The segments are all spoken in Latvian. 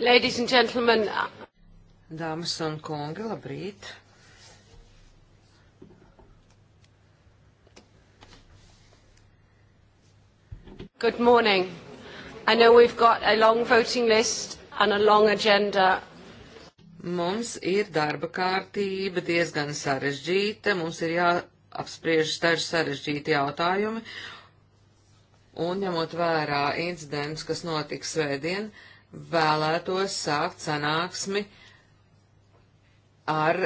Ladies and gentlemen. Uh, Dāmas un kungi, labrīt. Good morning. I know we've got a long voting list and a long agenda. Mums ir darba kārtība diezgan sarežģīta, mums ir jāapspriež daži sarežģīti jautājumi, un ņemot vērā incidents, kas notiks svētdien, uh, vēlētos sākt sanāksmi ar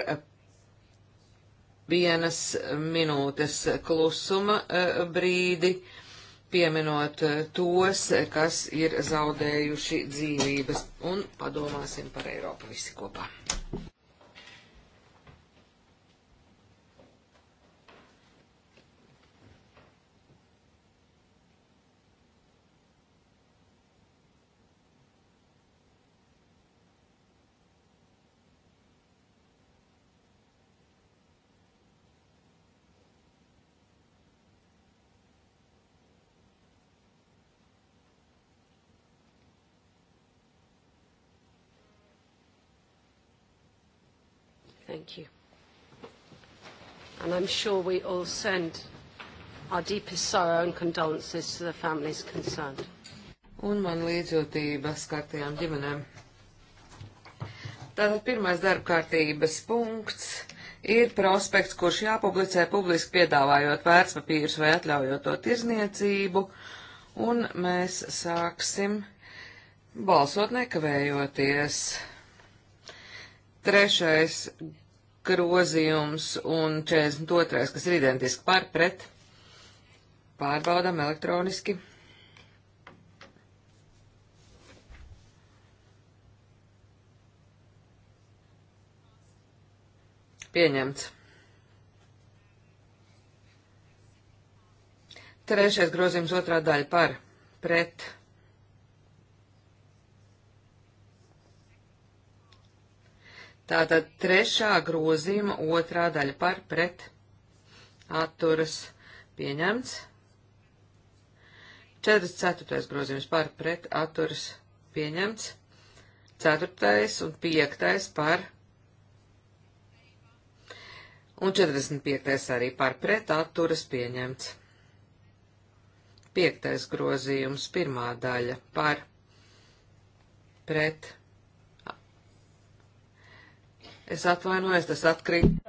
vienas minūtes klusuma eh, brīdi, pieminot eh, tos, kas ir zaudējuši dzīvības, un padomāsim par Eiropu visi kopā. Thank you. And I'm sure we all send our deepest sorrow and condolences to the families concerned. Un man līdzjūtības kārtējām ģimenēm. Tātad pirmais darba kārtības punkts ir prospekts, kurš jāpublicē publiski piedāvājot vērtspapīrus vai atļaujot to tirzniecību, un mēs sāksim balsot nekavējoties. Trešais grozījums un 42, kas ir identiski par pret. Pārbaudām elektroniski. Pieņemts. Trešais grozījums otrā daļa par pret Tātad trešā grozījuma otrā daļa par pret atturas pieņemts. 44. grozījums par pret atturas pieņemts. 4. un 5. par un 45. arī par pret atturas pieņemts. 5. grozījums pirmā daļa par pret atturas pieņemts Es atvainojos, tas atkrīt.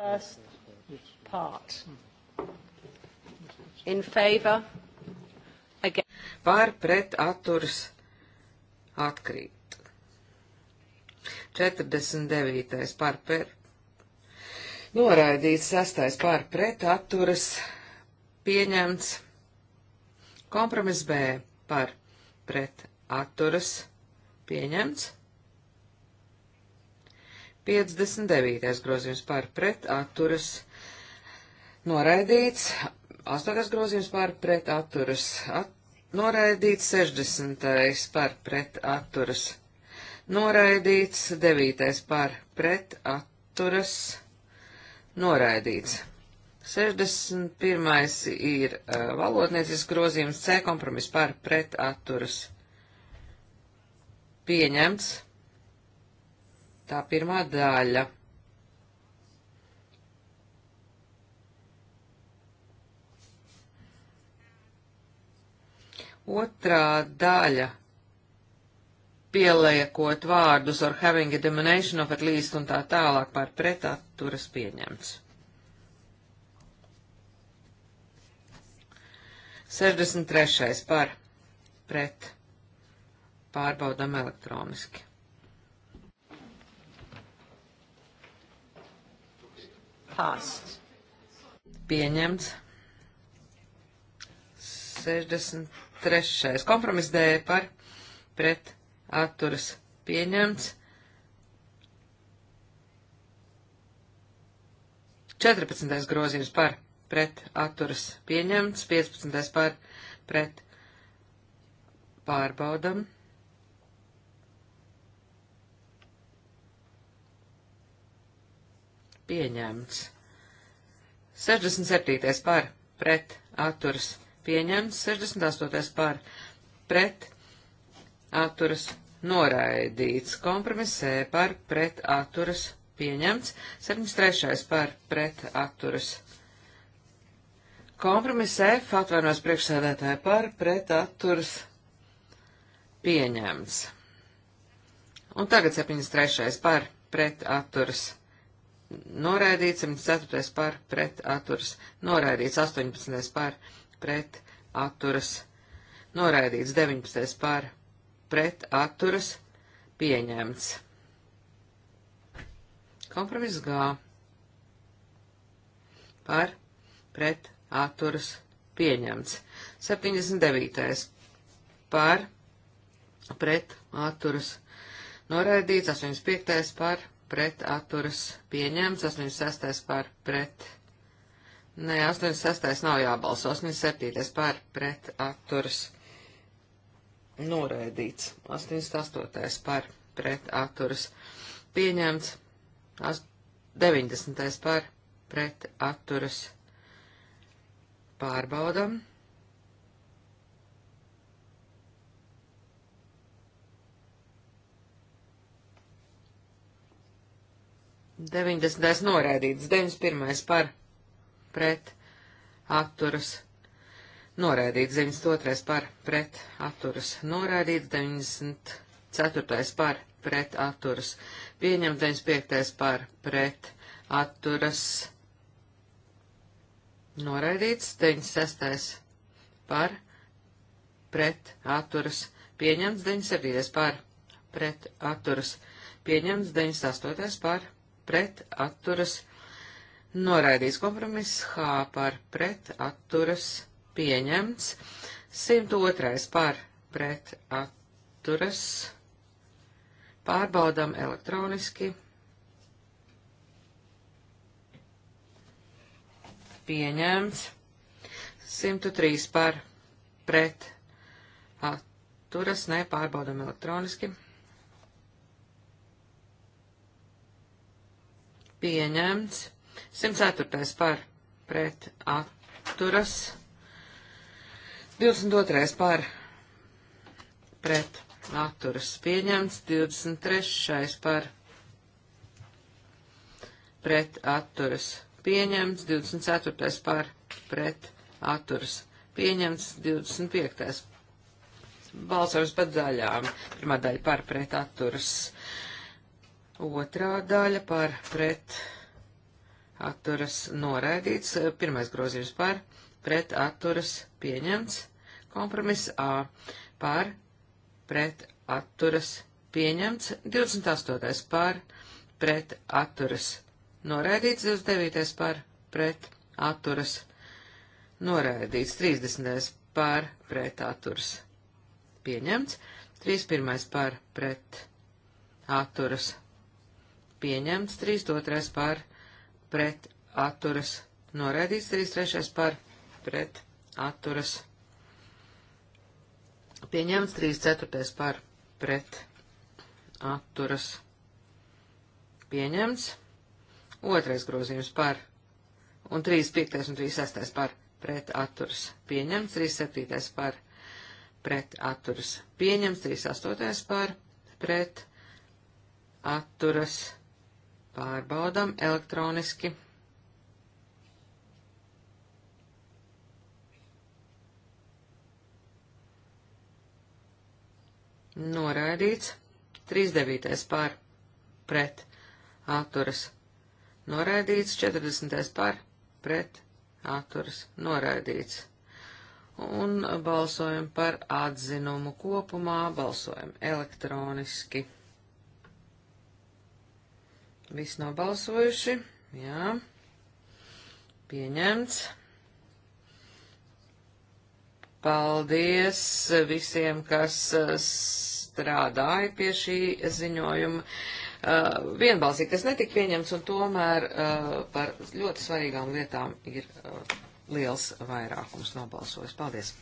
Par pret atturs atkrīt. 49. par pret. Noraidīts 6. par pret atturas pieņemts. Kompromiss B par pret atturas pieņemts. 59. grozījums par pret atturas noraidīts, 8. grozījums par pret atturas at, noraidīts, 60. par pret atturas noraidīts, 9. par pret atturas noraidīts. 61. ir uh, valodniecisks grozījums C kompromiss par pret atturas pieņemts. Tā pirmā daļa. Otrā daļa pieliekot vārdus or having a diminution of at least un tā tālāk par pretaturas pieņemts. 63. par pret pārbaudam elektroniski. Passed. Pieņemts. 63. Kompromiss D par pret atturas pieņemts. 14. grozījums par pret atturas pieņemts. 15. par pret pārbaudam. pieņemts. 67. par pret atturas pieņemts, 68. par pret atturas noraidīts, kompromisē e par pret atturas pieņemts, 73. par pret atturas kompromisē, atvainos priekšsēdētāju par pret atturas pieņemts. Un tagad 73. par pret atturas pieņemts noraidīts, 74. par pret atturas noraidīts, 18. par pret atturas noraidīts, 19. par pret atturas pieņemts. Kompromiss gā par pret atturas pieņemts. 79. par pret atturas noraidīts, 85. par pret pret atturas pieņemts, 86. par pret. Nē, 86. nav jābalso, 87. par pret atturas noraidīts, 88. par pret atturas pieņemts, 90. par pret atturas pārbaudam. 90. noraidīts, 91. par pret atturas noraidīts, 92. par pret atturas noraidīts, 94. par pret atturas pieņemts, 95. par pret atturas noraidīts, 96. par pret atturas pieņemts, 97. par pret atturas pieņemts, 98. par pret atturas noraidīts. Kompromiss H par pret atturas pieņemts. 102. par pret atturas pārbaudām elektroniski. Pieņemts. 103 par pret atturas nepārbaudām elektroniski. pieņemts. 104. par pret atturas. 22. par pret atturas pieņemts. 23. par pret atturas pieņemts. 24. par pret atturas pieņemts. 25. balsojums pat daļām. Pirmā daļa par pret atturas pieņemts Otrā daļa par pret atturas noraidīts, pirmais grozījums par pret atturas pieņemts, kompromiss A par pret atturas pieņemts, 28. par pret atturas noraidīts, 29. par pret atturas noraidīts, 30. par pret atturas pieņemts, 31. par pret atturas pieņemts pieņemts, 32. par pret atturas noraidīts, 33. par pret atturas pieņemts, 34. par pret atturas pieņemts, otrais grozījums par un 35. un 36. par pret atturas pieņemts, 37. par pret atturas pieņemts, 38. par pret atturas pieņemts Pārbaudam elektroniski. Noraidīts. 39. pār. Pret. Atturas. Noraidīts. 40. pār. Pret. Atturas. Noraidīts. Un balsojam par atzinumu kopumā. Balsojam elektroniski. Viss nobalsojuši. Jā. Pieņemts. Paldies visiem, kas uh, strādāja pie šī ziņojuma. Uh, vienbalsīgi tas netika pieņemts, un tomēr uh, par ļoti svarīgām lietām ir uh, liels vairākums nobalsojis. Paldies!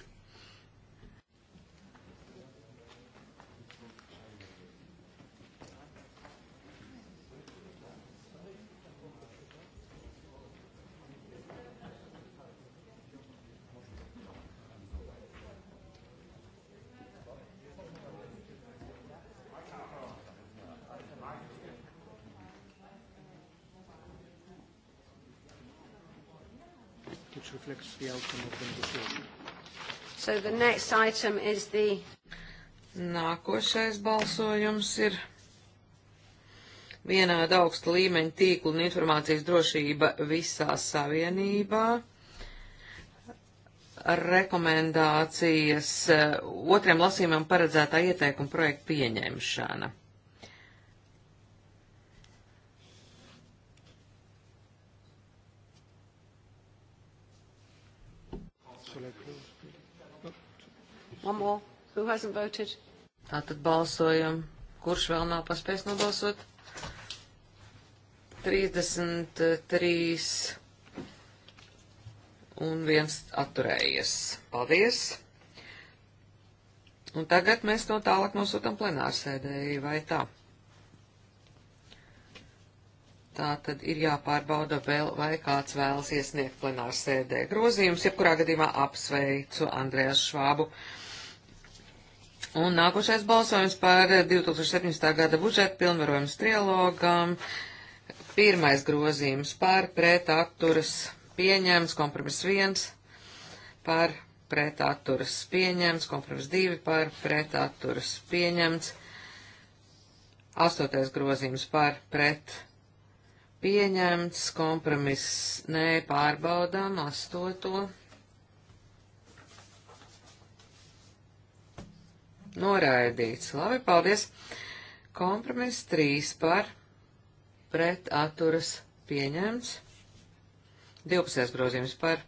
the next item is the... Nākošais balsojums ir vienāda augsta līmeņa tīkla un informācijas drošība visā savienībā. Rekomendācijas eh, otriem lasījumam paredzētā ieteikuma projekta pieņemšana. One more. Who hasn't voted? Tātad balsojam. Kurš vēl nav paspējis nobalsot? 33 un viens atturējies. Paldies! Un tagad mēs to tālāk nosūtam plenārsēdēji, vai tā? Tā tad ir jāpārbauda vēl, vai kāds vēlas iesniegt plenārsēdē grozījumus. Jebkurā gadījumā apsveicu Andrēs Švābu. Un nākošais balsojums par 2017. gada budžeta pilnvarojums trialogam. Pirmais grozījums par pret atturas pieņems, kompromiss viens par pret atturas pieņems, kompromiss divi par pret atturas pieņems. Astotais grozījums par pret pieņemts, kompromiss nē, pārbaudām astoto. noraidīts. Labi, paldies. Kompromiss 3 par pret atturas pieņemts. 12. grozījums par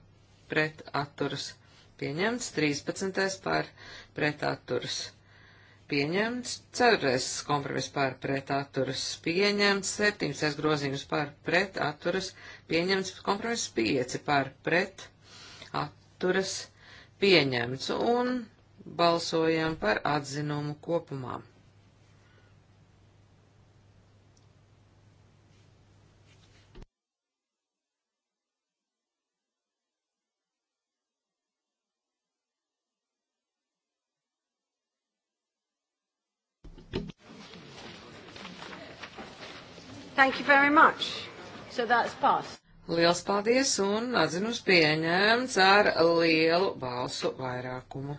pret atturas pieņemts. 13. par pret atturas pieņemts. 4. kompromiss par pret atturas pieņemts. 17. grozījums par pret atturas pieņemts. Kompromiss 5 par pret atturas pieņemts. Un Balsojam par atzinumu kopumā. Thank you very much. So that's passed. Liels paldies un atzinums pieņēmts ar lielu balsu vairākumu.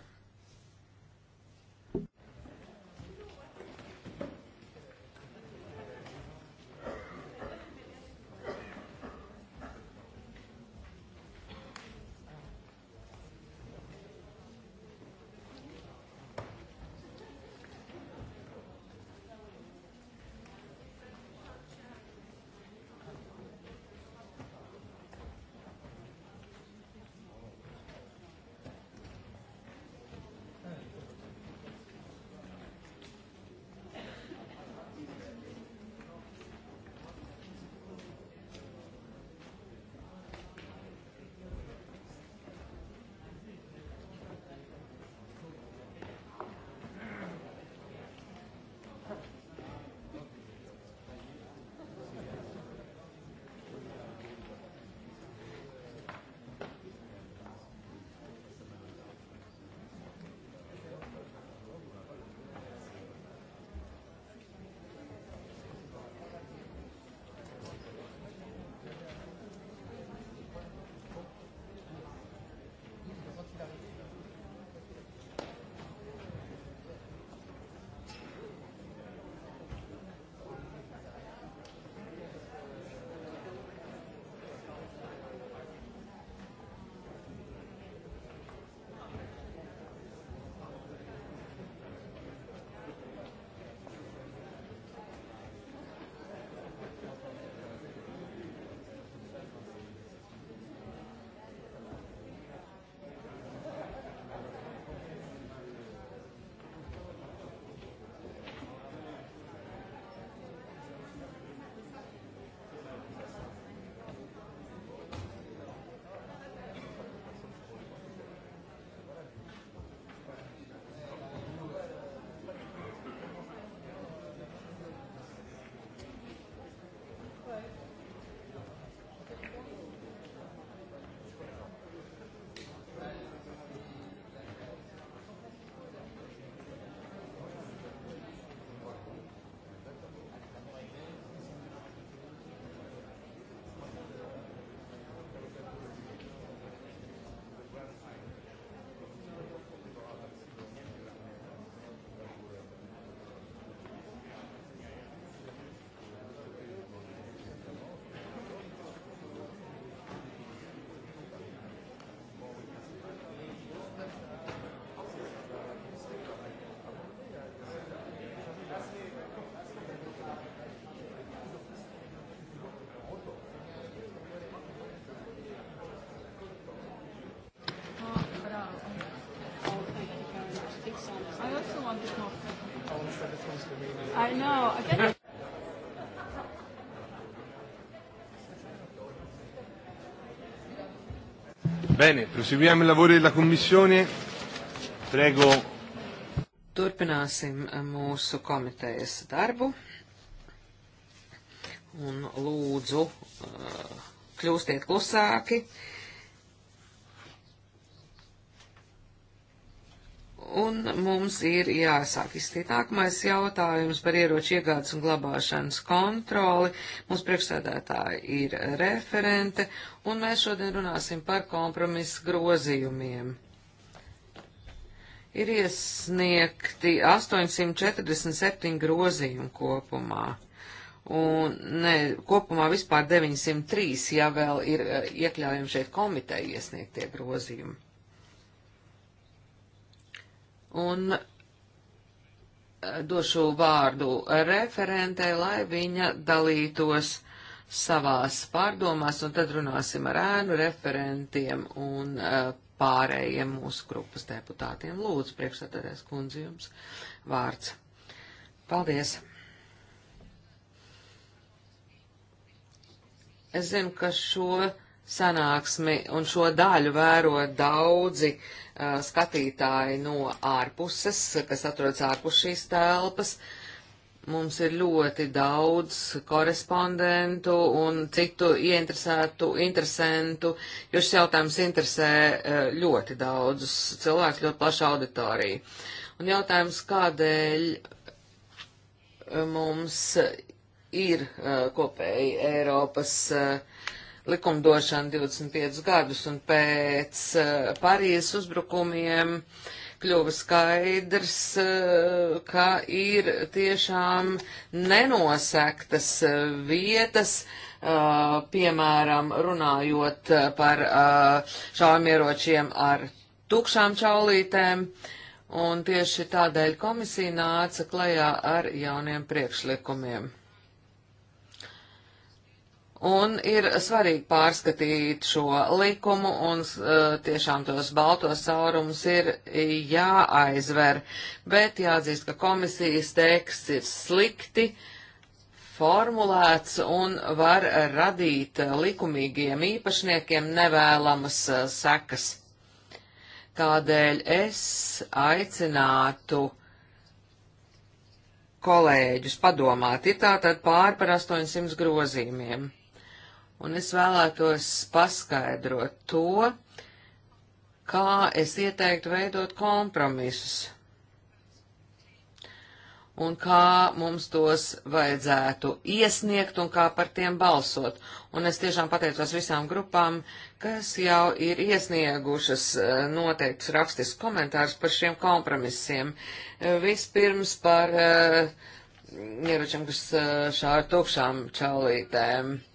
Bene, proseguiamo i lavori della Commissione. Prego. Turpināsim eh, mūsu komitejas darbu. Un lūdzu, eh, kļūstiet klusāki. Uh, mums ir jāsāk izstīt nākamais jautājums par ieroču iegādes un glabāšanas kontroli. Mums priekšsēdētāji ir referente, un mēs šodien runāsim par kompromisu grozījumiem. Ir iesniegti 847 grozījumi kopumā. Un ne, kopumā vispār 903, ja vēl ir eh, iekļaujami šeit komiteja iesniegtie grozījumi un eh, došu vārdu referentei, lai viņa dalītos savās pārdomās, un tad runāsim ar ēnu referentiem un eh, pārējiem mūsu grupas deputātiem. Lūdzu, priekšsēdētājs kundze jums vārds. Paldies! Es zinu, ka šo sanāksmi un šo daļu vēro daudzi uh, skatītāji no ārpuses, kas atrodas ārpus šīs telpas. Mums ir ļoti daudz korespondentu un citu ieinteresētu interesantu, jo šis jautājums interesē ļoti daudzus cilvēkus, ļoti plašu auditoriju. Un jautājums, kādēļ mums ir kopēji Eiropas uh, likumdošanu 25 gadus, un pēc uh, Parīzes uzbrukumiem kļuva skaidrs, uh, ka ir tiešām nenosektas uh, vietas, piemēram, runājot par šaujamieročiem ar tukšām čaulītēm, un tieši tādēļ komisija nāca klajā ar jauniem priekšlikumiem. Un ir svarīgi pārskatīt šo likumu, un uh, tiešām tos baltos caurumus ir jāaizver. Bet jāatzīst, ka komisijas teksts ir slikti formulēts un var radīt likumīgiem īpašniekiem nevēlamas uh, sekas. Tādēļ es aicinātu kolēģus padomāt, ir tātad pāri par 800 grozījumiem un es vēlētos paskaidrot to, kā es ieteiktu veidot kompromisus un kā mums tos vajadzētu iesniegt un kā par tiem balsot. Un es tiešām pateicos visām grupām, kas jau ir iesniegušas eh, noteikts rakstisks komentārs par šiem kompromisiem. Eh, vispirms par eh, ieročiem, kas šā ar tukšām čaulītēm. Uh,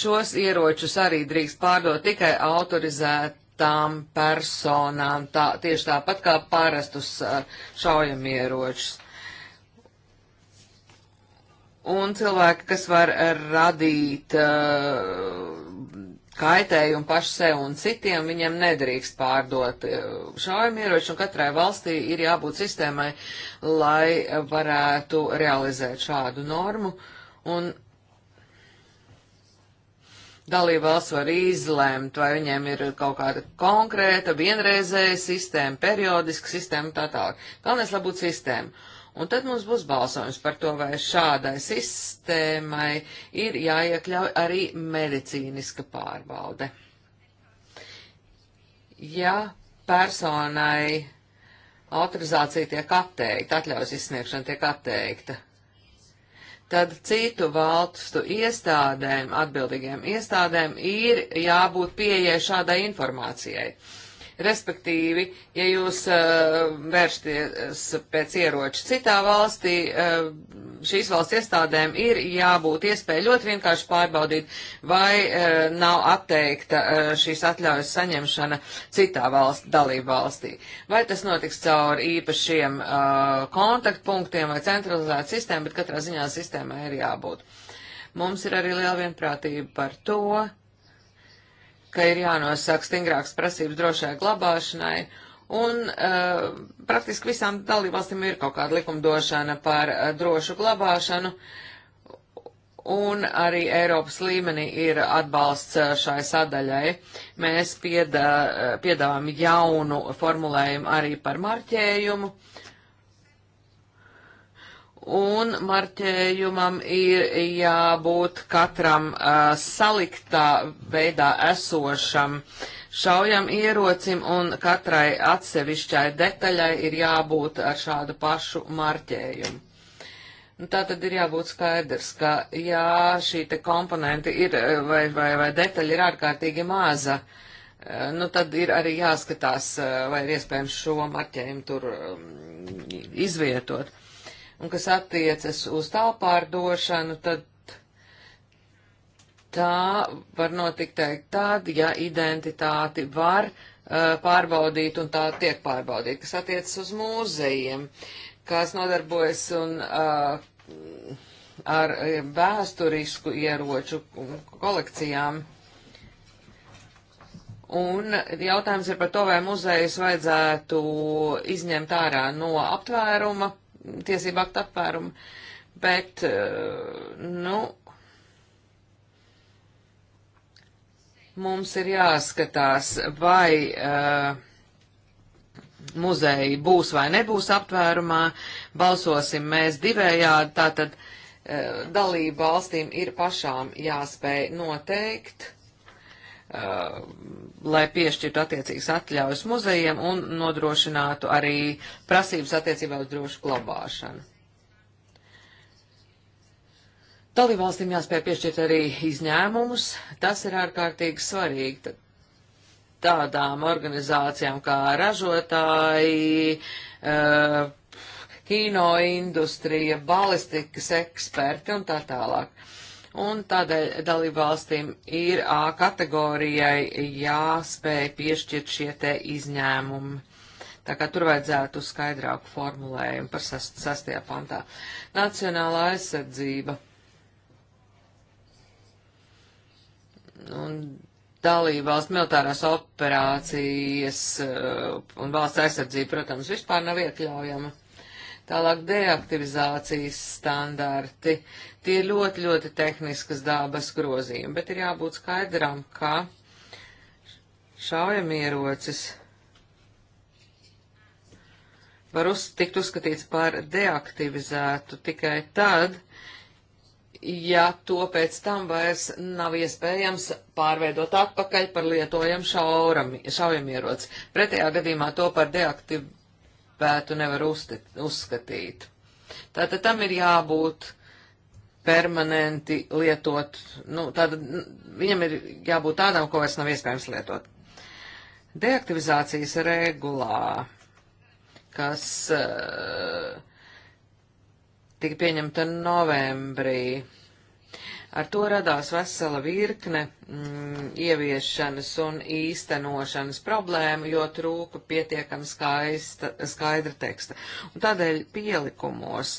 Šos ieročus arī drīkst pārdot tikai autorizētām personām, tā, tieši tāpat kā parastus šaujamieročus. Un cilvēki, kas var radīt kaitējumu paši sev un citiem, viņiem nedrīkst pārdot šaujamieroči, un katrai valstī ir jābūt sistēmai, lai varētu realizēt šādu normu. Un dalībvalsts var izlemt, vai viņiem ir kaut kāda konkrēta, vienreizēja sistēma, periodiska sistēma un tā tālāk. Galvenais, lai būtu sistēma. Un tad mums būs balsojums par to, vai šādai sistēmai ir jāiekļauj arī medicīniska pārbaude. Ja personai autorizācija tiek atteikta, atļaujas izsniegšana tiek atteikta, tad citu valstu iestādēm, atbildīgiem iestādēm, ir jābūt pieejai šādai informācijai. Uh, Respektīvi, ja jūs uh, eh, vēršties pēc ieroča citā valstī, uh, šīs valsts iestādēm ir jābūt iespēja ļoti vienkārši pārbaudīt, vai uh, nav atteikta uh, šīs atļaujas saņemšana citā valsts dalību valstī. Vai tas notiks caur īpašiem uh, kontaktpunktiem vai centralizētu sistēmu, bet katrā ziņā sistēmai ir jābūt. Mums ir arī liela vienprātība par to, ka ir jānosaka stingrāks prasības drošai glabāšanai, un uh, praktiski visām dalībvalstīm ir kaut kāda likumdošana par uh, drošu glabāšanu, un arī Eiropas līmenī ir atbalsts uh, šai sadaļai. Mēs piedā, piedāvājam jaunu formulējumu arī par marķējumu, uh, un marķējumam ir jābūt katram uh, saliktā veidā esošam šaujam ierocim, un katrai atsevišķai detaļai ir jābūt ar šādu pašu marķējumu. Un nu, tā tad ir jābūt skaidrs, ka jā, šī te komponenti ir, vai, vai, vai detaļa ir ārkārtīgi maza, uh, nu tad ir arī jāskatās, uh, vai ir iespējams šo marķējumu tur um, izvietot. Un kas attiecas uz tālpārdošanu, tad tā var notikt teikt tad, ja identitāti var uh, pārbaudīt un tā tiek pārbaudīt, kas attiecas uz mūzejiem, kas nodarbojas un uh, ar eh, vēsturisku ieroču kolekcijām. Un jautājums ir par to, vai muzejus vajadzētu izņemt ārā no aptvēruma tiesību aktu apvērumu, bet, eh, nu, mums ir jāskatās, vai uh, muzeji būs vai nebūs aptvērumā, balsosim mēs divējādi, tātad uh, dalību valstīm ir pašām jāspēj noteikt, Uh, lai piešķirtu attiecīgas atļaujas muzejiem un nodrošinātu arī prasības attiecībā uz drošu glabāšanu. Dalībvalstīm jāspēj piešķirt arī izņēmumus, tas ir ārkārtīgi svarīgi tādām organizācijām kā ražotāji, uh, kino industrija, balistikas eksperti un tā tālāk un tādēļ dalībvalstīm ir A kategorijai jāspēj piešķirt šie te izņēmumi. Tā kā tur vajadzētu skaidrāku formulējumu par sast, sastajā pantā. Nacionālā aizsardzība un dalībvalsts militārās operācijas uh, un valsts aizsardzība, protams, vispār nav iekļaujama. Tālāk deaktivizācijas standarti. Tie ir ļoti, ļoti tehniskas dabas grozījumi, bet ir jābūt skaidram, ka šaujamierocis var uz, tikt uzskatīts par deaktivizētu tikai tad, ja to pēc tam vairs nav iespējams pārveidot atpakaļ par lietojamu šaujamieroci. Pretējā gadījumā to par deaktivētu nevar uzskatīt. Tātad tam ir jābūt permanenti lietot. Nu, tāda, viņam ir jābūt tādam, ko vairs nav iespējams lietot. Deaktivizācijas regulā, kas uh, tika pieņemta novembrī, ar to radās vesela virkne mm, ieviešanas un īstenošanas problēmu, jo trūka pietiekami skaista, skaidra teksta. Un tādēļ pielikumos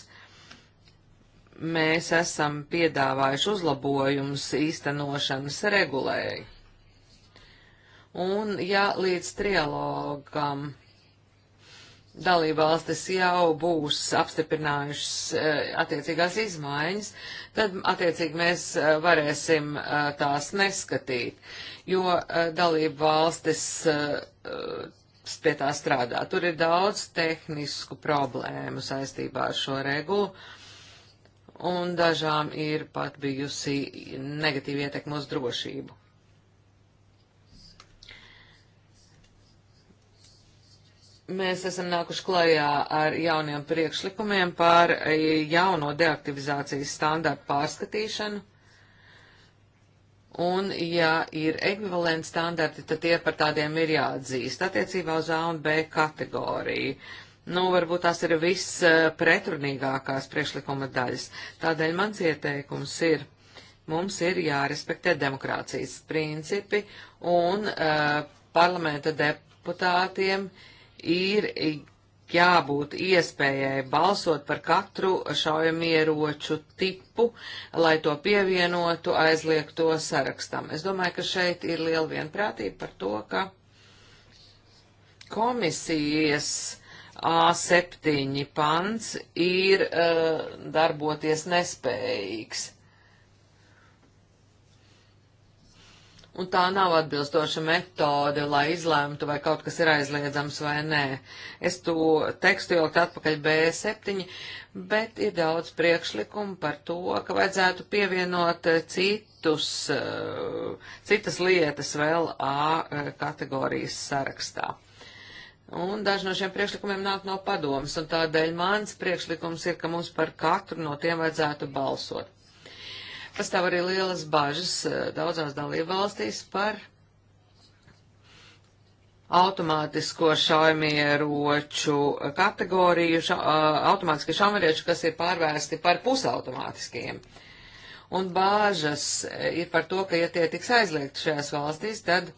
mēs esam piedāvājuši uzlabojumus īstenošanas regulēji. Un, ja līdz trialogam dalībvalstis jau būs apstiprinājušas eh, attiecīgās izmaiņas, tad attiecīgi mēs eh, varēsim eh, tās neskatīt, jo dalībvalstis pie tā strādā. Tur ir daudz tehnisku problēmu saistībā ar šo regulu un dažām ir pat bijusi negatīva ietekme uz drošību. Mēs esam nākuši klajā ar jauniem priekšlikumiem par jauno deaktivizācijas standartu pārskatīšanu. Un, ja ir ekvivalenti standarti, tad tie par tādiem ir jāatzīst attiecībā uz A un B kategoriju. Uh, nu, varbūt tās ir viss pretrunīgākās priekšlikuma daļas. Tādēļ mans ieteikums ir, mums ir jārespektē demokrācijas principi un uh, parlamenta deputātiem ir jābūt iespējai balsot par katru šaujamieroču tipu, lai to pievienotu aizliegto sarakstam. Es domāju, ka šeit ir liela vienprātība par to, ka komisijas A7 pants ir uh, darboties nespējīgs. Un tā nav atbilstoša metode, lai izlēmtu, vai kaut kas ir aizliedzams vai nē. Es to tekstu ielikt atpakaļ B7, bet ir daudz priekšlikumu par to, ka vajadzētu pievienot eh, citus, uh, citas lietas vēl A kategorijas sarakstā. Un daži no šiem priekšlikumiem nāk no padomas, un tādēļ mans priekšlikums ir, ka mums par katru no tiem vajadzētu balsot. Pastāv arī lielas bažas eh, daudzās dalībvalstīs par automātisko šaumieroču kategoriju, ša, eh, automātiski šaumieroči, kas ir pārvērsti par pusautomātiskiem. Un bāžas eh, ir par to, ka, ja tie tiks aizliegti šajās valstīs, tad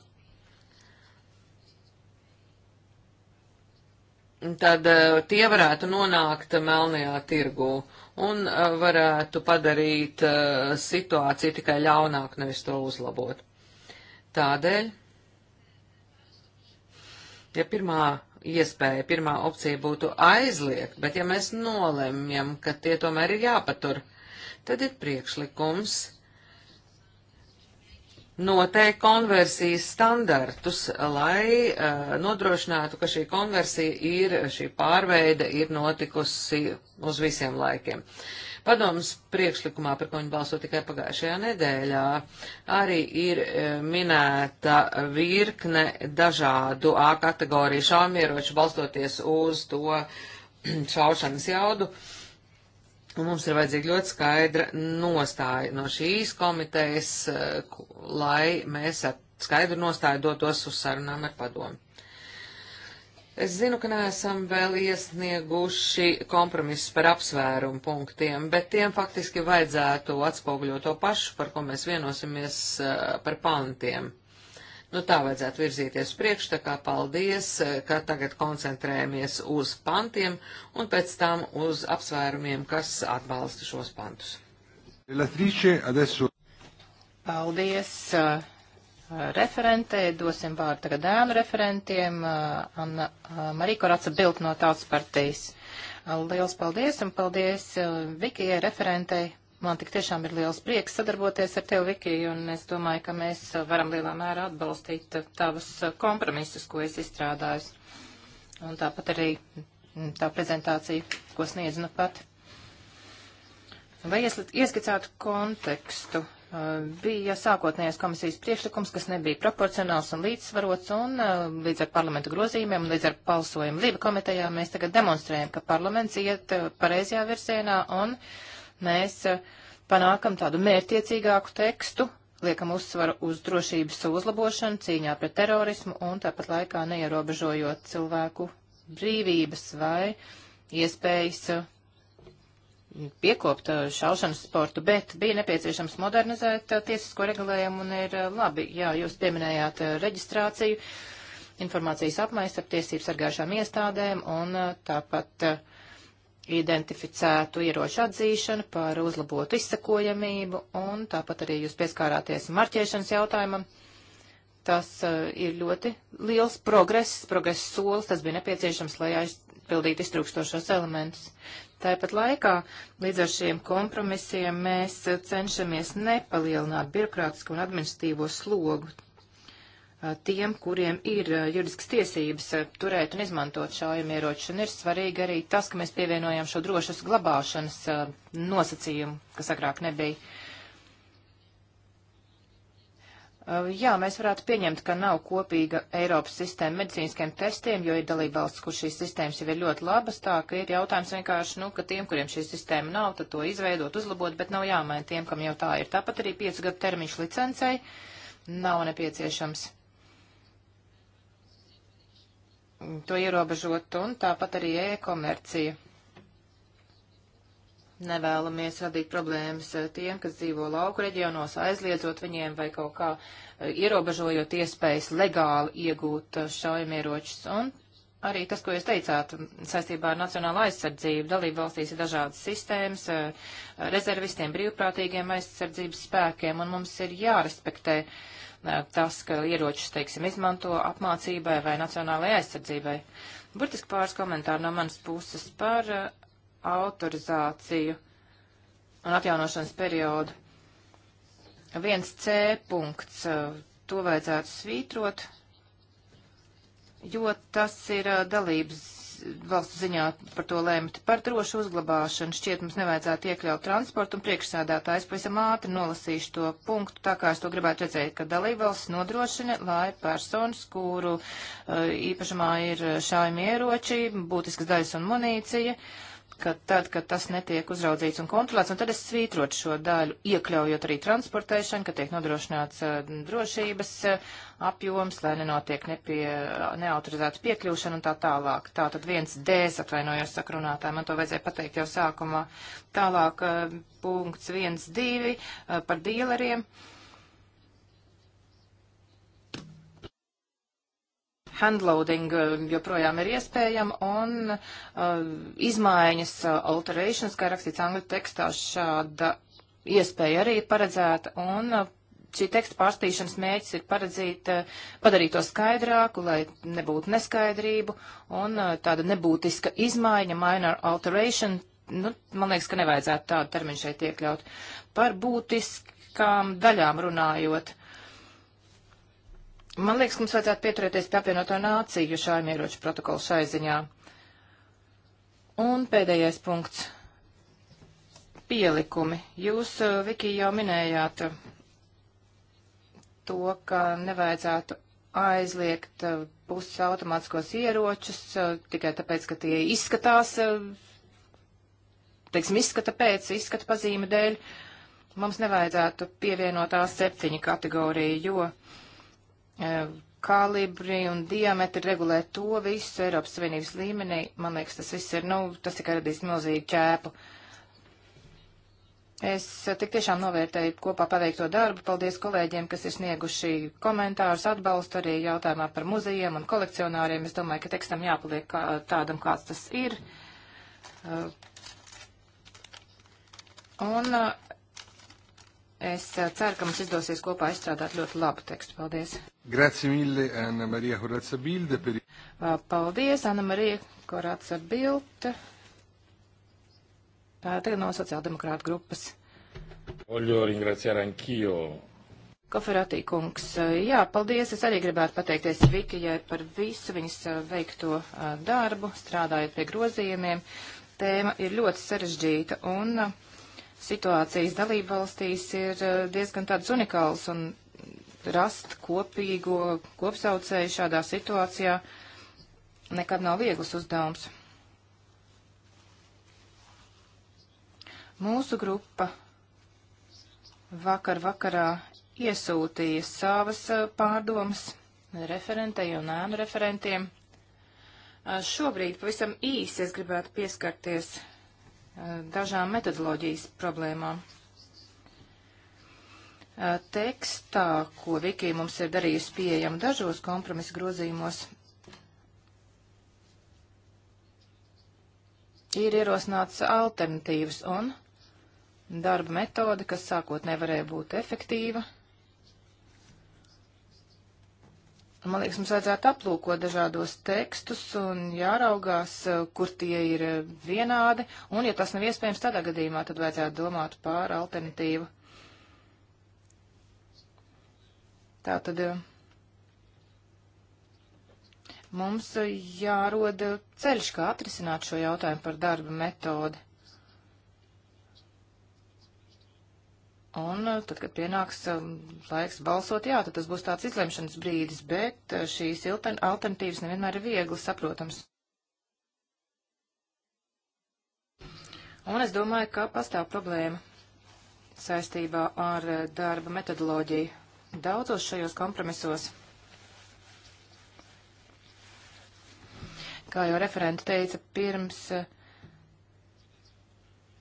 tad eh, tie varētu nonākt melnajā tirgū un eh, varētu padarīt eh, situāciju tikai ļaunāku, nevis to uzlabot. Tādēļ, ja pirmā iespēja, pirmā opcija būtu aizliegt, bet ja mēs nolemjam, ka tie tomēr ir jāpatur, tad ir priekšlikums noteikt konversijas standartus, lai uh, nodrošinātu, ka šī konversija ir, šī pārveide ir notikusi uz visiem laikiem. Padomas priekšlikumā, par ko viņi balso tikai pagājušajā nedēļā, arī ir eh, minēta virkne dažādu A kategoriju šaumieroču balstoties uz to šaušanas jaudu. Uh, Un mums ir vajadzīga ļoti skaidra nostāja no šīs komitejas, eh, lai mēs ar skaidru nostāju dotos uz sarunām ar padomu. Es zinu, ka neesam vēl iesnieguši kompromisus par apsvērumu punktiem, bet tiem faktiski vajadzētu atspoguļot to pašu, par ko mēs vienosimies eh, par pantiem. Nu, tā vajadzētu virzīties priekš, tā kā paldies, ka tagad koncentrējamies uz pantiem un pēc tam uz apsvērumiem, kas atbalsta šos pantus. Paldies uh, referentē, dosim vārdu tagad ēnu referentiem, uh, Anna uh, Mariko Raca Bilt no Tautas partijas. Uh, liels paldies un paldies uh, Vikijai referentei Man tik tiešām ir liels prieks sadarboties ar tevi, Viki, un es domāju, ka mēs varam lielā mērā atbalstīt tavus kompromisus, ko es izstrādājus. Un tāpat arī tā prezentācija, ko sniedz nu pat. Lai ieskicētu kontekstu, uh, bija sākotnējais komisijas priekšlikums, kas nebija proporcionāls un līdzsvarots, un uh, līdz ar parlamentu grozījumiem un līdz ar balsojumu Lība komitejā mēs tagad demonstrējam, ka parlaments iet uh, pareizajā virzienā un uh, mēs eh, panākam tādu mērķiecīgāku tekstu, liekam uzsvaru uz drošības uzlabošanu, cīņā pret terorismu un tāpat laikā neierobežojot cilvēku brīvības vai iespējas eh, piekopt eh, šaušanas sportu, bet bija nepieciešams modernizēt tiesisko regulējumu un ir labi, jā, jūs pieminējāt reģistrāciju, informācijas apmaiņas ar tiesību sargājušām iestādēm un tāpat uh, identificētu ieroču atzīšanu, par uzlabotu izsakojamību, un tāpat arī jūs pieskārāties marķēšanas jautājumam. Tas uh, ir ļoti liels progress, progress solis, tas bija nepieciešams, lai aizpildītu iztrūkstošos elementus. Tāpat laikā līdz ar šiem kompromisiem mēs eh, cenšamies nepalielināt birokrātisku un administratīvo slogu tiem, kuriem ir juridiskas tiesības turēt un izmantot šaujamieročus. Un ir svarīgi arī tas, ka mēs pievienojam šo drošas glabāšanas nosacījumu, kas agrāk nebija. Jā, mēs varētu pieņemt, ka nav kopīga Eiropas sistēma medicīniskiem testiem, jo ir dalībvalsts, kur šīs sistēmas jau ir ļoti labas, tā ka ir jautājums vienkārši, nu, ka tiem, kuriem šī sistēma nav, tad to izveidot, uzlabot, bet nav jāmaina tiem, kam jau tā ir. Tāpat arī piecu gadu termiņš licencei nav nepieciešams to ierobežot, un tāpat arī e-komercija. Nevēlamies radīt problēmas eh, tiem, kas dzīvo lauku reģionos, aizliedzot viņiem vai kaut kā eh, ierobežojot iespējas legāli iegūt eh, šaujamieročus. Un arī tas, ko jūs teicāt, saistībā ar nacionālo aizsardzību, dalību valstīs ir dažādas sistēmas, rezervistiem, brīvprātīgiem aizsardzības spēkiem, un mums ir jārespektē uh, Eh, tas, ka ieročus, teiksim, izmanto apmācībai vai nacionālajai aizsardzībai. Burtiski pāris komentāri no manas puses par eh, autorizāciju un atjaunošanas periodu. 1C punkts, eh, to vajadzētu svītrot, jo tas ir dalības valstu ziņā par to lēmt. Par drošu uzglabāšanu šķiet mums nevajadzētu iekļaut transportu un priekšsēdētājs pavisam ātri nolasīšu to punktu, tā kā es to gribētu redzēt, ka dalībvalsts nodrošina, lai personas, kuru uh, īpašumā ir šājumi ieroči, būtiskas daļas un munīcija, uh, ka tad, kad tas netiek uzraudzīts un kontrolēts, un tad es svītrotu šo daļu, iekļaujot arī transportēšanu, ka tiek nodrošināts uh, drošības uh, apjoms, lai nenotiek nepie, neautorizēta piekļūšana un tā tālāk. Tā tad viens Ds, atvainojos sakrunātāji, man to vajadzēja pateikt jau sākumā. Tālāk uh, punkts 1.2 par dīleriem. Uh, handloading uh, joprojām ir iespējama un uh, izmaiņas, uh, alterations, kā rakstīts angļu tekstā, šāda iespēja arī ir paredzēta un uh, šī teksta pārstīšanas mēģis ir paredzīt, uh, padarīt to skaidrāku, lai nebūtu neskaidrību un uh, tāda nebūtiska izmaiņa, minor alteration, nu, man liekas, ka nevajadzētu tādu terminu šeit iekļaut. Par būtiskām daļām runājot. Man liekas, mums vajadzētu pieturēties pie apvienoto nāciju šaujamieroču protokolu šai ziņā. Un pēdējais punkts - pielikumi. Jūs, eh, Viki, jau minējāt eh, to, ka nevajadzētu aizliegt eh, puses automātiskos ieročus tikai tāpēc, ka tie izskatās, teiksim, izskata pēc, izskata pazīme dēļ. Mums nevajadzētu pievienot A7 kategoriju, jo E, kalibri un diametri regulē to visu Eiropas Savienības līmenī. Man liekas, tas viss ir, nu, tas tikai radīs milzīgu ķēpu. Es e, tik tiešām novērtēju kopā paveikto darbu. Paldies kolēģiem, kas ir snieguši komentārus, atbalstu arī jautājumā par muzejiem un kolekcionāriem. Es domāju, ka tekstam jāpaliek kā, tādam, kāds tas ir. E, un Es eh, ceru, ka mums izdosies kopā izstrādāt ļoti labu tekstu. Paldies! Grazie mille, Anna Marija Horaca Bilde. Per... Paldies, Anna Marija Horaca Bilde. Tagad no sociāldemokrāta grupas. Oļo ringraciāra anch'io. Koferatī kungs, eh, jā, paldies. Es arī gribētu pateikties Vikijai par visu viņas eh, veikto darbu, strādājot pie grozījumiem. Tēma ir ļoti sarežģīta un uh, situācijas dalība valstīs ir eh, diezgan tāds unikāls un rast kopīgo kopsaucēju šādā situācijā nekad nav viegls uzdevums. Mūsu grupa vakar vakarā iesūtīja savas eh, pārdomas referentei un ēnu referentiem. Šobrīd pavisam īsi es gribētu pieskarties dažām metodoloģijas problēmām. Tekstā, ko Vikija mums ir darījusi pieejamu dažos kompromisu grozījumos, ir ierosināts alternatīvas un darba metode, kas sākotnē varēja būt efektīva, Man liekas, mums vajadzētu aplūkot dažādos tekstus un jāraugās, eh, kur tie ir eh, vienādi, un, ja tas nav iespējams tādā gadījumā, tad vajadzētu domāt pār alternatīvu. Tā tad eh, mums jārod ceļš, kā atrisināt šo jautājumu par darba metodi. Un eh, tad, kad pienāks eh, laiks balsot, jā, tad tas būs tāds izlemšanas brīdis, bet eh, šīs alternatīvas nevienmēr ir viegli saprotams. Un es domāju, ka pastāv problēma saistībā ar darba metodoloģiju. Daudzos šajos kompromisos, kā jau referenta teica, pirms uh,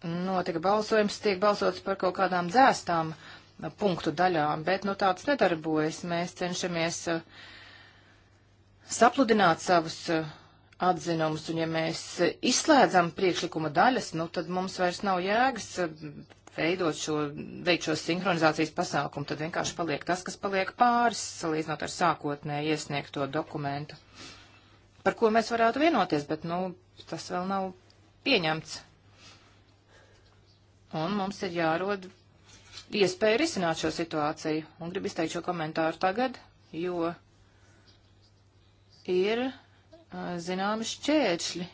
notika balsojums, tiek balsots par kaut kādām dzēstām uh, punktu daļām, bet nu tāds nedarbojas. Mēs cenšamies uh, sapludināt savus uh, atzinumus, un ja mēs izslēdzam priekšlikuma daļas, nu tad mums vairs nav jēgas veidot šo, veikt šo sinhronizācijas pasākumu, tad vienkārši paliek tas, kas paliek pāris, salīdzinot ar sākotnēji iesniegto dokumentu, par ko mēs varētu vienoties, bet, nu, tas vēl nav pieņemts un mums ir jārod iespēja risināt šo situāciju. Un gribu izteikt šo komentāru tagad, jo ir zināmi šķēršļi,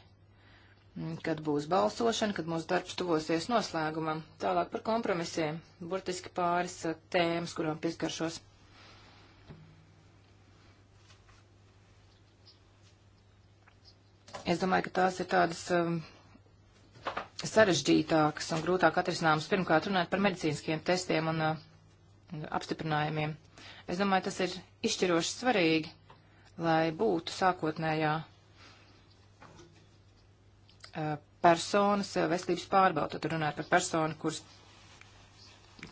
kad būs balsošana, kad mūsu darbs tuvosies noslēgumam. Tālāk par kompromisiem. Burtiski pāris tēmas, kurām pieskaršos. Es domāju, ka tās ir tādas sarežģītākas un grūtāk atrisināmas. Pirmkārt, runājot par medicīniskiem testiem un uh, apstiprinājumiem. Es domāju, tas ir izšķiroši svarīgi, lai būtu sākotnējā uh, personas uh, veselības pārbauda. Tad runājot par personu, kuras,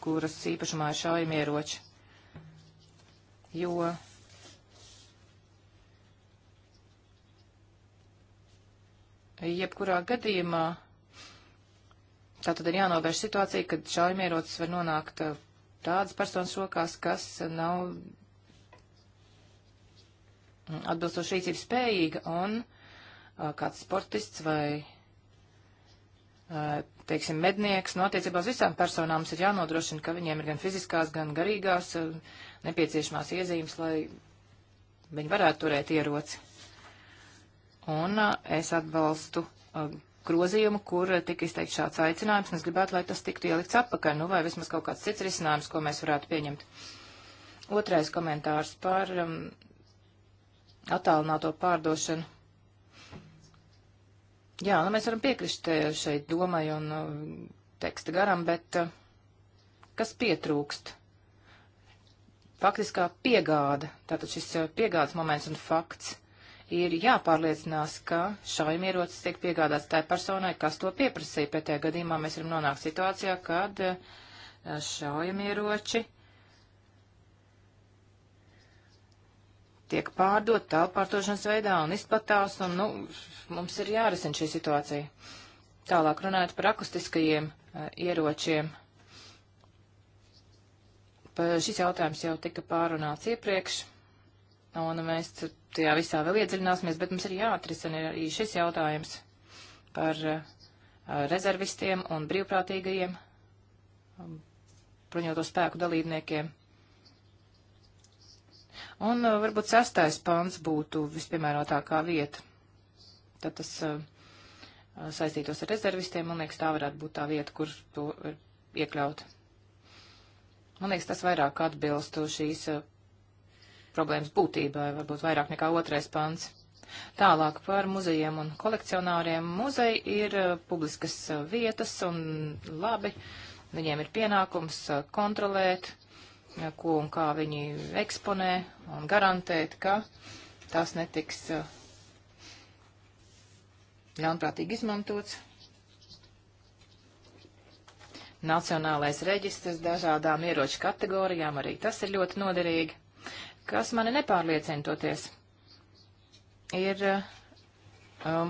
kuras īpašumā ir šaujamieroči. Jo jebkurā gadījumā Tātad ir jānovērš situācija, kad šaujamierocis var nonākt uh, tādas personas rokās, kas uh, nav mm, atbilstoši rīcības spējīga, un uh, kāds sportists vai, teiksim, mednieks, no nu, attiecībā uz visām personām ir jānodrošina, ka viņiem ir gan fiziskās, gan garīgās nepieciešamās iezīmes, lai viņi varētu turēt ieroci. Un es atbalstu grozījumu, kur tika izteikts šāds aicinājums, un es gribētu, lai tas tiktu ielikts atpakaļ, nu vai vismaz kaut kāds cits risinājums, ko mēs varētu pieņemt. Otrais komentārs par um, attālināto pārdošanu. Jā, nu mēs varam piekrist eh, šeit domai un um, teksta garam, bet uh, kas pietrūkst? Faktiskā piegāda, tātad šis uh, piegādes moments un fakts ir jāpārliecinās, ka šaujamierocis tiek piegādāts tai personai, kas to pieprasīja. Pretējā gadījumā mēs varam nonākt situācijā, kad eh, šaujamieroči tiek pārdot tālpārtošanas veidā un izplatās, un nu, mums ir jārisina šī situācija. Tālāk runājot par akustiskajiem uh, ieročiem. Pa šis jautājums jau tika pārunāts iepriekš, un mēs tajā visā vēl iedziļināsimies, bet mums ir jāatrisina arī šis jautājums par eh, rezervistiem un brīvprātīgajiem um, bruņoto spēku dalībniekiem. Un eh, varbūt sastais pants būtu vispiemērotākā vieta. Tad tas eh, saistītos ar rezervistiem, man liekas, tā varētu būt tā vieta, kur to iekļaut. Man liekas, tas vairāk atbilstu šīs problēmas būtībai, varbūt vairāk nekā otrais pants. Tālāk par muzejiem un kolekcionāriem. Muzeji ir uh, publiskas uh, vietas un labi, viņiem ir pienākums uh, kontrolēt, ko un kā viņi eksponē un garantēt, ka tās netiks ļaunprātīgi izmantots. Nacionālais reģistrs dažādām ieroču kategorijām arī tas ir ļoti noderīgi kas mani nepārliecina toties, ir uh,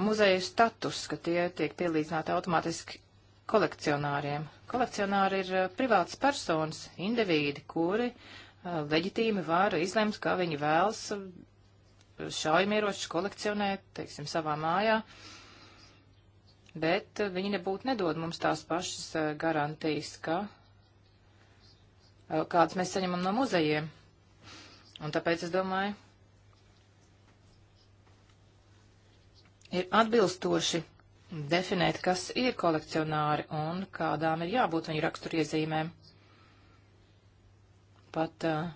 muzeju status, ka tie tiek pielīdzināti automātiski kolekcionāriem. Kolekcionāri ir uh, privātas personas, indivīdi, kuri uh, leģitīmi var izlemt, kā viņi vēlas šaujamieročus kolekcionēt, teiksim, savā mājā, bet viņi nebūtu nedod mums tās pašas garantijas, ka kādas mēs saņemam no muzejiem. Un tāpēc es domāju, ir atbilstoši definēt, kas ir kolekcionāri un kādām ir jābūt viņu raksturiezīmēm. Pat uh,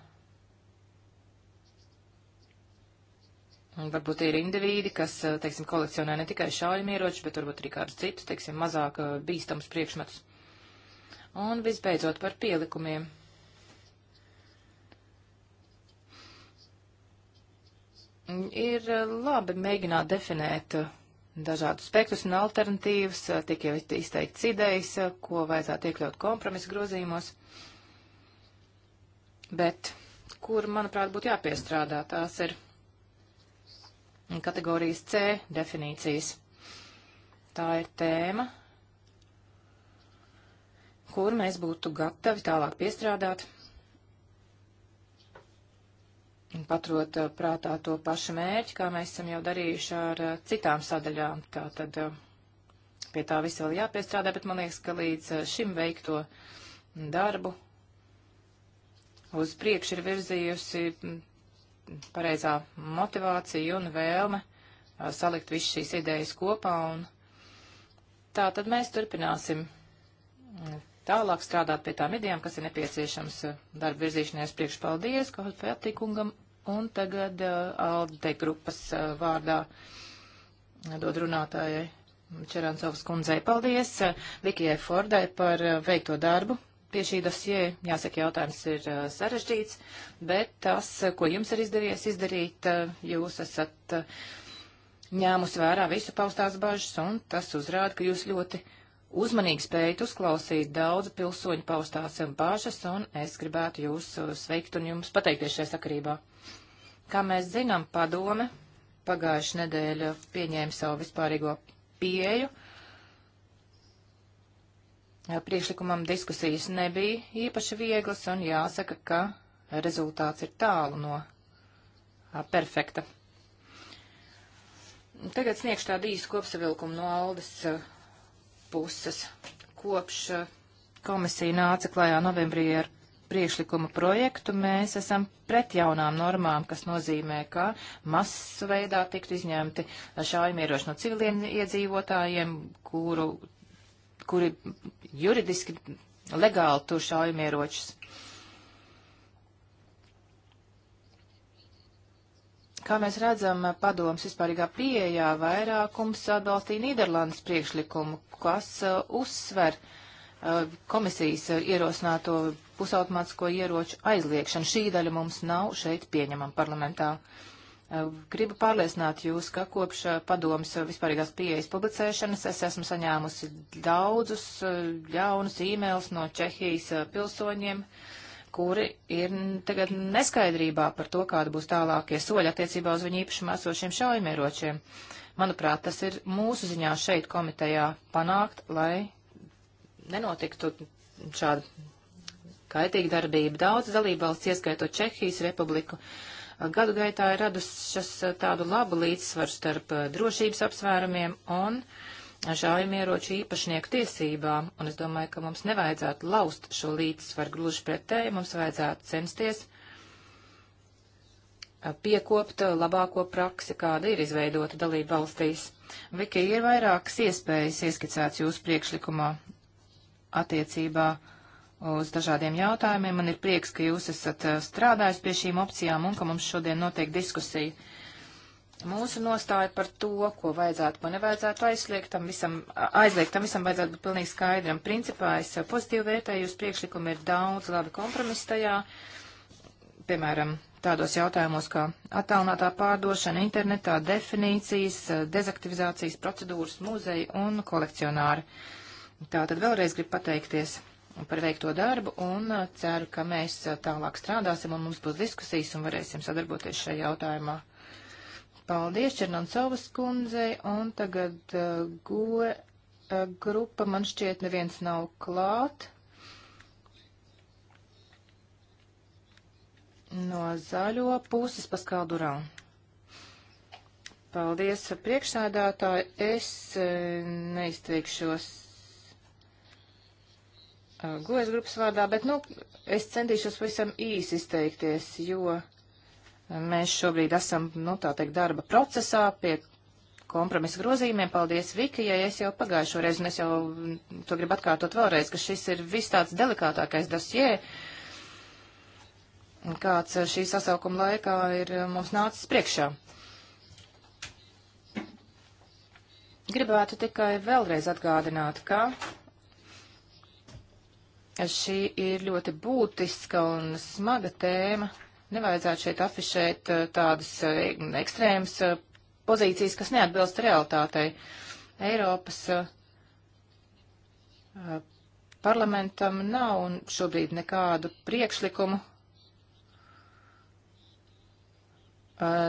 Varbūt ir indivīdi, kas, uh, teiksim, kolekcionē ne tikai šaujamieročus, bet varbūt arī kādus citus, teiksim, mazāk uh, bīstamus priekšmetus. Un visbeidzot par pielikumiem. Ir eh, labi mēģināt definēt eh, dažādus spektrus un alternatīvas, eh, tik jau izteikts idejas, ko vajadzētu iekļaut kompromisu grozījumos. Bet, kur, manuprāt, būtu jāpiestrādā, tās ir kategorijas C definīcijas. Tā ir tēma, kur mēs būtu gatavi tālāk piestrādāt paturot uh, prātā to pašu mērķi, kā mēs esam jau darījuši ar uh, citām sadaļām. Tā tad uh, pie tā visa vēl jāpiestrādā, bet man liekas, ka līdz šim veikto darbu uz priekšu ir virzījusi mm, pareizā motivācija un vēlme salikt visu šīs idejas kopā, un tā tad mēs turpināsim mm, tālāk strādāt pie tām idejām, kas ir nepieciešams eh, darba virzīšanās priekšpaldies, kaut patīkungam, un tagad uh, Alde grupas uh, vārdā dod runātājai Čerancovas kundzei. Paldies uh, Vikijai Fordai par uh, veikto darbu. Pie šī dosie, jāsaka, jautājums ir uh, sarežģīts, bet tas, ko jums ir izdevies izdarīt, uh, jūs esat uh, ņēmus vērā visu paustās bažas, un tas uzrāda, ka jūs ļoti uh, uzmanīgi spējat uzklausīt daudzu pilsoņu paustās bāžas, un es gribētu jūs uh, sveikt un jums pateikties šajā sakarībā. Kā mēs zinām, padome pagājuši nedēļa pieņēma savu vispārīgo pieeju. Priekšlikumam diskusijas nebija īpaši vieglas, un jāsaka, ka rezultāts ir tālu no perfekta. Tagad sniegšu tādu īsu kopsavilkumu no Aldas puses. Kopš uh, komisija nāca klajā novembrī ar priekšlikumu projektu, mēs esam pret jaunām normām, kas nozīmē, ka masu veidā tiktu izņemti šājumi ieroši no civiliem iedzīvotājiem, kuru, kuri juridiski legāli tur šājumi ieročus. Uh, Kā mēs redzam, padoms vispārīgā pieejā vairākums atbalstīja Nīderlandes priekšlikumu, kas uh, uzsver uh, komisijas uh, ierosināto pusautomātisko ieroču aizliekšanu. Šī daļa mums nav šeit pieņemama parlamentā. Uh, gribu pārliecināt jūs, ka kopš uh, padomas vispārīgās pieejas publicēšanas es esmu saņēmusi daudzus ļaunus e-mailus no Čehijas pilsoņiem, uh, kuri ir tagad neskaidrībā par to, kāda būs tālākie soļi attiecībā uz viņu īpašumā esošiem šaujamieročiem. Manuprāt, tas ir mūsu ziņā šeit komitejā panākt, lai nenotiktu šāda kaitīga darbība. Daudz dalībvalsts, ieskaitot Čehijas republiku, gadu gaitā ir radušas tādu labu līdzsvaru starp drošības apsvērumiem un uh, šaujamieroču īpašnieku tiesībām, un es domāju, ka mums nevajadzētu laust šo līdzsvaru gluži pretēji, mums vajadzētu censties piekopt labāko praksi, kāda ir izveidota dalība valstīs. Viki, ir vairākas iespējas ieskicēts jūsu priekšlikumā attiecībā uz dažādiem jautājumiem. Man ir prieks, ka jūs esat strādājis pie šīm opcijām un ka mums šodien notiek diskusija. Mūsu nostāja par to, ko vajadzētu, ko nevajadzētu aizliegt, tam visam, aizliegt, tam visam vajadzētu būt pilnīgi skaidram. Principā es pozitīvi vērtēju, jūs priekšlikumi ir daudz labi kompromisu tajā, piemēram, tādos jautājumos kā attālinātā pārdošana internetā, definīcijas, dezaktivizācijas procedūras, muzeja un kolekcionāri. Tātad vēlreiz gribu pateikties par veikto darbu un ceru, ka mēs tālāk strādāsim un mums būs diskusijas un varēsim sadarboties šajā jautājumā. Paldies Černancovas kundzei, un tagad uh, goe uh, grupa, man šķiet, neviens nav klāt. No zaļo puses paskaldurā. Paldies priekšsēdātāji, es uh, neizteikšos uh, goes grupas vārdā, bet, nu, es centīšos visam īsi izteikties, jo. Uh, Mēs šobrīd esam, nu, tā teikt, darba procesā pie kompromisa grozījumiem. Paldies Vikijai, es jau pagājušo reizi, un es jau to gribu atkārtot vēlreiz, ka šis ir viss tāds delikātākais dosjē, kāds šī sasaukuma laikā ir mums nācis priekšā. Gribētu tikai vēlreiz atgādināt, ka šī ir ļoti būtiska un smaga tēma Nevajadzētu šeit afišēt eh, tādas eh, ekstrēmas eh, pozīcijas, kas neatbilst realitātei. Eiropas parlamentam nav un šobrīd nekādu priekšlikumu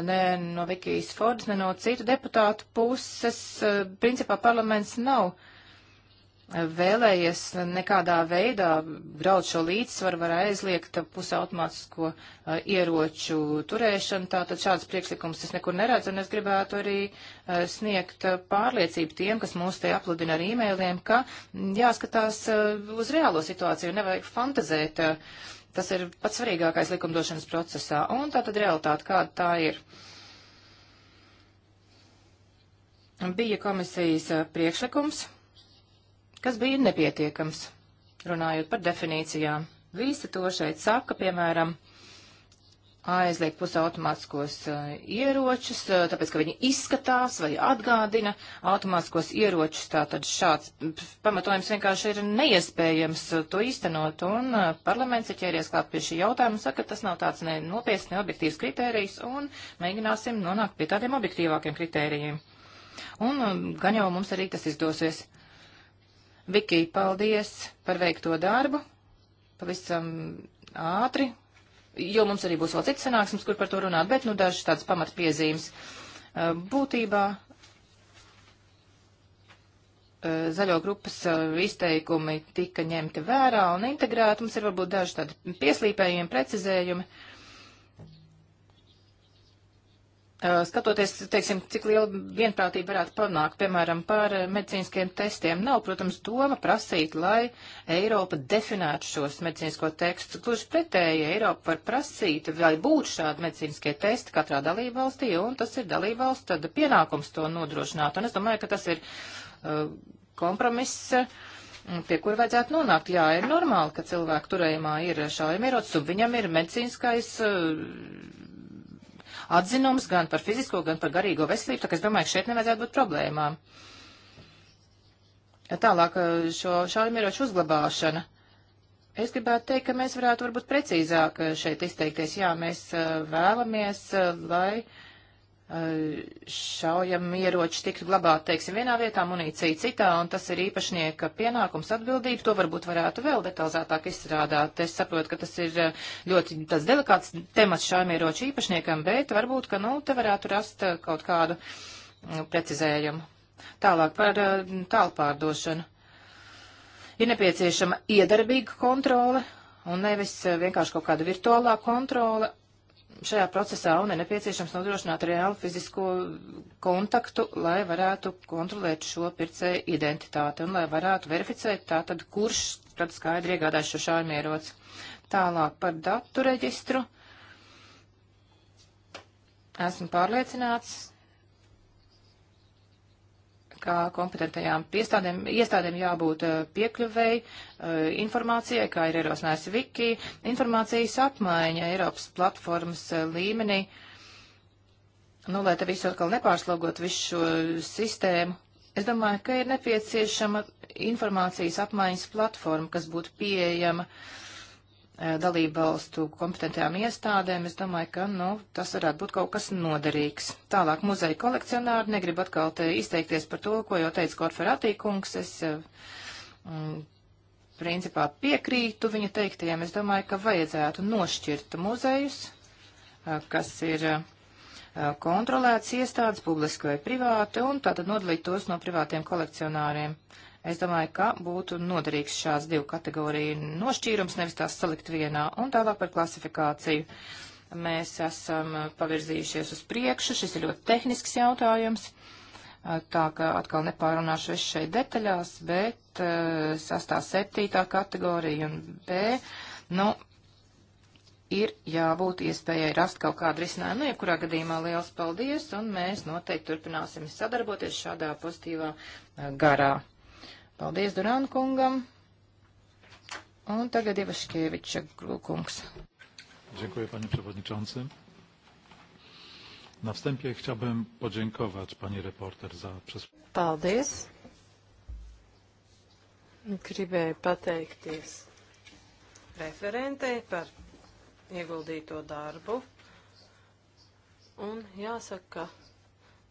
ne no Vikijas Fordas, ne no citu deputātu puses. Principā parlaments nav vēlējies nekādā veidā graut šo līdzsvaru, var aizliegt pusautomātisko uh, ieroču turēšanu. Tātad šāds priekšlikums es nekur neredzu, un es gribētu arī uh, sniegt uh, pārliecību tiem, kas mūs te apludina ar īmēliem, ka jāskatās uh, uz reālo situāciju, nevajag fantazēt. Uh, tas ir pats svarīgākais likumdošanas procesā, un tātad realitāte, kāda tā ir. Bija komisijas uh, priekšlikums kas bija nepietiekams, runājot par definīcijām. Visi to šeit saka, piemēram, aizliegt pusautomātiskos uh, ieročus, uh, tāpēc, ka viņi izskatās vai atgādina automātiskos ieročus. Tātad šāds pamatojums vienkārši ir neiespējams uh, to īstenot, un parlaments ir ķēries klāt pie šī jautājuma un saka, ka tas nav tāds ne nopietns, ne objektīvs kritērijs, un mēģināsim nonākt pie tādiem objektīvākiem kritērijiem. Un gan jau mums arī tas izdosies. Viki, paldies par veikto darbu. Pavisam ātri, jo mums arī būs vēl cits sanāksmes, kur par to runāt, bet nu dažas tādas pamatpiezīmes. Eh, būtībā eh, zaļo grupas eh, izteikumi tika ņemti vērā un integrēti. Mums ir varbūt daži tādi pieslīpējumi, precizējumi. Uh, Eh, skatoties, teiksim, cik liela vienprātība varētu panākt, piemēram, par eh, medicīniskiem testiem, nav, protams, doma prasīt, lai Eiropa definētu šos medicīnisko tekstus. Gluži pretēji, Eiropa var prasīt, lai būtu šādi medicīniskie testi katrā dalībvalstī, un tas ir dalībvalsts tad pienākums to nodrošināt. Un es domāju, ka tas ir uh, kompromiss. Uh, pie kura vajadzētu nonākt. Jā, ir normāli, ka cilvēku turējumā ir šaujamierots, un viņam ir medicīniskais uh, atzinums gan par fizisko, gan par garīgo veselību, tā ka es domāju, ka šeit nevajadzētu būt problēmām. Tālāk eh, šo šaujamieroču uzglabāšana. Es gribētu teikt, ka mēs varētu varbūt precīzāk eh, šeit izteikties. Jā, mēs eh, vēlamies, lai Eh, šaujami ieroči tiktu glabāt, teiksim, vienā vietā, munīcija citā, un tas ir īpašnieka pienākums atbildība. To varbūt varētu vēl detalizētāk izstrādāt. Es saprotu, ka tas ir eh, ļoti tas delikāts temats šaujamieroču īpašniekam, bet varbūt, ka, nu, te varētu rast eh, kaut kādu mm, precizējumu. Tālāk par tālpārdošanu. Ir nepieciešama iedarbīga kontrole, un nevis vienkārši kaut kāda virtuālā kontrole, šajā procesā un ir nepieciešams nodrošināt reālu fizisko kontaktu, lai varētu kontrolēt šo pircēju identitāti un lai varētu verificēt tātad, kurš tad skaidri iegādājas šo šārmierots. Tālāk par datu reģistru. Esmu pārliecināts, ka kompetentajām piestādēm, iestādēm jābūt eh, piekļuvēji eh, informācijai, kā ir ierosinājusi Viki, informācijas apmaiņa Eiropas platformas eh, līmenī. Nu, lai te visu atkal nepārslogot visu šo sistēmu, es domāju, ka ir nepieciešama informācijas apmaiņas platforma, kas būtu pieejama uh, E, dalību valstu kompetentajām iestādēm, es domāju, ka nu, tas varētu būt kaut kas noderīgs. Tālāk muzeja kolekcionāri negrib atkal te izteikties par to, ko jau teica Korferatī kungs. Es e, mm, principā piekrītu viņa teiktajiem. Es domāju, ka vajadzētu nošķirt muzejus, e, kas ir kontrolēts iestādes, publiski vai privāti, un tātad nodalīt tos no privātiem kolekcionāriem. Es domāju, ka būtu noderīgs šāds divu kategoriju nošķīrums, nevis tās salikt vienā, un tālāk par klasifikāciju. Mēs esam pavirzījušies uz priekšu, šis ir ļoti tehnisks jautājums, tā ka atkal nepārunāšu es šeit detaļās, bet eh, sastā septītā kategorija un B, nu, ir jābūt iespējai rast kaut kādu risinājumu. Nu, jebkurā gadījumā liels paldies, un mēs noteikti turpināsim sadarboties šādā pozitīvā eh, garā. Paldies Durānu kungam. Un tagad Ivaškieviča kungs. Dziękuję panie przewodniczący. Na wstępie chciałbym podziękować pani reporter za przez... Paldies. Gribēju pateikties referentei par ieguldīto darbu. Un jāsaka,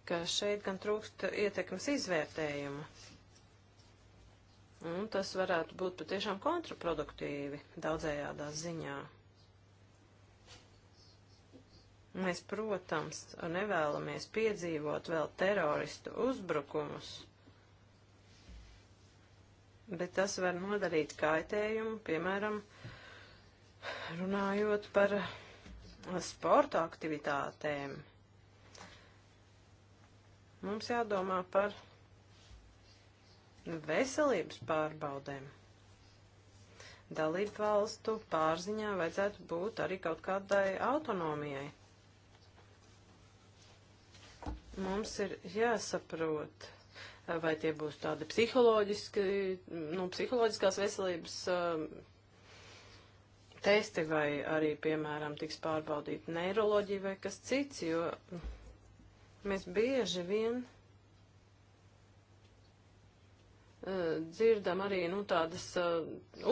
ka šeit gan trūkst ietekmes izvērtējuma. Un tas varētu būt patiešām kontraproduktīvi daudzējādā ziņā. Mēs, protams, nevēlamies piedzīvot vēl teroristu uzbrukumus, bet tas var nodarīt kaitējumu, piemēram, runājot par sporta aktivitātēm. Mums jādomā par veselības pārbaudēm. Dalību valstu pārziņā vajadzētu būt arī kaut kādai autonomijai. Mums ir jāsaprot, vai tie būs tādi psiholoģiski, nu, psiholoģiskās veselības um, testi vai arī, piemēram, tiks pārbaudīta neiroloģija vai kas cits, jo mēs bieži vien dzirdam arī nu, tādas uh,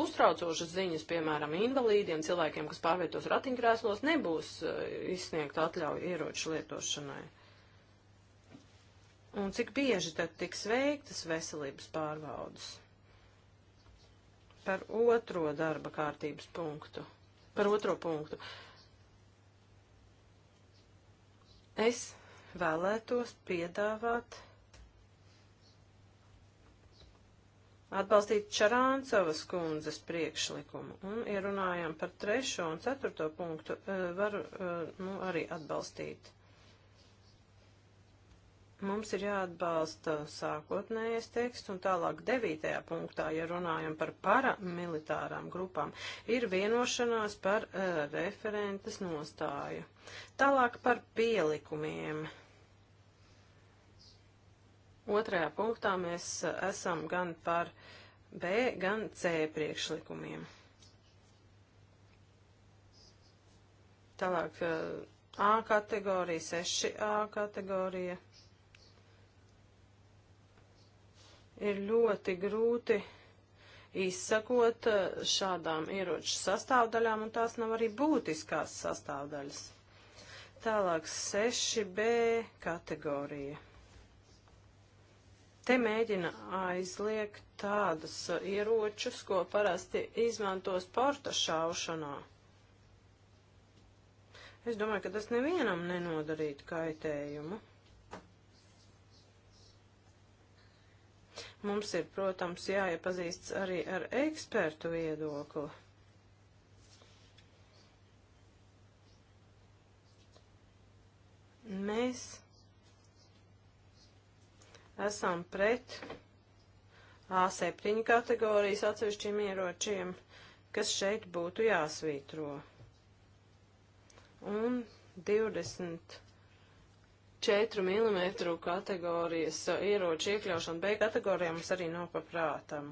uztraucošas ziņas, piemēram, invalīdiem, cilvēkiem, kas pārvietos ratiņkrēslos, nebūs uh, izsniegta atļauja ieroču lietošanai. Un cik bieži tad tiks veiktas veselības pārbaudas? Par otro darba kārtības punktu. Par otro punktu. Es vēlētos piedāvāt atbalstīt Čarāncovas kundzes priekšlikumu. Un, ja runājam par trešo un ceturto punktu, eh, varu eh, nu, arī atbalstīt. Mums ir jāatbalsta sākotnējais teksts un tālāk devītajā punktā, ja runājam par paramilitārām grupām, ir vienošanās par uh, referentes nostāju. Tālāk par pielikumiem. Uh, Otrajā punktā mēs uh, esam gan par B, gan C priekšlikumiem. Tālāk uh, A kategorija, 6A kategorija. Ir ļoti grūti izsakot uh, šādām ieroču sastāvdaļām, un tās nav arī būtiskās sastāvdaļas. Tālāk 6B kategorija. Te mēģina aizliegt tādus ieročus, ko parasti izmanto sporta šaušanā. Es domāju, ka tas nevienam nenodarītu kaitējumu. Mums ir, protams, jāiepazīstas arī ar ekspertu viedokli. Mēs esam pret A7 kategorijas atsevišķiem ieročiem, kas šeit būtu jāsvītro. Un 24 mm kategorijas ieroču iekļaušana B kategorijā mums arī nav paprātam.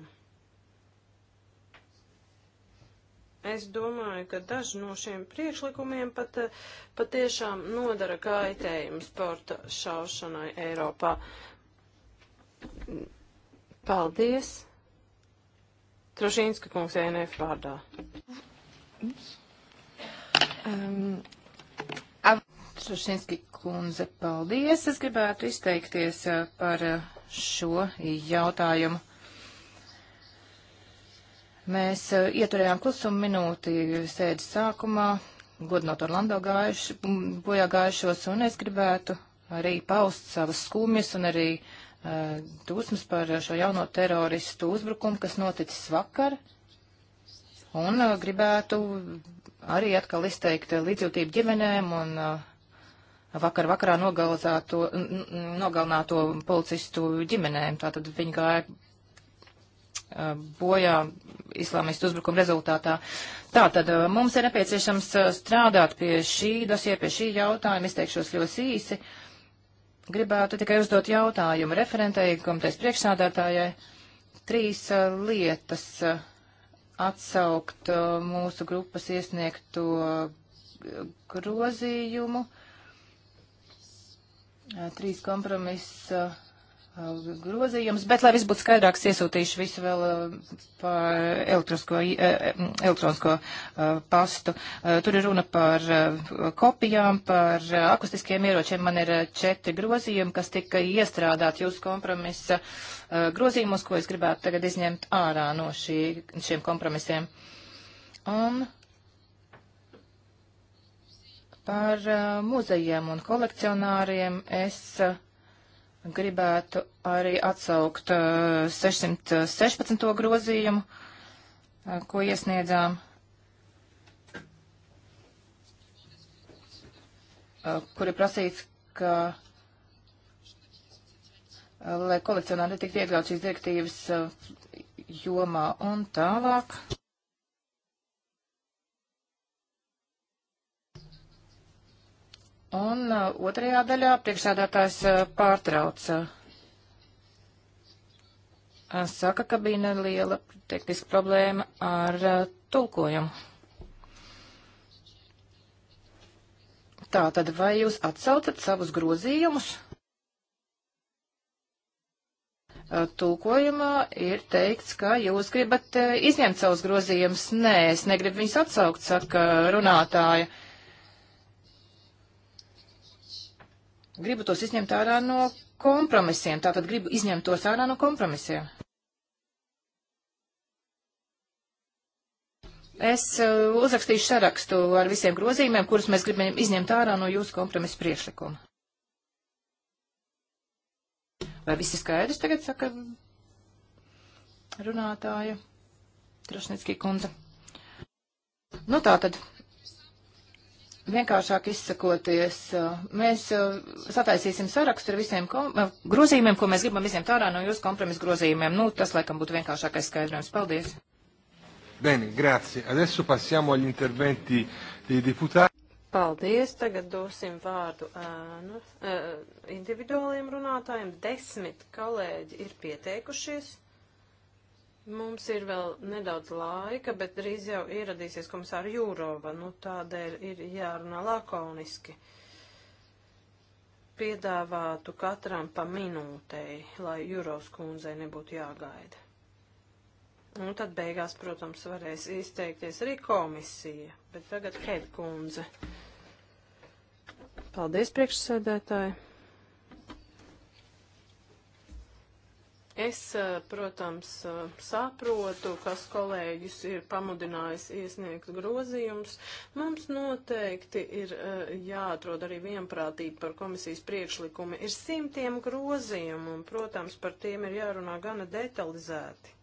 Es domāju, ka daži no šiem priekšlikumiem pat, eh, patiešām nodara kaitējumu sporta šaušanai Eiropā. Uh, Paldies. Trošīnska kungs ENF vārdā. Um, Trušinski kundze, paldies. Es gribētu izteikties uh, par uh, šo jautājumu. Mēs uh, ieturējām klusumu minūti sēdes sākumā, godinot Orlando gājuši, bojā gājušos, un es gribētu arī paust savas skumjas un arī dusmas par šo jauno teroristu uzbrukumu, kas noticis vakar, un uh, gribētu arī atkal izteikt līdzjūtību ģimenēm un uh, vakar vakarā nogalināto policistu ģimenēm. Tātad viņi gāja uh, bojā islāmistu uzbrukumu rezultātā. Tātad mums ir nepieciešams strādāt pie šī dosie, pie šī jautājuma, izteikšos ļoti īsi. Uh, Gribētu tikai uzdot jautājumu referentei, komitejas priekšsādātājai. Trīs uh, lietas uh, atsaukt uh, mūsu grupas iesniegto uh, grozījumu. Uh, trīs kompromisa uh, grozījumus, bet, lai viss būtu skaidrāks, iesūtīšu visu vēl eh, pa elektronisko eh, eh, pastu. Tur ir runa par kopijām, par akustiskiem ieročiem. Man ir četri grozījumi, kas tika iestrādāti jūsu kompromisa grozījumos, ko es gribētu tagad izņemt ārā no šī, šiem kompromisiem. Un par muzejiem un kolekcionāriem es. Uh, gribētu arī atsaukt 616. Eh, grozījumu, eh, ko iesniedzām, eh, kur ir prasīts, ka, lai kolekcionāri netiktu iekļaut šīs direktīvas jomā un tālāk. Un uh, otrajā daļā priekšsēdētājs uh, pārtrauca. Uh, saka, ka bija neliela tehniska problēma ar tulkojumu. Tātad, vai jūs atsaucat savus grozījumus? tulkojumā ir teikts, ka jūs gribat izņemt savus grozījumus. Nē, es negribu viņus atsaukt, saka runātāja. gribu tos izņemt ārā no kompromisiem. Tātad gribu izņemt tos ārā no kompromisiem. Es uh, uzrakstīšu sarakstu ar visiem grozījumiem, kurus mēs gribam izņemt ārā no jūsu kompromisa priekšlikuma. Vai viss ir skaidrs tagad, saka runātāja Trašnicki kundze? Nu tā tad vienkāršāk izsakoties, mēs uh, sataisīsim sarakstu ar visiem uh, grozījumiem, ko mēs gribam izņemt ārā no jūsu kompromisu grozījumiem. Nu, tas, laikam, būtu vienkāršākais skaidrojums. Paldies! Bene, grazie. Adesso passiamo agli interventi dei deputati. Paldies, tagad dosim vārdu ēnu, individuāliem runātājiem. Desmit kolēģi ir pieteikušies. Mums ir vēl nedaudz laika, bet drīz jau ieradīsies komisāra Jūrova, nu tādēļ ir jārunā lakoniski. Piedāvātu katram pa minūtei, lai Jūrovs kundzei nebūtu jāgaida. Un tad beigās, protams, varēs izteikties arī komisija, bet tagad Hed kundze. Paldies, priekšsēdētāji! Es, eh, protams, eh, saprotu, kas kolēģis ir pamudinājis iesniegt grozījums. Mums noteikti ir eh, jāatrod arī vienprātība par komisijas priekšlikumu. Ir simtiem grozījumu, un, protams, par tiem ir jārunā gana detalizēti.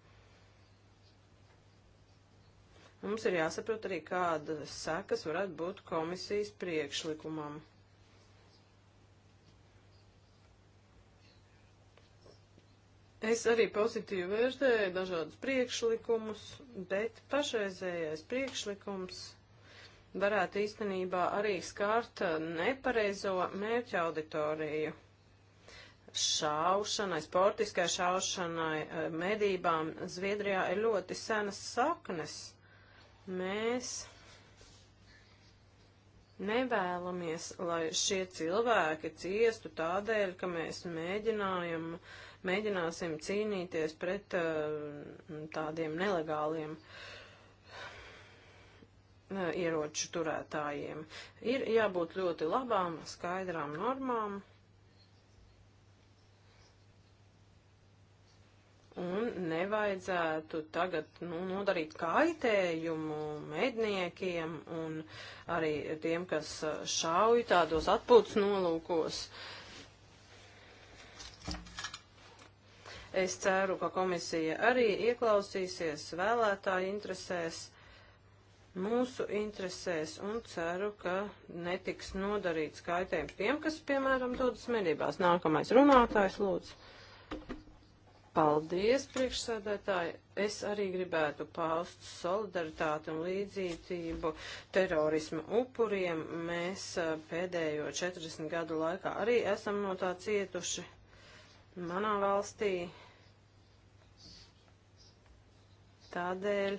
Mums ir jāsaprot arī, kāda sekas varētu būt komisijas priekšlikumam. Es arī pozitīvi vērtēju dažādus priekšlikumus, bet pašreizējais priekšlikums varētu īstenībā arī skārt nepareizo mērķa auditoriju. Šaušanai, sportiskai šaušanai, eh, medībām Zviedrijā ir ļoti senas saknes. Mēs nevēlamies, lai šie cilvēki ciestu tādēļ, ka mēs mēģinājam uh, mēģināsim cīnīties pret uh, tādiem nelegāliem uh, ieroču turētājiem. Ir jābūt ļoti labām, skaidrām normām. Un nevajadzētu tagad nu, nodarīt kaitējumu medniekiem un arī tiem, kas uh, šauj tādos atpūtas nolūkos. Uh, Es ceru, ka komisija arī ieklausīsies vēlētāju interesēs, mūsu interesēs un ceru, ka netiks nodarīts kaitējums tiem, kas, piemēram, dodas medībās. Nākamais runātājs lūdzu. Paldies, priekšsēdētāji! Es arī gribētu paust solidaritāti un līdzītību terorismu upuriem. Mēs eh, pēdējo 40 gadu laikā arī esam no tā cietuši manā valstī. Tādēļ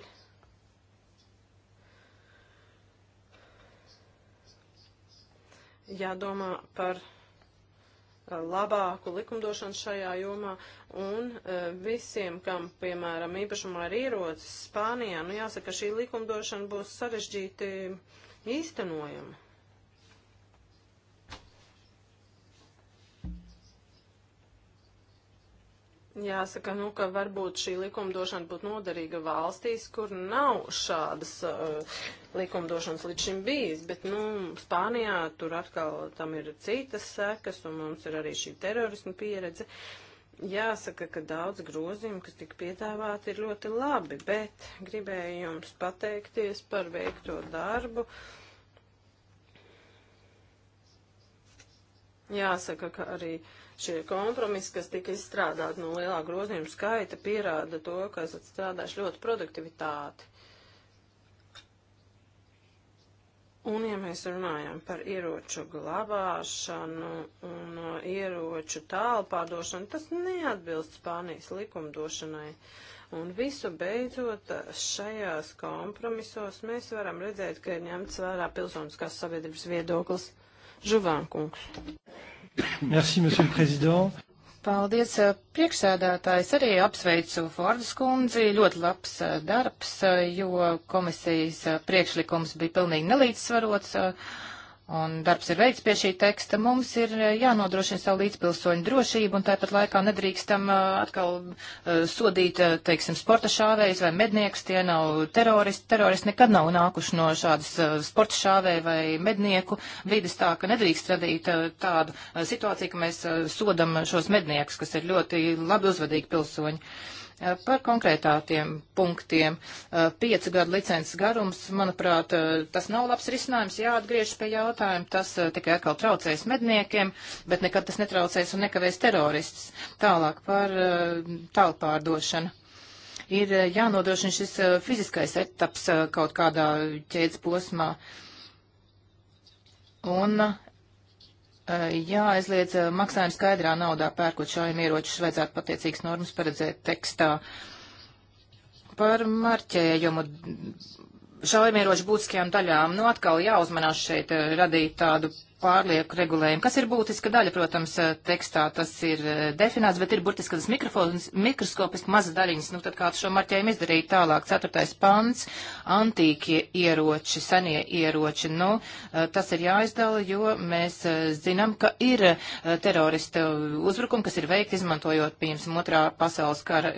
jādomā par uh, labāku likumdošanu šajā jomā un uh, visiem, kam, piemēram, īpašumā ir ierocis Spānijā, nu jāsaka, šī likumdošana būs sarežģīti īstenojama. Jāsaka, nu, ka varbūt šī likumdošana būtu noderīga valstīs, kur nav šādas uh, likumdošanas līdz šim bijis, bet, nu, Spānijā tur atkal tam ir citas sekas, un mums ir arī šī terorisma pieredze. Jāsaka, ka daudz grozījumu, kas tika piedāvāti, ir ļoti labi, bet gribēju jums pateikties par veikto darbu. Jāsaka, ka arī. Uh, Šie kompromisi, kas tika izstrādāti no nu, lielā grozījuma skaita, pierāda to, ka esat strādājuši ļoti produktivitāti. Un, ja mēs runājam par ieroču glabāšanu un ieroču tālu pārdošanu, tas neatbilst Spānijas likumdošanai. Un visu beidzot šajās kompromisos mēs varam redzēt, ka ir ņemts vērā pilsoniskās sabiedrības viedoklis Žuvānkungs. Merci, monsieur le président. Paldies, eh, priekšsēdētājs. Arī apsveicu Fordas kundzi. Ļoti labs eh, darbs, eh, jo komisijas priekšlikums bija pilnīgi nelīdzsvarots un darbs ir veikts pie šī teksta, mums ir eh, jānodrošina savu līdzpilsoņu drošību, un tāpat laikā nedrīkstam eh, atkal eh, sodīt, teiksim, sporta šāvējus vai medniekus, tie nav teroristi, teroristi nekad nav nākuši no šādas sporta šāvēju vai mednieku vidas tā, ka nedrīkst radīt tādu situāciju, ka mēs sodam šos medniekus, kas ir ļoti labi uzvedīgi pilsoņi. Par konkrētātiem punktiem. Piecu gadu licences garums, manuprāt, tas nav labs risinājums, jāatgriežas pie jautājuma, tas tikai atkal traucēs medniekiem, bet nekad tas netraucēs un nekavēs teroristus. Tālāk par tālpārdošanu ir jānodrošina šis fiziskais etaps kaut kādā ķēdes posmā. Un Eh, jāaizliedz eh, maksājumu skaidrā naudā pērkot šaujam ieročus, vajadzētu patiecīgas normas paredzēt tekstā. Par marķējumu šaujamieroču būtiskajām daļām, nu atkal jāuzmanās šeit eh, radīt tādu pārlieku regulējumu, kas ir būtiska daļa, protams, eh, tekstā tas ir eh, definēts, bet ir burtiski tas mikroskopiski maza daļiņas, nu tad kāds šo marķējumu izdarīja tālāk. Ceturtais pants - antīkie ieroči, senie ieroči, nu eh, tas ir jāizdala, jo mēs zinām, ka ir terorista uzbrukumi, kas ir veikti izmantojot, pieņemsim, otrā pasaules kara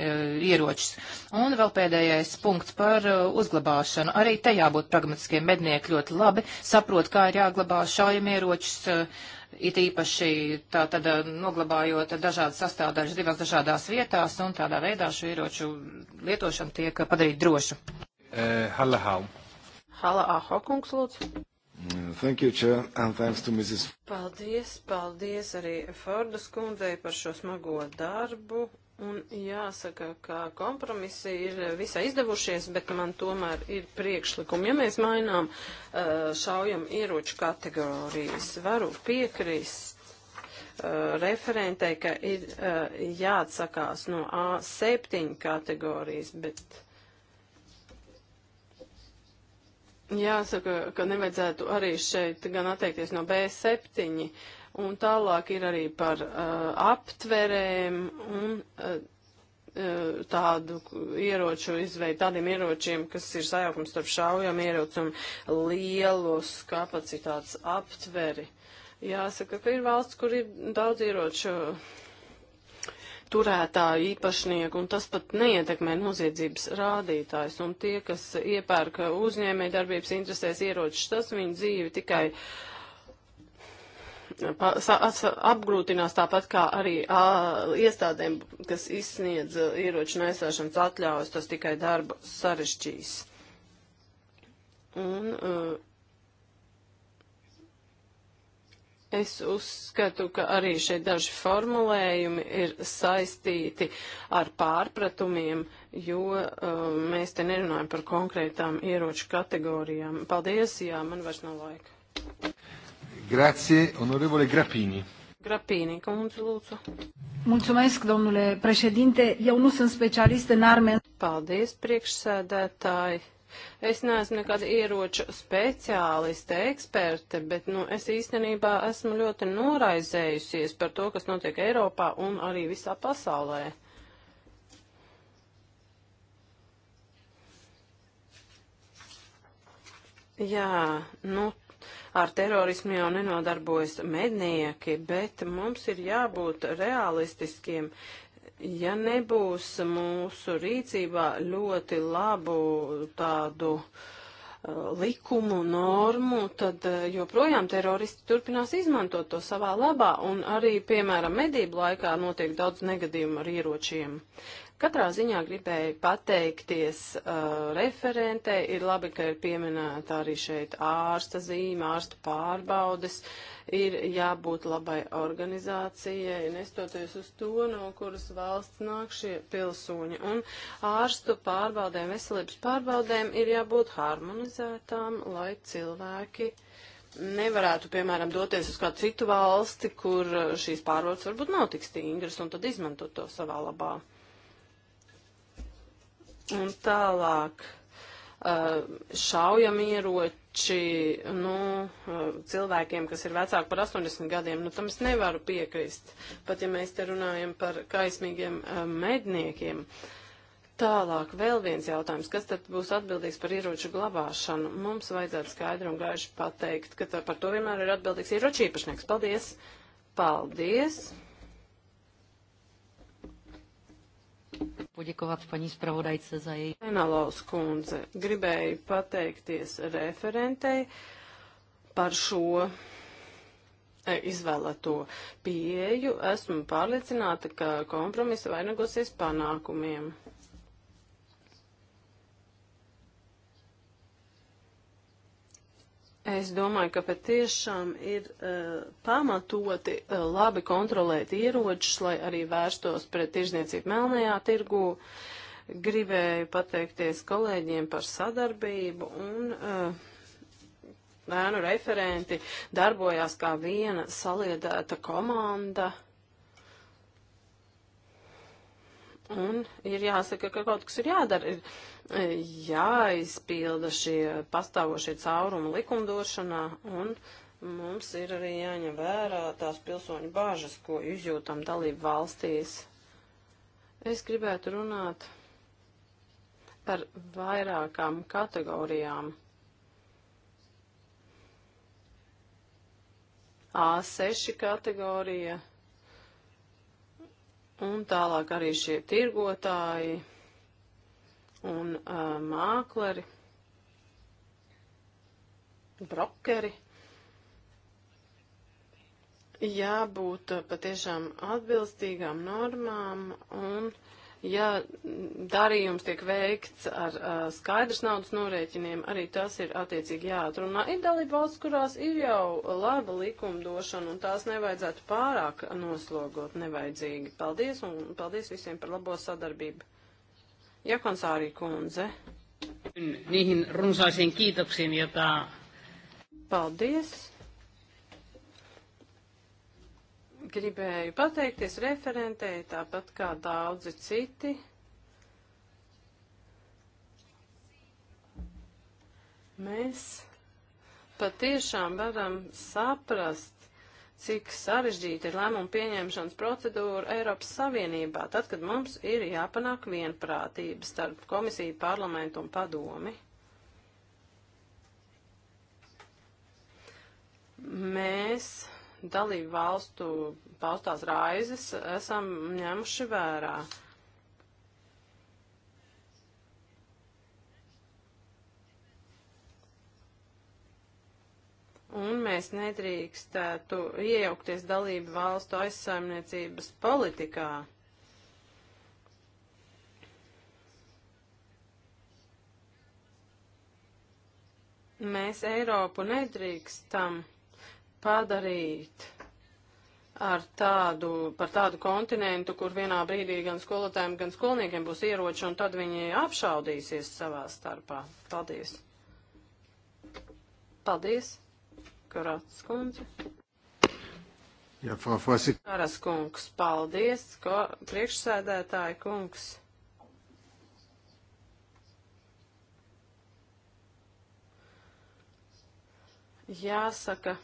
ieročus. Un vēl pēdējais punkts par uzglabāšanu. Arī te jābūt pragmatiskiem mednieki ļoti labi, saprot, kā ir jāglabā šaujamieroči ieročus, eh, it īpaši tā tad eh, noglabājot dažādas sastāvdaļas divās dažādās vietās, un tādā veidā šo ieroču lietošana tiek padarīta droša. Uh, eh, Hala Hau. Hala Aho, kungs, lūdzu. Mm, thank you, Chair, and thanks to Mrs. Paldies, paldies arī Fordas kundzei par šo smago darbu Un jāsaka, ka kompromisi ir visai izdevušies, bet man tomēr ir priekšlikumi. Ja mēs mainām uh, šaujam ieroču kategorijas, varu piekrist uh, referentei, ka ir uh, jāatsakās no A7 kategorijas, bet. Jāsaka, ka nevajadzētu arī šeit gan atteikties no B7. Uh, Un tālāk ir arī par uh, aptverēm un uh, uh tādu ieroču izveidu, tādiem ieročiem, kas ir sajaukums starp šaujam ieroci un lielos kapacitātes aptveri. Jāsaka, ka ir valsts, kur ir daudz ieroču turētāju īpašnieku, un tas pat neietekmē noziedzības rādītājs, un tie, kas iepērka uzņēmē darbības interesēs ieročus, tas viņu dzīvi tikai uh, apgrūtinās tāpat kā arī a, iestādēm, kas izsniedz ieroču nesāšanas atļaujas, tas tikai darbu sarežģīs. Un a, es uzskatu, ka arī šeit daži formulējumi ir saistīti ar pārpratumiem, jo a, mēs te nerunājam par konkrētām ieroču kategorijām. Paldies, jā, man vairs nav laika. Grazie, onorevole Grapini. Grapini, kundze, lūdzu. Mulțumesc, domnule președinte. Eu nu sunt specialist în arme. Paldies, priekšsēdētāji. Es neesmu nekāda ieroču speciāliste, eksperte, bet nu, es īstenībā esmu ļoti noraizējusies par to, kas notiek Eiropā un arī visā pasaulē. Jā, nu ar terorismu jau nenodarbojas mednieki, bet mums ir jābūt realistiskiem. Ja nebūs mūsu rīcībā ļoti labu tādu uh, likumu, normu, tad uh, joprojām teroristi turpinās izmantot to savā labā, un arī, piemēram, medību laikā notiek daudz negadījumu ar ieročiem. Katrā ziņā gribēju pateikties uh, referentē. Ir labi, ka ir pieminēta arī šeit ārsta zīme, ārsta pārbaudes. Ir jābūt labai organizācijai, nestoties uz to, no kuras valsts nāk šie pilsoņi. Un ārstu pārbaudēm, veselības pārbaudēm ir jābūt harmonizētām, lai cilvēki nevarētu, piemēram, doties uz kādu citu valsti, kur šīs pārbaudas varbūt nav tik stingras, un tad izmantot to savā labā. Un tālāk eh, šaujamieroči nu, eh, cilvēkiem, kas ir vecāki par 80 gadiem, nu, tam es nevaru piekrist, pat ja mēs te runājam par kaismīgiem eh, medniekiem. Tālāk vēl viens jautājums, kas tad būs atbildīgs par ieroču glabāšanu? Mums vajadzētu skaidru un gaišu pateikt, ka tā, par to vienmēr ir atbildīgs ieroču īpašnieks. Paldies! Paldies! Poģikovat paņīs pravodaice za jej. Enalaus kundze, gribēju pateikties referentei par šo e, izvēlēto pieeju. Esmu pārliecināta, ka kompromisa vainagosies panākumiem. Es domāju, ka patiešām ir uh, pamatoti uh, labi kontrolēt ieročus, lai arī vērstos pret tirzniecību melnajā tirgū. Gribēju pateikties kolēģiem par sadarbību un uh, ēnu referenti darbojās kā viena saliedēta komanda. Un ir jāsaka, ka kaut kas ir jādara. Ir, jāizpilda šie pastāvošie caurumi likumdošanā un mums ir arī jāņem vērā tās pilsoņu bāžas, ko izjūtam dalību valstīs. Es gribētu runāt par vairākām kategorijām. A6 kategorija un tālāk arī šie tirgotāji un uh, mākleri, brokeri. Jābūt patiešām atbilstīgām normām un ja darījums tiek veikts ar uh, skaidrs naudas norēķiniem, arī tas ir attiecīgi jāatrunā. Ir dalība valsts, kurās ir jau laba likumdošana, un tās nevajadzētu pārāk noslogot nevajadzīgi. Paldies, un paldies visiem par labo sadarbību. Jakonsaari kundze. Niihin runsaisiin kiitoksiin, jota... Paldies. Gribēju pateikties referentei, tāpat kā daudzi citi. Mēs patiešām varam saprast, cik sarežģīta ir lēmuma pieņemšanas procedūra Eiropas Savienībā, tad, kad mums ir jāpanāk vienprātība starp komisiju, parlamentu un padomi. Mēs dalību valstu paustās raizes esam ņemuši vērā. Uh, un mēs nedrīkstētu iejaukties dalību valstu aizsaimniecības politikā. Mēs Eiropu nedrīkstam padarīt ar tādu, par tādu kontinentu, kur vienā brīdī gan skolotājiem, gan skolniekiem būs ieroči, un tad viņi apšaudīsies savā starpā. Paldies! Paldies! Karats kundze. Jā, Fafasi. Karas kungs, paldies, ko priekšsēdētāji kungs. Jāsaka,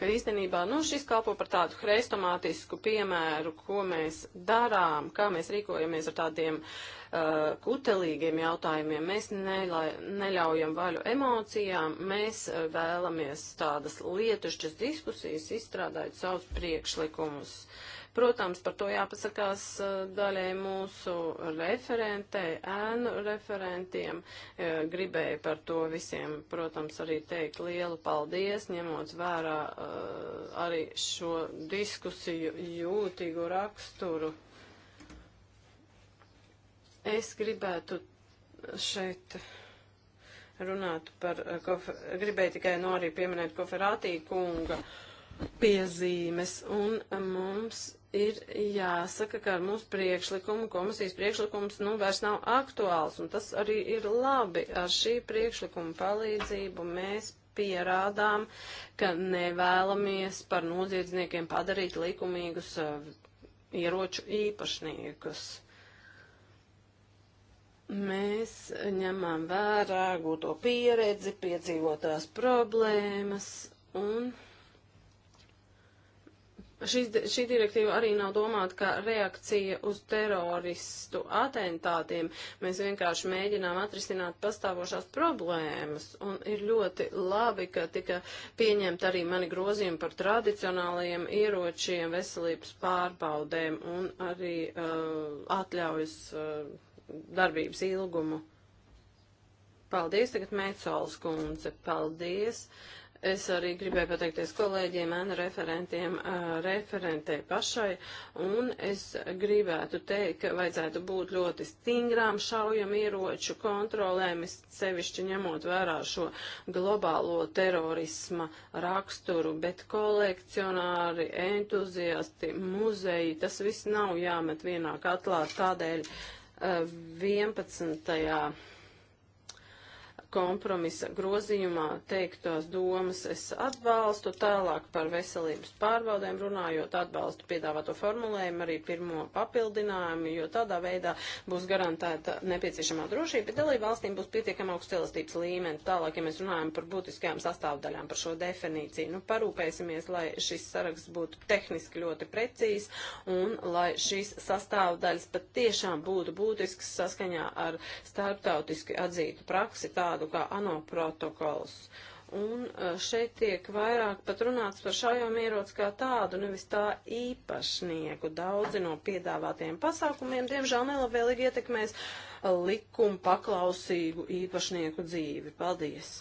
ka īstenībā nu, šis kalpo par tādu hreistomātisku piemēru, ko mēs darām, kā mēs rīkojamies ar tādiem uh, kutelīgiem jautājumiem. Mēs neļa, neļaujam vaļu emocijām, mēs uh, vēlamies tādas lietušķas diskusijas, izstrādājot savus priekšlikumus. Uh, Protams, par to jāpasakās daļai mūsu referentei, ēnu referentiem. Gribēju par to visiem, protams, arī teikt lielu paldies, ņemot vērā arī šo diskusiju jūtīgu raksturu. Es gribētu šeit runāt par, gribēju tikai no arī pieminēt koferātī kunga. Uh, piezīmes, un mums ir jāsaka, ka ar mūsu priekšlikumu, komisijas priekšlikums, nu, vairs nav aktuāls, un tas arī ir labi. Ar šī priekšlikuma palīdzību mēs pierādām, ka nevēlamies par noziedzniekiem padarīt likumīgus uh, ieroču īpašniekus. Mēs ņemam vērā gūto pieredzi, piedzīvotās problēmas un šis, šī direktīva arī nav domāta kā reakcija uz teroristu atentātiem. Mēs vienkārši mēģinām atrisināt pastāvošās problēmas. Un ir ļoti labi, ka tika pieņemta arī mani grozījumi par tradicionālajiem ieročiem, veselības pārbaudēm un arī uh, atļaujas uh, darbības ilgumu. Paldies, tagad Mēcols kundze. Paldies. Uh, Es arī gribēju pateikties kolēģiem, ēnu referentiem, referentē pašai, un es gribētu teikt, ka vajadzētu būt ļoti stingrām šaujam ieroču kontrolēm, es sevišķi ņemot vērā šo globālo terorisma raksturu, bet kolekcionāri, entuziasti, muzeji, tas viss nav jāmet vienā katlā, tādēļ 11 kompromisa grozījumā teiktās domas es atbalstu, tālāk par veselības pārbaudēm runājot atbalstu piedāvāto formulējumu, arī pirmo papildinājumu, jo tādā veidā būs garantēta nepieciešamā drošība, bet dalību valstīm būs pietiekama augstelastības līmeni. Tālāk, ja mēs runājam par būtiskajām sastāvdaļām, par šo definīciju, nu parūpēsimies, lai šis saraksts būtu tehniski ļoti precīzs un lai šīs sastāvdaļas pat tiešām būtu būtisks saskaņā ar starptautiski atzītu praksi tādu, tādu kā ANO protokols. Un e, šeit tiek vairāk pat runāts par šaujamieroci kā tādu, nevis tā īpašnieku. Daudzi no piedāvātiem pasākumiem, diemžēl, nelabvēlīgi ietekmēs likumu paklausīgu īpašnieku dzīvi. Paldies!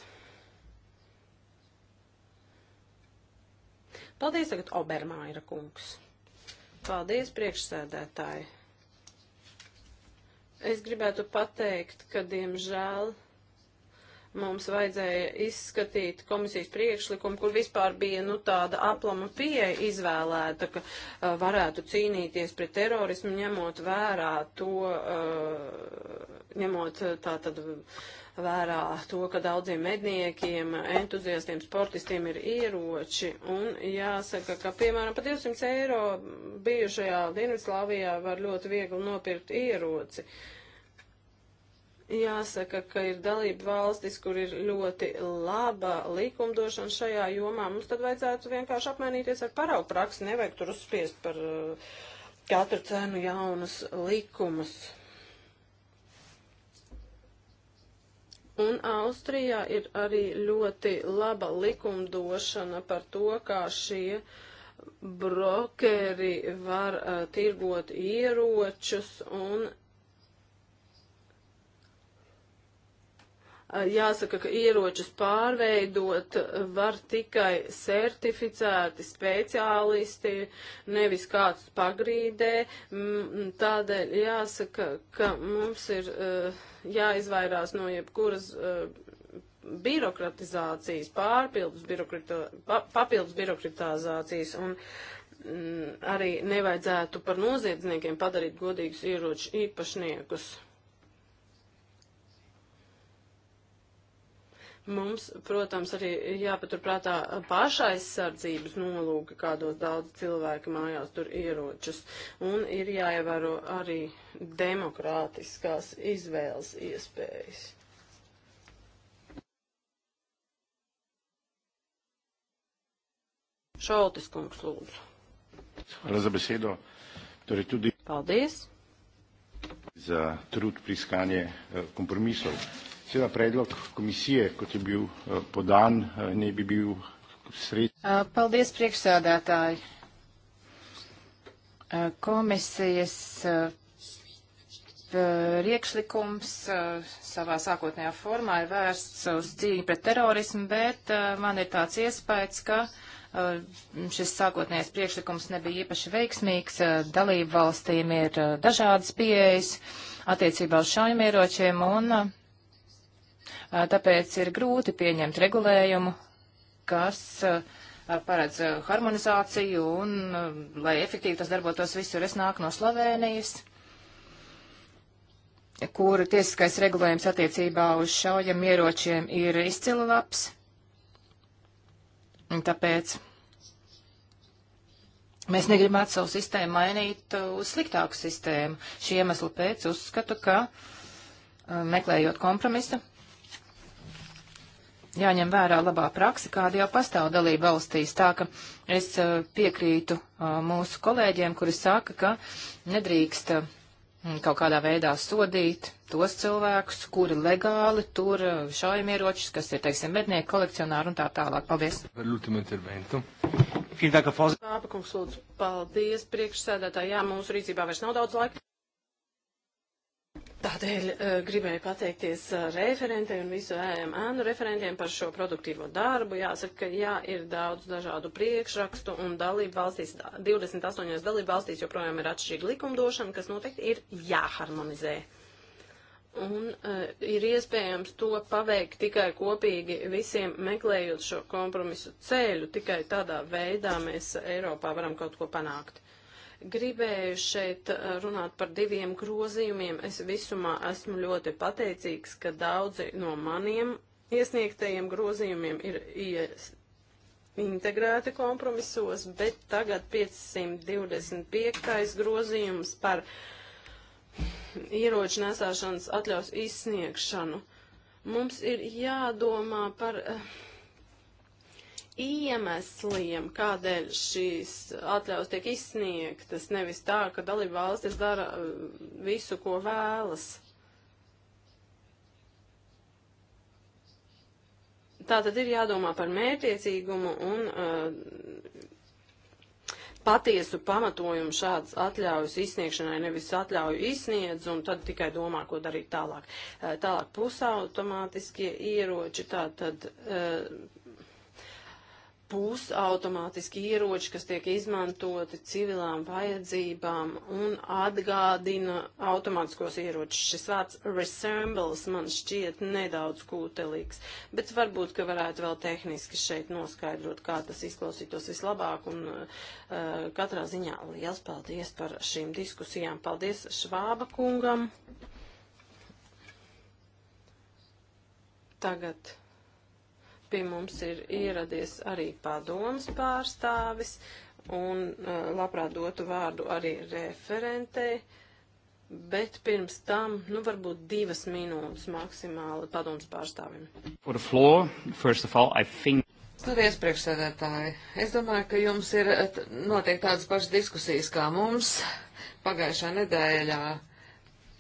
Paldies tagad Obermaira kungs. Paldies priekšsēdētāji. Es gribētu pateikt, ka diemžēl mums vajadzēja izskatīt komisijas priekšlikumu, kur vispār bija nu, tāda aplama pieeja izvēlēta, ka uh, varētu cīnīties pret terorismu, ņemot vērā to, uh, ņemot uh, tā tad vērā to, ka daudziem medniekiem, entuziastiem, sportistiem ir ieroči. Un jāsaka, ka piemēram par 200 eiro bijušajā Dienvidslāvijā var ļoti viegli nopirkt ieroci. Uh, Jāsaka, ka ir dalība valstis, kur ir ļoti laba likumdošana šajā jomā. Mums tad vajadzētu vienkārši apmainīties ar paraugu praksi, nevajag tur uzspiest par uh, katru cenu jaunus likumus. Un Austrijā ir arī ļoti laba likumdošana par to, kā šie brokeri var uh, tirgot ieročus un Jāsaka, ka ieročus pārveidot var tikai certificēti speciālisti, nevis kāds pagrīdē. Tādēļ jāsaka, ka mums ir jāizvairās no jebkuras birokratizācijas, pārpildus birokratā, pa, papildus birokratizācijas un m, arī nevajadzētu par noziedzniekiem padarīt godīgus ieroču īpašniekus. Mums, protams, arī jāpaturprātā pašaizsardzības nolūka, kādos daudz cilvēku mājās tur ieročus, un ir jāievēro arī demokrātiskās izvēles iespējas. Šaltis kungs lūdzu. Hvala za besedo. Torej tudi Paldies. za trud pri iskanje eh, kompromisov. Seveda predlog komisije, kot je bil eh, podan, eh, ne bi bil sred. Eh, paldies priekšsādātāji. Komisijas priekšlikums savā sākotnējā formā ir vērsts uz cīņu pret terorismu, bet man ir tāds iespējas, ka šis sākotnējais priekšlikums nebija īpaši veiksmīgs. Dalību valstīm ir dažādas pieejas attiecībā uz šaujamieročiem, un tāpēc ir grūti pieņemt regulējumu, kas paredz harmonizāciju un, lai efektīvi tas darbotos visur, es nāku no Slovēnijas kur tiesiskais regulējums attiecībā uz šaujam ieročiem ir izcili labs. Un tāpēc mēs negribētu savu sistēmu mainīt uz sliktāku sistēmu. Šī iemesla pēc uzskatu, ka meklējot kompromisu, jāņem vērā labā praksa, kāda jau pastāv dalība valstīs. Tā ka es piekrītu mūsu kolēģiem, kuri saka, ka nedrīkst kaut kādā veidā sodīt tos cilvēkus, kuri legāli tur šaujamieročus, kas ir, teiksim, mednieki, kolekcionāri un tā tālāk. Paldies. Paldies, priekšsēdētāji. Jā, mūsu rīcībā vairs nav daudz laika. Tādēļ uh, gribēju pateikties uh, referentei un visu ēnu ēnu referentiem par šo produktīvo darbu. Jāsaka, ka jā, ir daudz dažādu priekšrakstu un dalību valstīs, 28 dalību valstīs joprojām ir atšķirīga likumdošana, kas noteikti ir jāharmonizē. Un uh, ir iespējams to paveikt tikai kopīgi visiem meklējot šo kompromisu ceļu, tikai tādā veidā mēs Eiropā varam kaut ko panākt. Gribēju šeit uh, runāt par diviem grozījumiem. Es visumā esmu ļoti pateicīgs, ka daudzi no maniem iesniegtajiem grozījumiem ir ies integrēti kompromisos, bet tagad 525. grozījums par ieroču nesāšanas atļaus izsniegšanu. Mums ir jādomā par uh, iemesliem, kādēļ šīs atļaus tiek izsniegtas, nevis tā, ka dalība valstis dara uh, visu, ko vēlas. Tā tad ir jādomā par mērķiecīgumu un uh, patiesu pamatojumu šādas atļaujas izsniegšanai, nevis atļauju izsniedz un tad tikai domā, ko darīt tālāk. Uh, tālāk pusautomātiskie ieroči, tā tad. Uh, pusautomātiski ieroči, kas tiek izmantoti civilām vajadzībām un atgādina automātiskos ieročus. Šis vārds resembles man šķiet nedaudz kūtelīgs, bet varbūt, ka varētu vēl tehniski šeit noskaidrot, kā tas izklausītos vislabāk un uh, katrā ziņā liels paldies par šīm diskusijām. Paldies Švāba kungam. Tagad Pie mums ir ieradies arī padomas pārstāvis un uh, labprāt dotu vārdu arī referentei, bet pirms tam, nu, varbūt divas minūtes maksimāli padomas pārstāvim. Floor, all, think... Paldies, priekšsēdētāji. Es domāju, ka jums ir uh, notiek tādas pašas diskusijas kā mums pagājušā nedēļā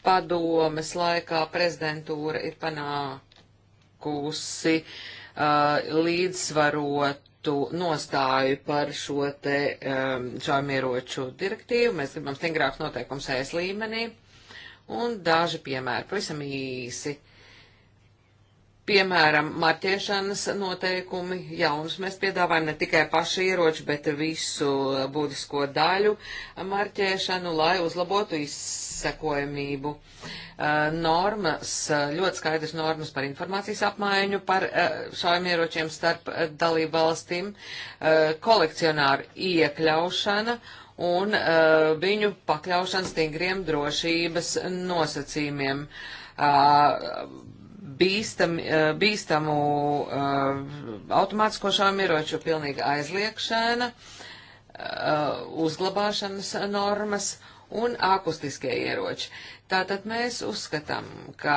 padomes laikā prezidentūra ir panākusi uh, Uh, līdzsvarotu nostāju par šo te šām um, ieroču direktīvu. Mēs gribam stingrāks noteikums ES līmenī. Un daži piemēri, pavisam īsi. Piemēram, marķēšanas noteikumi jaunus mēs piedāvājam ne tikai pašu ieroču, bet visu būtisko daļu marķēšanu, lai uzlabotu izsekojamību. Eh, normas, ļoti skaidrs normas par informācijas apmaiņu par eh, šaujamieročiem starp eh, dalību valstīm, kolekcionāru iekļaušana un viņu pakļaušana stingriem drošības nosacījumiem bīstam, eh, bīstamu eh, automātiskošām ieroču pilnīga aizliekšana, eh, uzglabāšanas normas un akustiskie ieroči. Tātad mēs uzskatām, ka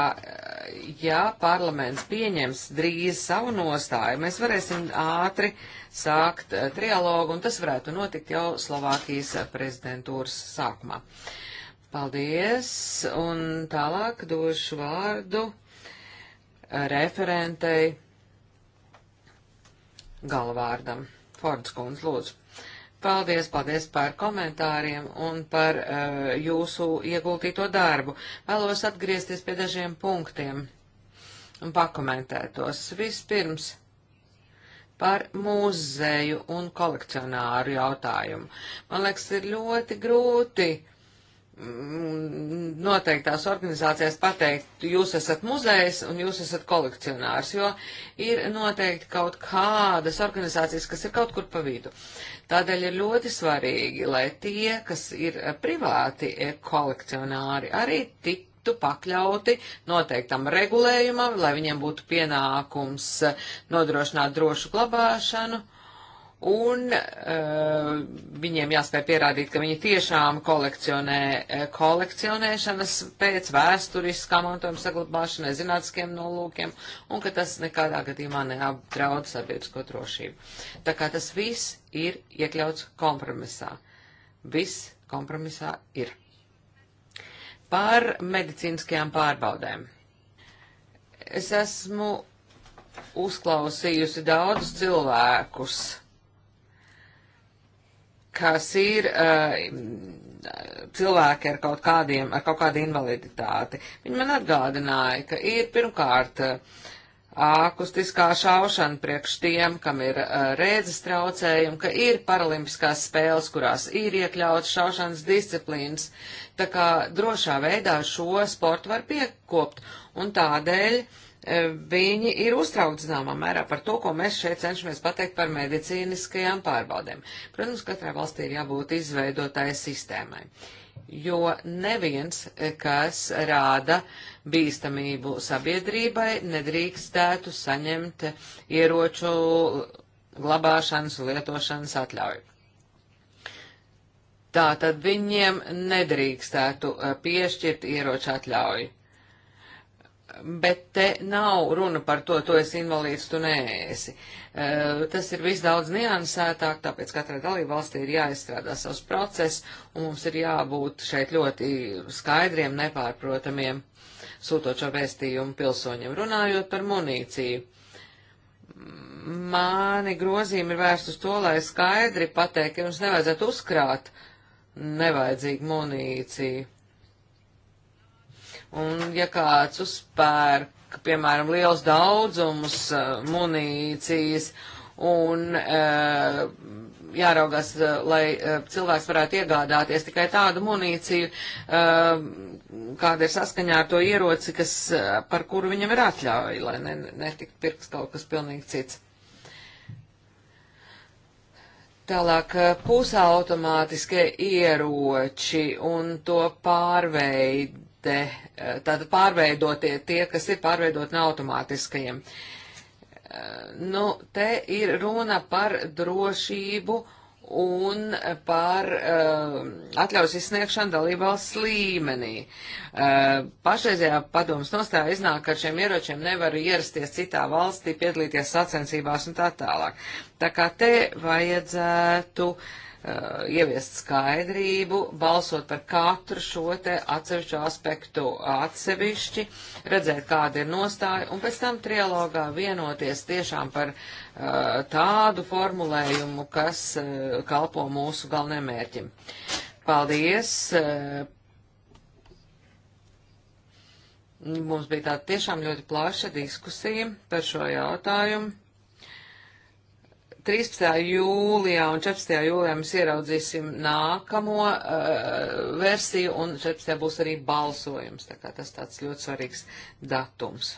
ja parlaments pieņems drīz savu nostāju, mēs varēsim ātri sākt trialogu, un tas varētu notikt jau Slovākijas prezidentūras sākumā. Paldies, un tālāk došu vārdu referentei galvārdam. Fords kundz, lūdzu. Paldies, paldies par komentāriem un par uh, jūsu ieguldīto darbu. Vēlos atgriezties pie dažiem punktiem un pakomentēt tos. Vispirms par muzeju un kolekcionāru jautājumu. Man liekas, ir ļoti grūti uh, noteiktās organizācijās pateikt, jūs esat muzejs un jūs esat kolekcionārs, jo ir noteikti kaut kādas organizācijas, kas ir kaut kur pa vidu. Tādēļ ir ļoti svarīgi, lai tie, kas ir privāti kolekcionāri, arī tik tiktu pakļauti noteiktam regulējumam, lai viņiem būtu pienākums nodrošināt drošu glabāšanu un uh, viņiem jāspēj pierādīt, ka viņi tiešām kolekcionē eh, kolekcionēšanas pēc vēsturiskā mantojuma saglabāšanai, zinātniskiem nolūkiem, un ka tas nekādā gadījumā neapdraud sabiedrisko drošību. Tā kā tas viss ir iekļauts kompromisā. Viss kompromisā ir. Par medicīniskajām pārbaudēm. Es esmu uzklausījusi daudzus cilvēkus kas ir uh, cilvēki ar kaut, kādiem, ar kaut kādu invaliditāti. Viņi man atgādināja, ka ir pirmkārt eh, akustiskā šaušana priekš tiem, kam ir uh, eh, rēdzes traucējumi, ka ir paralimpiskās spēles, kurās ir iekļauts šaušanas disciplīnas. Tā kā drošā veidā šo sportu var piekopt un tādēļ uh, E, viņi ir uztraukti zināmā mērā par to, ko mēs šeit cenšamies pateikt par medicīniskajām pārbaudēm. Protams, katrai valstī ir jābūt izveidotāja sistēmai, jo neviens, e, kas rāda bīstamību sabiedrībai, nedrīkstētu saņemt ieroču glabāšanas un lietošanas atļauju. Tātad viņiem nedrīkstētu e, piešķirt ieroču atļauju. Bet te nav runa par to, tu esi invalīds, tu neesi. Uh, tas ir viss daudz niansētāk, tāpēc katrai dalībvalstī ir jāizstrādā savs process, un mums ir jābūt šeit ļoti skaidriem, nepārprotamiem, sūtot šo vēstījumu pilsoņiem. Runājot par munīciju, mani grozījumi ir vērst uz to, lai skaidri pateikt, ka mums nevajadzētu uzkrāt nevajadzīgu munīciju Un ja kāds uzpērk, piemēram, liels daudzumus eh, munīcijas un e, jāraugās, eh, lai cilvēks varētu iegādāties tikai tādu munīciju, e, kāda ir saskaņā ar to ieroci, kas, par kuru viņam ir atļauja, lai ne, netikt pirks kaut kas pilnīgi cits. Tālāk pusautomātiskie ieroči un to pārveid te, tātad pārveidotie tie, kas ir pārveidoti no automātiskajiem. Nu, te ir runa par drošību un par uh, um, atļaus izsniegšanu dalībvalsts līmenī. Uh, pašreizējā padomas nostāja iznāk, ka šiem ieročiem nevar ierasties citā valstī, piedalīties sacensībās un tā tālāk. Tā kā te vajadzētu uh, uh, ieviest skaidrību, balsot par katru šo te atsevišķu aspektu atsevišķi, redzēt, kāda ir nostāja, un pēc tam trialogā vienoties tiešām par uh, tādu formulējumu, kas uh, kalpo mūsu galvenajam mērķim. Paldies! Mums bija tāda tiešām ļoti plaša diskusija par šo jautājumu. 13. jūlijā un 14. jūlijā mēs ieraudzīsim nākamo uh, versiju, un 14. būs arī balsojums. Tā kā tas tāds ļoti svarīgs datums.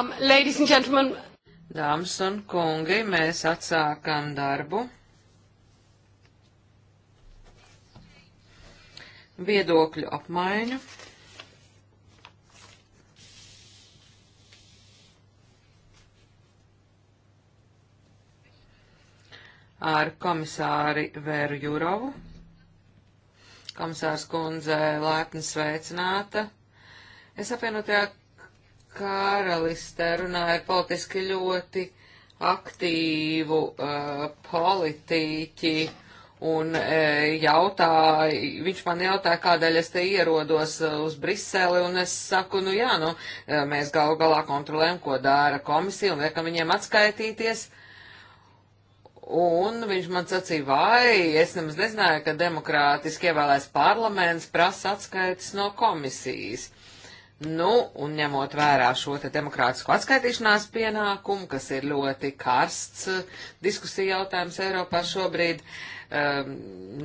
Um, ladies and gentlemen. Dāmas un kungi, mēs atsākam darbu. Viedokļu apmaiņu. ar komisāri Vēru Jurovu. Komisārs kundze laipni sveicināta. Es apvienotajā karalistē runāja ar politiski ļoti aktīvu uh, politiķi un uh, jautāja, viņš man jautāja, kādēļ es te ierodos uh, uz Briseli, un es saku, nu jā, nu, uh, mēs galu galā kontrolējam, ko dara komisija, un liekam viņiem atskaitīties. Un viņš man sacīja, vai es nemaz nezināju, ka demokrātiski ievēlēs parlaments prasa atskaites no komisijas. Uh, Nu, un ņemot vērā šo te demokrātisko atskaitīšanās pienākumu, kas ir ļoti karsts uh, diskusija jautājums Eiropā šobrīd, um,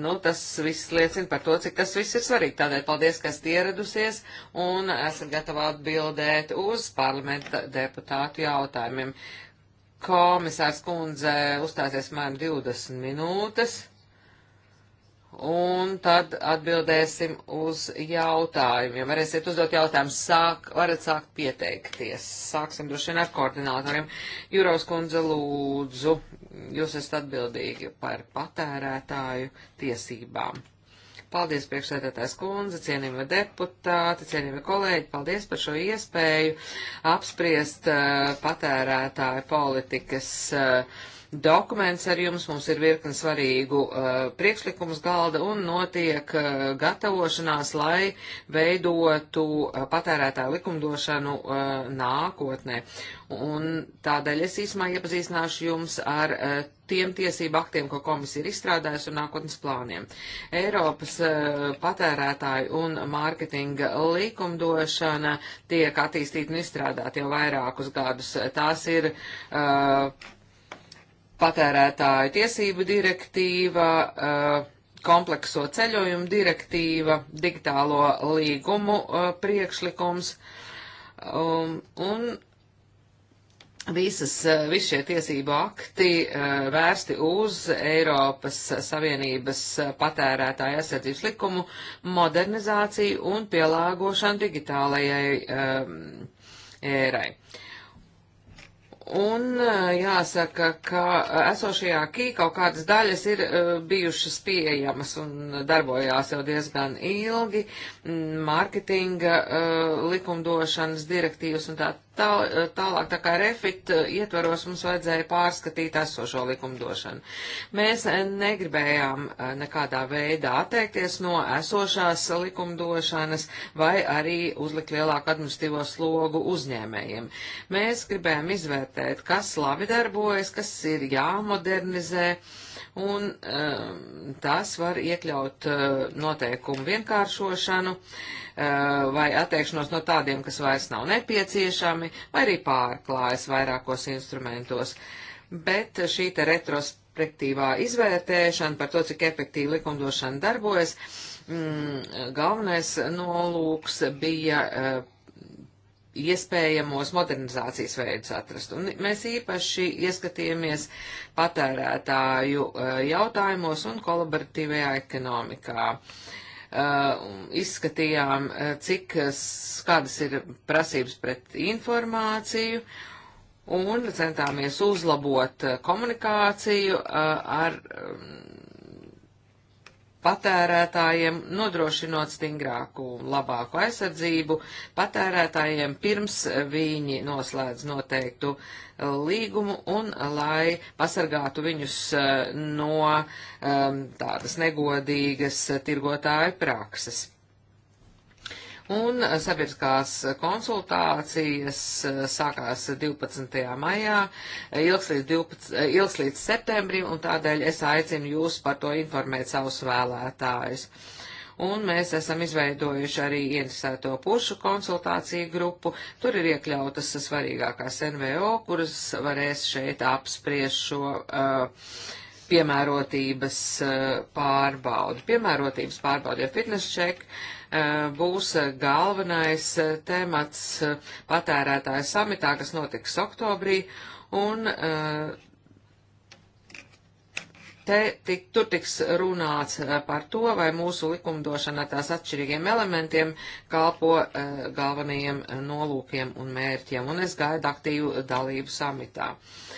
nu, tas viss liecina par to, cik tas viss ir svarīgi. Tādēļ paldies, ka esat ieradusies un esat gatavi atbildēt uz parlamenta deputātu jautājumiem. Komisārs kundze uzstāsies man 20 minūtes. Un tad atbildēsim uz jautājumiem. Varēsiet uzdot jautājumus, sāk, varat sākt pieteikties. Sāksim droši vien ar koordinātoriem. Jūros kundze lūdzu, jūs esat atbildīgi par patērētāju tiesībām. Paldies, priekšsēdētājs kundze, cienījamie deputāti, cienījamie kolēģi, paldies par šo iespēju apspriest uh, patērētāju politikas. Uh, dokuments ar jums, mums ir virkni svarīgu uh, priekšlikumus galda un notiek uh, gatavošanās, lai veidotu uh, patērētāju likumdošanu uh, nākotnē. Un tādēļ es īsumā iepazīstināšu jums ar uh, tiem tiesību aktiem, ko komisija ir izstrādājusi un nākotnes plāniem. Eiropas uh, patērētāju un mārketinga likumdošana tiek attīstīta un izstrādāta jau vairākus gadus. Tās ir uh, patērētāju tiesību direktīva, eh, komplekso ceļojumu direktīva, digitālo līgumu eh, priekšlikums um, un visas, eh, visi šie tiesību akti vērsti uz Eiropas Savienības patērētāja aizsardzības likumu modernizāciju un pielāgošanu digitālajai ērai. Um, Un eh, jāsaka, ka eh, esošajā kī kaut kādas daļas ir eh, bijušas pieejamas un darbojās jau diezgan ilgi, mārketinga likumdošanas direktīvas un tā Tā, eh, tālāk, tā kā refit eh, ietvaros mums vajadzēja pārskatīt esošo likumdošanu. Mēs eh, negribējām nekādā veidā atteikties no esošās likumdošanas vai arī uzlikt lielāku administratīvo slogu uzņēmējiem. Mēs gribējām izvērtēt, kas labi darbojas, kas ir jāmodernizē. Uh, un e, um, tās var iekļaut e, noteikumu vienkāršošanu e, vai atteikšanos no tādiem, kas vairs nav nepieciešami, vai arī pārklājas vairākos instrumentos. Bet šī te retrospektīvā izvērtēšana par to, cik efektīvi likumdošana darbojas, mm, galvenais nolūks bija uh, iespējamos modernizācijas veidus atrast. Un mēs īpaši ieskatījāmies patērētāju eh, jautājumos un kolaboratīvajā ekonomikā. Eh, izskatījām, eh, cik, kādas ir prasības pret informāciju un centāmies uzlabot komunikāciju ar mm, patērētājiem, nodrošinot stingrāku un labāku aizsardzību patērētājiem pirms viņi noslēdz noteiktu uh, līgumu un lai pasargātu viņus uh, no um, tādas negodīgas uh, tirgotāju prakses. Un sabiedriskās konsultācijas eh, sākās 12. maijā, eh, ilgs līdz, 12, eh, ilgs līdz septembrim, un tādēļ es aicinu jūs par to informēt savus vēlētājus. Un mēs esam izveidojuši arī interesēto pušu konsultāciju grupu. Tur ir iekļautas svarīgākās NVO, kuras varēs šeit apspriest šo uh, piemērotības uh, pārbaudu. Piemērotības pārbaudu ir fitness check. Uh, būs galvenais temats patērētāju samitā, kas notiks oktobrī, un te, tik, tur tiks runāts par to, vai mūsu likumdošana tās atšķirīgiem elementiem kalpo galvenajiem nolūkiem un mērķiem, un es gaidu aktīvu dalību samitā. Uh,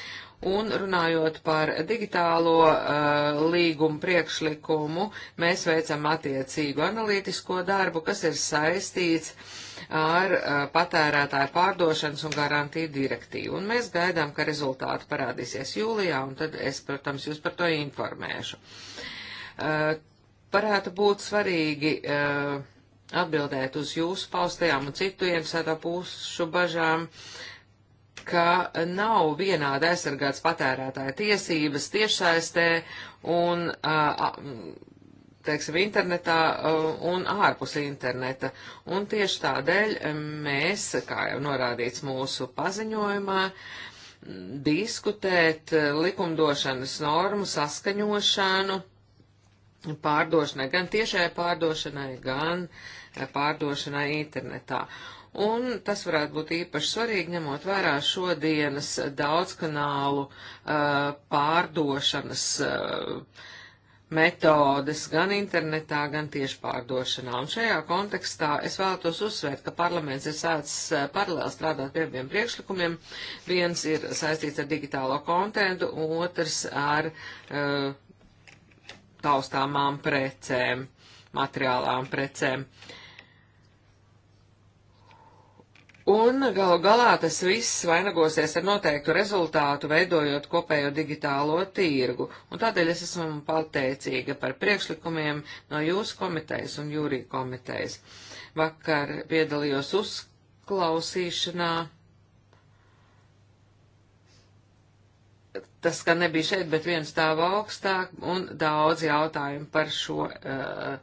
Un runājot par digitālo uh, līgumu priekšlikumu, mēs veicam attiecīgu analītisko darbu, kas ir saistīts ar uh, patērētāju pārdošanas un garantiju direktīvu. Un mēs gaidām, ka rezultāti parādīsies jūlijā, un tad es, protams, jūs par to informēšu. Uh, varētu būt svarīgi uh, atbildēt uz jūsu paustajām un citu iemesētā pušu bažām. Uh, ka nav vienādi aizsargāts patērētāja tiesības tiešsaistē un, teiksim, internetā un ārpus interneta. Un tieši tādēļ mēs, kā jau norādīts mūsu paziņojumā, diskutēt likumdošanas normu saskaņošanu pārdošanai, gan tiešai pārdošanai, gan pārdošanai internetā un tas varētu būt īpaši svarīgi, ņemot vērā šodienas daudzkanālu uh, pārdošanas uh, metodes gan internetā, gan tieši pārdošanā. Un šajā kontekstā es vēlētos uzsvērt, ka parlaments ir sācis uh, paralēli strādāt pie abiem priekšlikumiem. Viens ir saistīts ar digitālo kontentu, otrs ar uh, taustāmām precēm, materiālām precēm. Uh, Un galu galā tas viss vainagosies ar noteiktu rezultātu, veidojot kopējo digitālo tirgu. Un tādēļ es esmu pateicīga par priekšlikumiem no jūsu komitejas un jūrī komitejas. Vakar piedalījos uzklausīšanā. Tas, ka nebija šeit, bet viens stāv augstāk un daudz jautājumu par šo. Uh,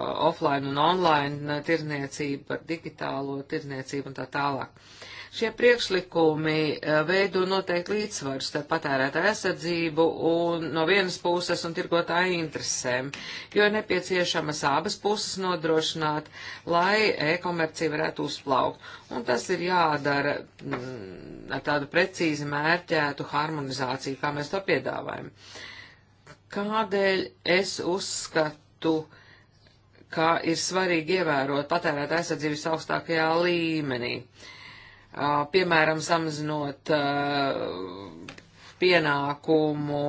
offline un online tirzniecību, par digitālo tirzniecību un tā tālāk. Šie priekšlikumi e, veido noteikti līdzsvaru starp patērētāju aizsardzību un no vienas puses un tirgotāju interesēm, jo ir nepieciešamas abas puses nodrošināt, lai e-komercija varētu uzplaukt. Un tas ir jādara m, mm, ar tādu precīzi mērķētu harmonizāciju, kā mēs to piedāvājam. Kādēļ es uzskatu, ka ir svarīgi ievērot patērētāju aizsardzības augstākajā līmenī. Piemēram, samazinot pienākumu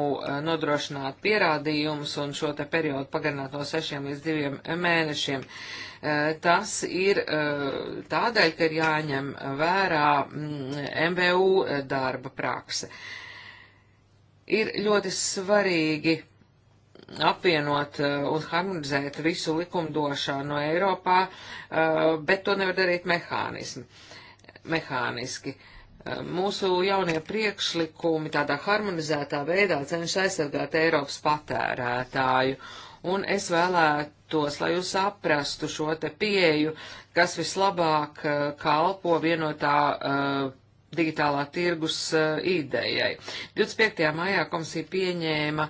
nodrošināt pierādījumus un šo te periodu pagarināt no sešiem līdz diviem mēnešiem. Tas ir tādēļ, ka ir jāņem vērā MVU mm, darba prakse. Ir ļoti svarīgi apvienot eh, un harmonizēt visu likumdošanu Eiropā, eh, bet to nevar darīt mehānismi, mehāniski. Eh, mūsu jaunie priekšlikumi tādā harmonizētā veidā cenšas aizsargāt Eiropas patērētāju un es vēlētos, lai jūs saprastu šo te pieeju, kas vislabāk kalpo vienotā uh, digitālā tirgus uh, idejai. 25. maijā komisija pieņēma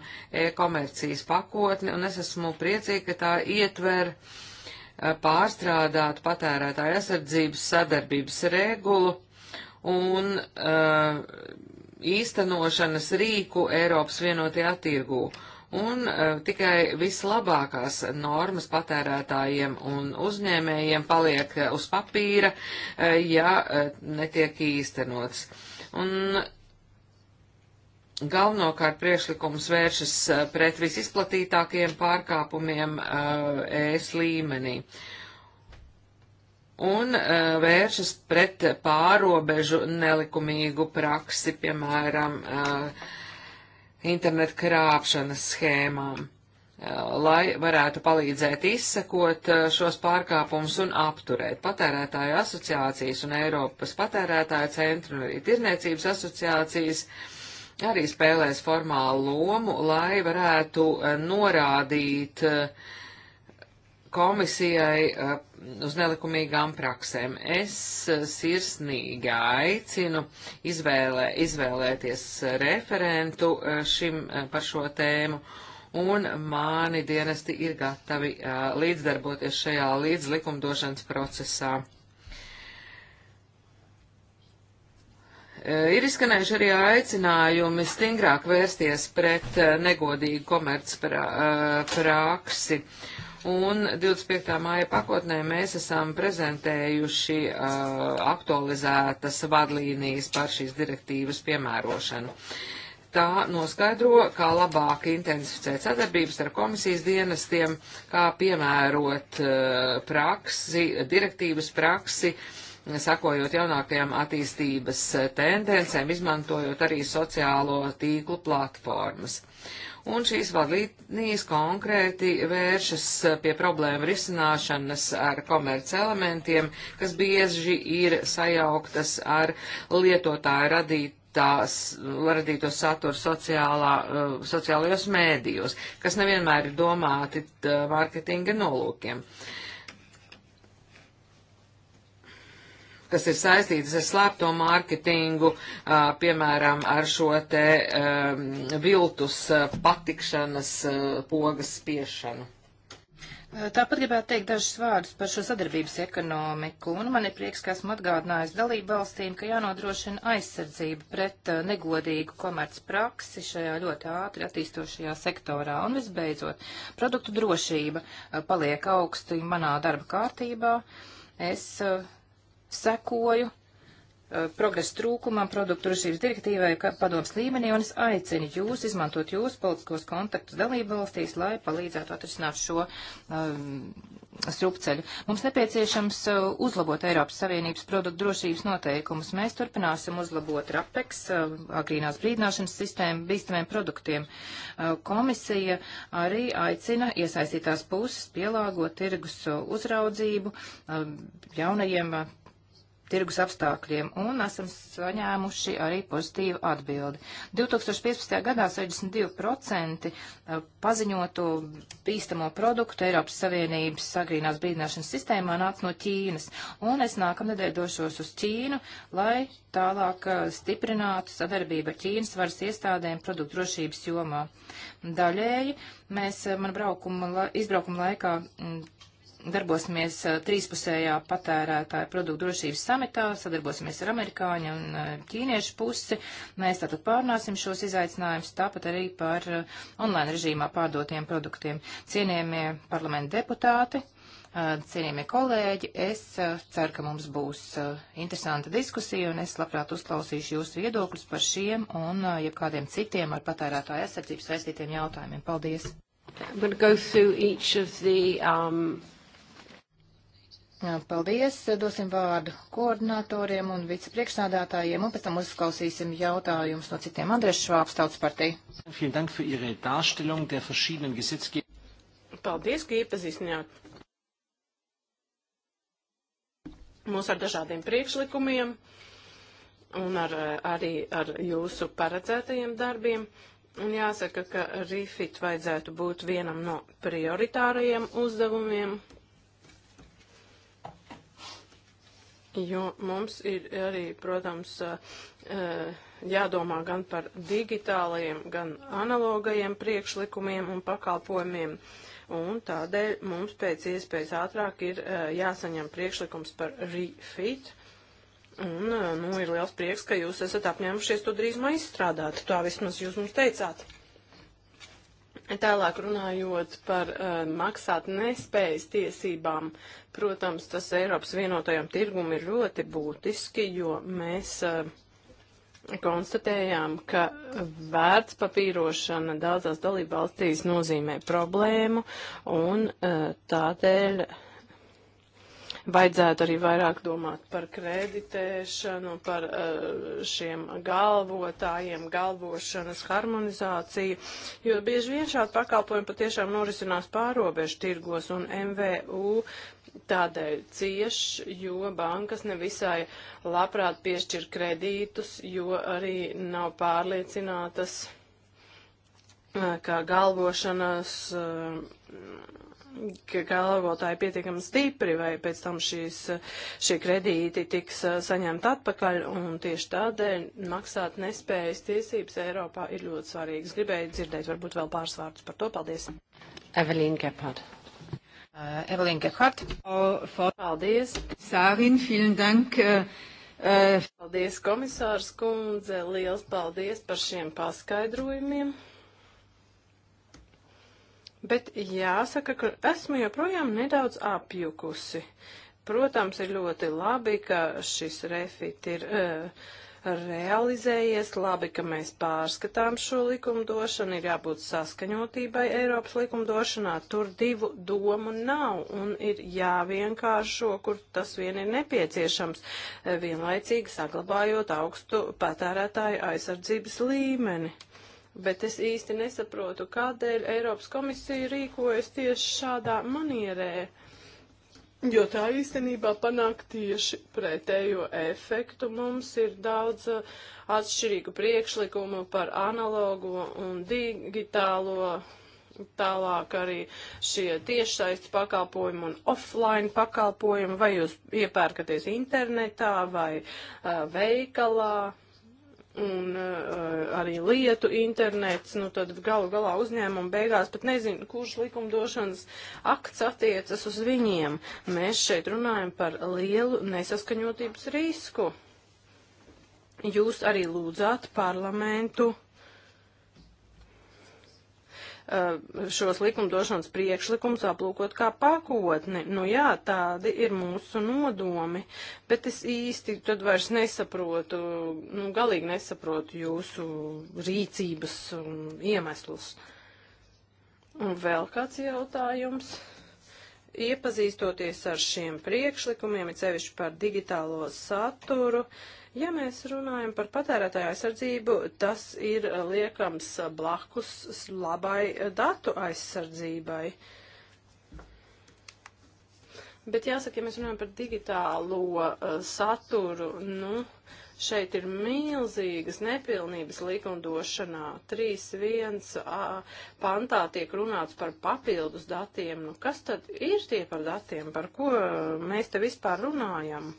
e-komercijas pakotni, un es esmu priecīgi, ka tā ietver uh, pārstrādāt patērētāju aizsardzības sadarbības regulu un uh, īstenošanas rīku Eiropas vienotajā tirgū. Uh, un uh, tikai vislabākās normas patērētājiem un uzņēmējiem paliek e, uz papīra, uh, ja uh, netiek īstenots. Un galvenokārt priekšlikums vēršas pret visizplatītākajiem pārkāpumiem uh, ES līmenī un uh, vēršas pret pārobežu nelikumīgu praksi, piemēram, uh, internet krāpšanas schēmām, eh, lai varētu palīdzēt izsekot eh, šos pārkāpumus un apturēt. Patērētāju asociācijas un Eiropas patērētāju centru un arī tirniecības asociācijas arī spēlēs formālu lomu, lai varētu eh, norādīt uh, komisijai eh, uz nelikumīgām praksēm. Es eh, sirsnīgi aicinu izvēlē, izvēlēties eh, referentu šim par šo tēmu, un mani dienesti ir gatavi līdzdarboties šajā līdzlikumdošanas procesā. E, ir izskanējuši arī aicinājumi stingrāk vērsties pret e, negodīgu komercprāksi. E, Un 25. māja pakotnē mēs esam prezentējuši uh, aktualizētas vadlīnijas par šīs direktīvas piemērošanu. Tā noskaidro, kā labāk intensificēt sadarbības ar komisijas dienestiem, kā piemērot uh, praksi, direktīvas praksi uh, sakojot jaunākajām attīstības eh, tendencēm, izmantojot arī sociālo tīklu platformas. Un šīs vadlīnijas konkrēti vēršas eh, pie problēmu risināšanas ar komerc elementiem, kas bieži ir sajauktas ar lietotāju radīt tās radīto saturu sociālā, uh, sociālajos mēdījos, kas nevienmēr ir domāti mārketinga nolūkiem. Uh, kas ir saistītas ar slēpto mārketingu, piemēram, ar šo te viltus patikšanas pogas spiešanu. Tāpat gribētu teikt dažus vārdus par šo sadarbības ekonomiku, un man ir prieks, ka esmu atgādinājusi dalību valstīm, ka jānodrošina aizsardzība pret uh, negodīgu komerci praksi šajā ļoti ātri attīstošajā sektorā. Un visbeidzot, produktu drošība uh, paliek augstu manā darba kārtībā. Es uh, sekoju eh, progresa trūkumam produktu drošības direktīvai padoms līmenī un es aicinu jūs izmantot jūsu politiskos kontaktus dalību valstīs, lai palīdzētu atrisināt šo um, strupceļu. Mums nepieciešams uh, uzlabot Eiropas Savienības produktu drošības noteikumus. Mēs turpināsim uzlabot RAPEX, uh, agrīnās brīdināšanas sistēmu, bīstamiem produktiem. Uh, komisija arī aicina iesaistītās puses pielāgot tirgus uzraudzību jaunajiem tirgus apstākļiem, un esam saņēmuši arī pozitīvu atbildi. 2015. gadā 62% eh, paziņoto bīstamo produktu Eiropas Savienības sagrīnās brīdināšanas sistēmā nāca no Ķīnas, un es nākamnedēļ došos uz Ķīnu, lai tālāk eh, stiprinātu sadarbību ar Ķīnas varas iestādēm produktu drošības jomā. Daļēji mēs eh, man braukuma, izbraukuma laikā mm, darbosimies trīspusējā patērētāja produktu drošības samitā, sadarbosimies ar amerikāņu un ķīniešu pusi. Mēs tātad pārnāsim šos izaicinājumus, tāpat arī par online režīmā pārdotiem produktiem. Cienījamie parlamenta deputāti, cienījamie kolēģi, es ceru, ka mums būs interesanta diskusija un es labprāt uzklausīšu jūsu viedokļus par šiem un jebkādiem citiem ar patērētāju aizsardzību saistītiem jautājumiem. Paldies! I'm going to go through each of the um, Paldies. Dosim vārdu koordinatoriem un vicepriekšnādātājiem, un pēc tam uzklausīsim jautājumus no citiem. Andrēs Švābs, Tautas partija. Paldies, ka iepazīstināt mūs ar dažādiem priekšlikumiem un ar, arī ar jūsu paredzētajiem darbiem. Un jāsaka, ka RIFIT vajadzētu būt vienam no prioritārajiem uzdevumiem jo mums ir arī, protams, eh, jādomā gan par digitālajiem, gan analogajiem priekšlikumiem un pakalpojumiem. Un tādēļ mums pēc iespējas ātrāk ir eh, jāsaņem priekšlikums par refit. Un, eh, nu, ir liels prieks, ka jūs esat apņēmušies to drīzumā izstrādāt. Tā vismaz jūs mums teicāt. Tālāk runājot par uh, maksāt nespējas tiesībām, protams, tas Eiropas vienotajam tirgum ir ļoti būtiski, jo mēs uh, konstatējām, ka vērtspapīrošana daudzās dalībvalstīs nozīmē problēmu un uh, tādēļ. Uh, Vajadzētu arī vairāk domāt par kreditēšanu, par eh, šiem galvotājiem, galvošanas harmonizāciju, jo bieži vien šādi pakalpojumi patiešām norisinās pārobežu tirgos un MVU tādēļ cieš, jo bankas nevisai labprāt piešķir kredītus, jo arī nav pārliecinātas, eh, kā galvošanas eh, ka galvotāji pietiekami stipri vai pēc tam šīs, šie kredīti tiks saņemt atpakaļ un tieši tādēļ maksāt nespējas tiesības Eiropā ir ļoti svarīgas. Gribēju dzirdēt varbūt vēl pāris vārdus par to. Paldies! Evelīna Gephardt. Uh, Evelīna Gephardt. Paldies. Sārin, vielen dank. Uh, paldies, komisārs kundze. Liels paldies par šiem paskaidrojumiem bet jāsaka, ka esmu joprojām nedaudz apjukusi. Protams, ir ļoti labi, ka šis refit ir uh, realizējies, labi, ka mēs pārskatām šo likumdošanu, ir jābūt saskaņotībai Eiropas likumdošanā, tur divu domu nav un ir jāvienkāršo, kur tas vien ir nepieciešams, eh, vienlaicīgi saglabājot augstu patērētāju aizsardzības līmeni bet es īsti nesaprotu, kādēļ Eiropas komisija rīkojas tieši šādā manierē, jo tā īstenībā panāk tieši pretējo efektu. Mums ir daudz uh, atšķirīgu priekšlikumu par analogo un digitālo. Tālāk arī šie tiešsaistes pakalpojumi un offline pakalpojumi, vai jūs iepērkaties internetā vai uh, veikalā un uh, arī lietu internets, nu tad galu galā uzņēmumu beigās pat nezinu, kurš likumdošanas akts attiecas uz viņiem. Mēs šeit runājam par lielu nesaskaņotības risku. Jūs arī lūdzāt parlamentu Uh, šos likumdošanas priekšlikumus aplūkot kā pakotni. Nu jā, tādi ir mūsu nodomi, bet es īsti tad vairs nesaprotu, nu galīgi nesaprotu jūsu rīcības iemeslus. Un vēl kāds jautājums. Iepazīstoties ar šiem priekšlikumiem, it sevišķi par digitālo saturu, uh, Ja mēs runājam par patērētāju aizsardzību, tas ir eh, liekams eh, blakus labai eh, datu aizsardzībai. Bet jāsaka, ja mēs runājam par digitālo uh, saturu, nu, šeit ir milzīgas nepilnības likumdošanā. 3.1. pantā tiek runāts par papildus datiem. Nu, kas tad ir tie par datiem, par ko mēs te vispār runājam?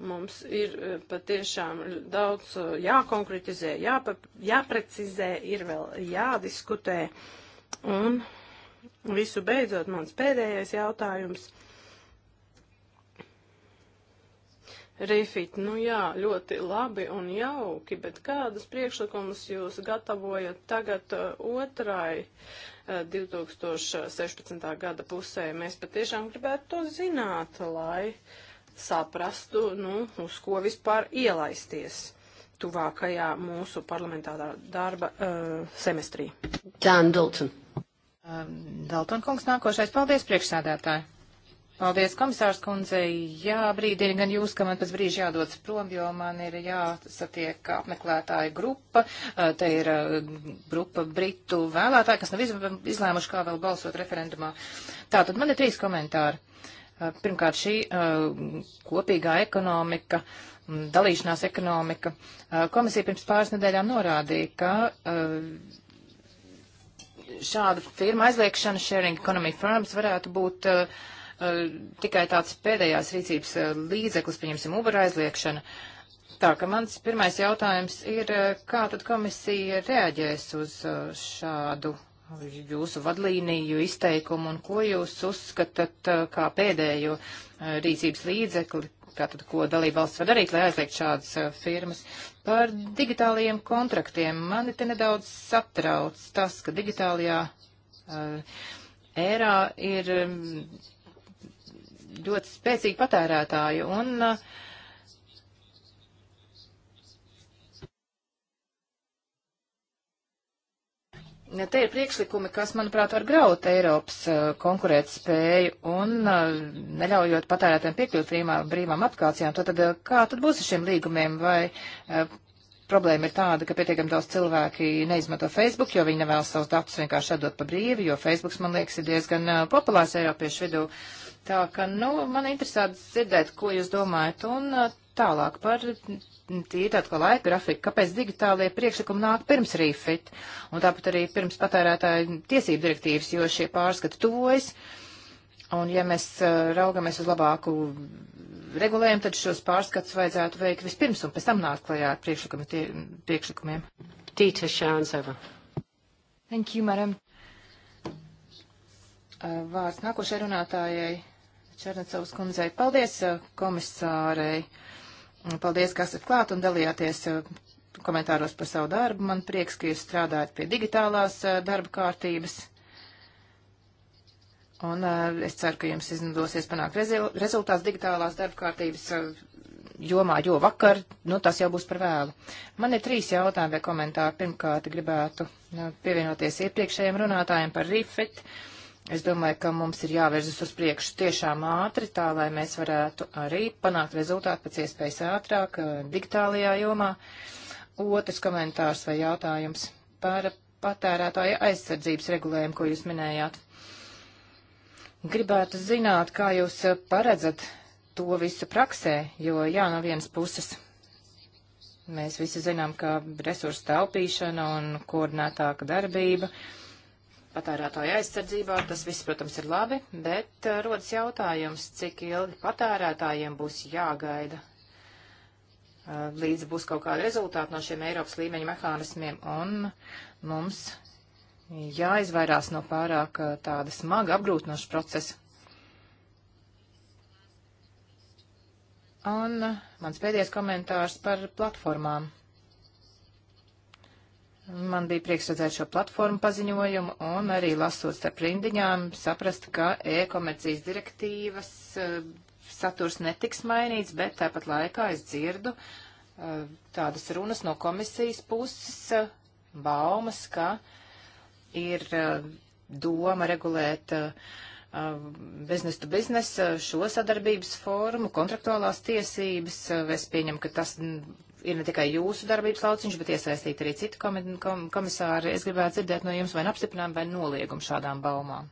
Mums ir e, patiešām daudz e, jākonkretizē, jāpa, jāprecizē, ir vēl jādiskutē. Un visu beidzot, mans pēdējais jautājums. Rifit, nu jā, ļoti labi un jauki, bet kādas priekšlikumus jūs gatavojat tagad e, otrai 2016. gada pusē? Mēs patiešām gribētu to zināt, lai. Uh, saprastu, nu, uz ko vispār ielaisties tuvākajā mūsu parlamentārā darba uh, semestrī. Dan Dalton. Um, Dalton kungs nākošais. Paldies, priekšsādātāji. Paldies, komisārs kundze. Jā, brīdī gan jūs, ka man pēc brīža jādodas prom, jo man ir jāsatiek apmeklētāja grupa. Uh, te ir uh, grupa britu vēlētāji, kas nav izlēmuši, kā vēl balsot referendumā. Tātad man ir trīs komentāri. Uh, Pirmkārt, šī uh, kopīgā ekonomika, mm, dalīšanās ekonomika. Uh, komisija pirms pāris nedēļām norādīja, ka uh, šāda firma aizliekšana, sharing economy firms, varētu būt uh, tikai tāds pēdējās rīcības uh, līdzeklis, pieņemsim, Uber aizliekšana. Tā ka mans pirmais jautājums ir, kā tad komisija reaģēs uz uh, šādu jūsu vadlīniju izteikumu un ko jūs uzskatat eh, kā pēdējo eh, rīcības līdzekli, tātad ko dalībvalsts var darīt, lai aizliegt šādas eh, firmas. Par digitālajiem kontraktiem mani te nedaudz satrauc tas, ka digitālajā ērā ir mm, ļoti spēcīgi patērētāji un uh, Te ir priekšlikumi, kas, manuprāt, var graut Eiropas uh, konkurēt spēju un uh, neļaujot patērētiem piekļūt brīvām, brīvām aplikācijām. Tad, tad, uh, kā tad būs ar šiem līgumiem? Vai uh, problēma ir tāda, ka pietiekami daudz cilvēki neizmanto Facebook, jo viņi nevēlas savus datus vienkārši atdot pa brīvi, jo Facebooks, man liekas, ir diezgan uh, populārs Eiropiešu vidū. Tā ka, nu, man interesēta dzirdēt, ko jūs domājat, un uh, tālāk par tīri atkal laika grafika, kāpēc digitālie priekšlikumi nāk pirms rīfit un tāpat arī pirms patērētāju tiesību direktīvas, jo šie pārskati tuvojas. Un ja mēs eh, raugamies uz labāku regulējumu, tad šos pārskats vajadzētu veikt vispirms un pēc tam nākt klajā ar priekšlikumi, tie, priekšlikumiem. Tīta Šānsava. Thank you, madam. Eh, vārds nākošai runātājai Černacovas kundzei. Paldies eh, komisārei. Uh, Paldies, ka esat klāt un dalījāties eh, komentāros par savu darbu. Man prieks, ka jūs strādājat pie digitālās eh, darba kārtības. Un eh, es ceru, ka jums izdosies panākt rezultāts digitālās darba kārtības jomā, jo vakar, nu, tas jau būs par vēlu. Man ir trīs jautājumi vai komentāri. Pirmkārt, gribētu pievienoties iepriekšējiem runātājiem par RIFIT. Uh, Es domāju, ka mums ir jāvirzas uz priekšu tiešām ātri, tā lai mēs varētu arī panākt rezultātu pēc iespējas ātrāk eh, digitālajā jomā. Otrs komentārs vai jautājums par patērētāja aizsardzības regulējumu, ko jūs minējāt. Gribētu zināt, kā jūs eh, paredzat to visu praksē, jo jā, no vienas puses mēs visi zinām, ka resursu taupīšana un koordinētāka darbība. Uh, patērētāju aizsardzībā. Tas viss, protams, ir labi, bet eh, rodas jautājums, cik ilgi patērētājiem būs jāgaida, eh, līdz būs kaut kāda rezultāta no šiem Eiropas līmeņa mehānismiem, un mums jāizvairās no pārāk eh, tāda smaga apgrūtinoša procesa. Un mans pēdējais komentārs par platformām. Man bija prieks redzēt šo platformu paziņojumu un arī lasot starp rindiņām saprast, ka e-komercijas direktīvas eh, saturs netiks mainīts, bet tāpat laikā es dzirdu eh, tādas runas no komisijas puses, eh, baumas, ka ir doma regulēt biznes to biznes šo sadarbības formu, kontraktuālās tiesības. Es pieņemu, ka tas ir ne tikai jūsu darbības lauciņš, bet iesaistīt arī citu komisāri. Es gribētu dzirdēt no jums vai nu apstiprinājumu vai noliegumu šādām baumām.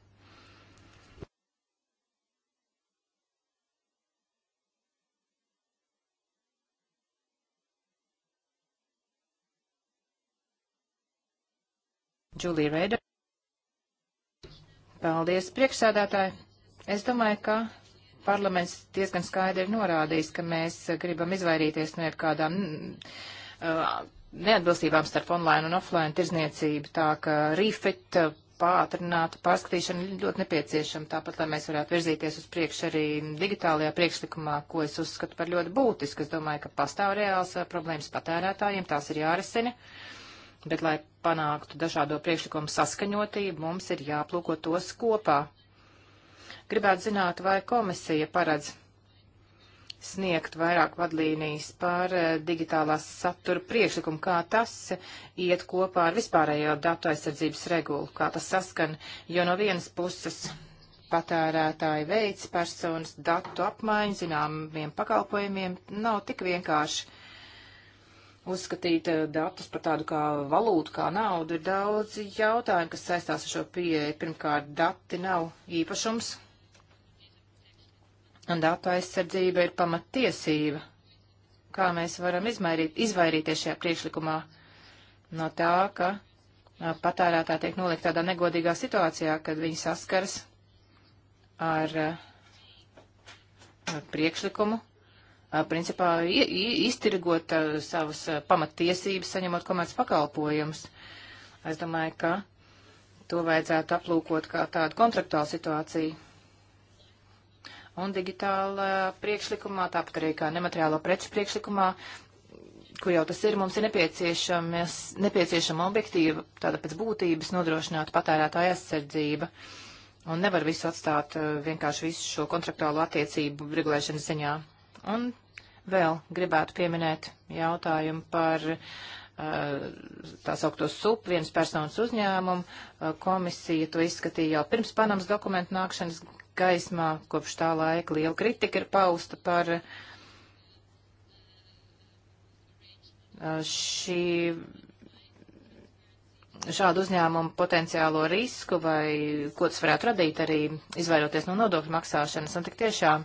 Džulija Reida. Paldies, priekšsēdētāji. Es domāju, ka parlaments diezgan skaidri ir norādījis, ka mēs gribam izvairīties no kādām uh, neatbilstībām starp online un offline tirzniecību, tā ka refit uh, pātrināta pārskatīšana ļoti nepieciešama, tāpat, lai mēs varētu virzīties uz priekšu arī digitālajā priekšlikumā, ko es uzskatu par ļoti būtisku. Es domāju, ka pastāv reāls uh, problēmas patērētājiem, tās ir jārisina, bet, lai panāktu dažādo priekšlikumu saskaņotību, mums ir jāplūko tos kopā Gribētu zināt, vai komisija paredz sniegt vairāk vadlīnijas par eh, digitālās satura priekšlikumu, kā tas iet kopā ar vispārējo datu aizsardzības regulu, kā tas saskan, jo no vienas puses patērētāji veids personas datu apmaiņu zināmiem pakalpojumiem nav tik vienkārši. Uzskatīt eh, datus par tādu kā valūtu, kā naudu, ir daudz jautājumu, kas saistās ar šo pieeju. Pirmkārt, dati nav īpašums, Un datu aizsardzība ir pamattiesība. Kā mēs varam izmairīt, izvairīties šajā priekšlikumā no tā, ka patērētā tiek nolikt tādā negodīgā situācijā, kad viņi saskars ar, ar priekšlikumu, ar, principā iztirgot savas pamattiesības, saņemot komerc pakalpojumus. Es domāju, ka to vajadzētu aplūkot kā tādu kontraktuālu situāciju un digitāla priekšlikumā, tāpat arī kā nemateriālo preču priekšlikumā, kur jau tas ir, mums ir nepieciešama objektīva, tāda pēc būtības nodrošināta patērētāja aizsardzība. Un nevar visu atstāt eh, vienkārši visu šo kontraktuālo attiecību regulēšanas ziņā. Un vēl gribētu pieminēt jautājumu par eh, tā saukto SUP, vienas personas uzņēmumu. Eh, komisija to izskatīja jau pirms Panamas dokumentu nākšanas gaismā. Kopš tā laika liela kritika ir pausta par uh, šī, šādu uzņēmumu potenciālo risku vai ko tas varētu radīt arī izvairoties no nodokļu maksāšanas. Un tik tiešām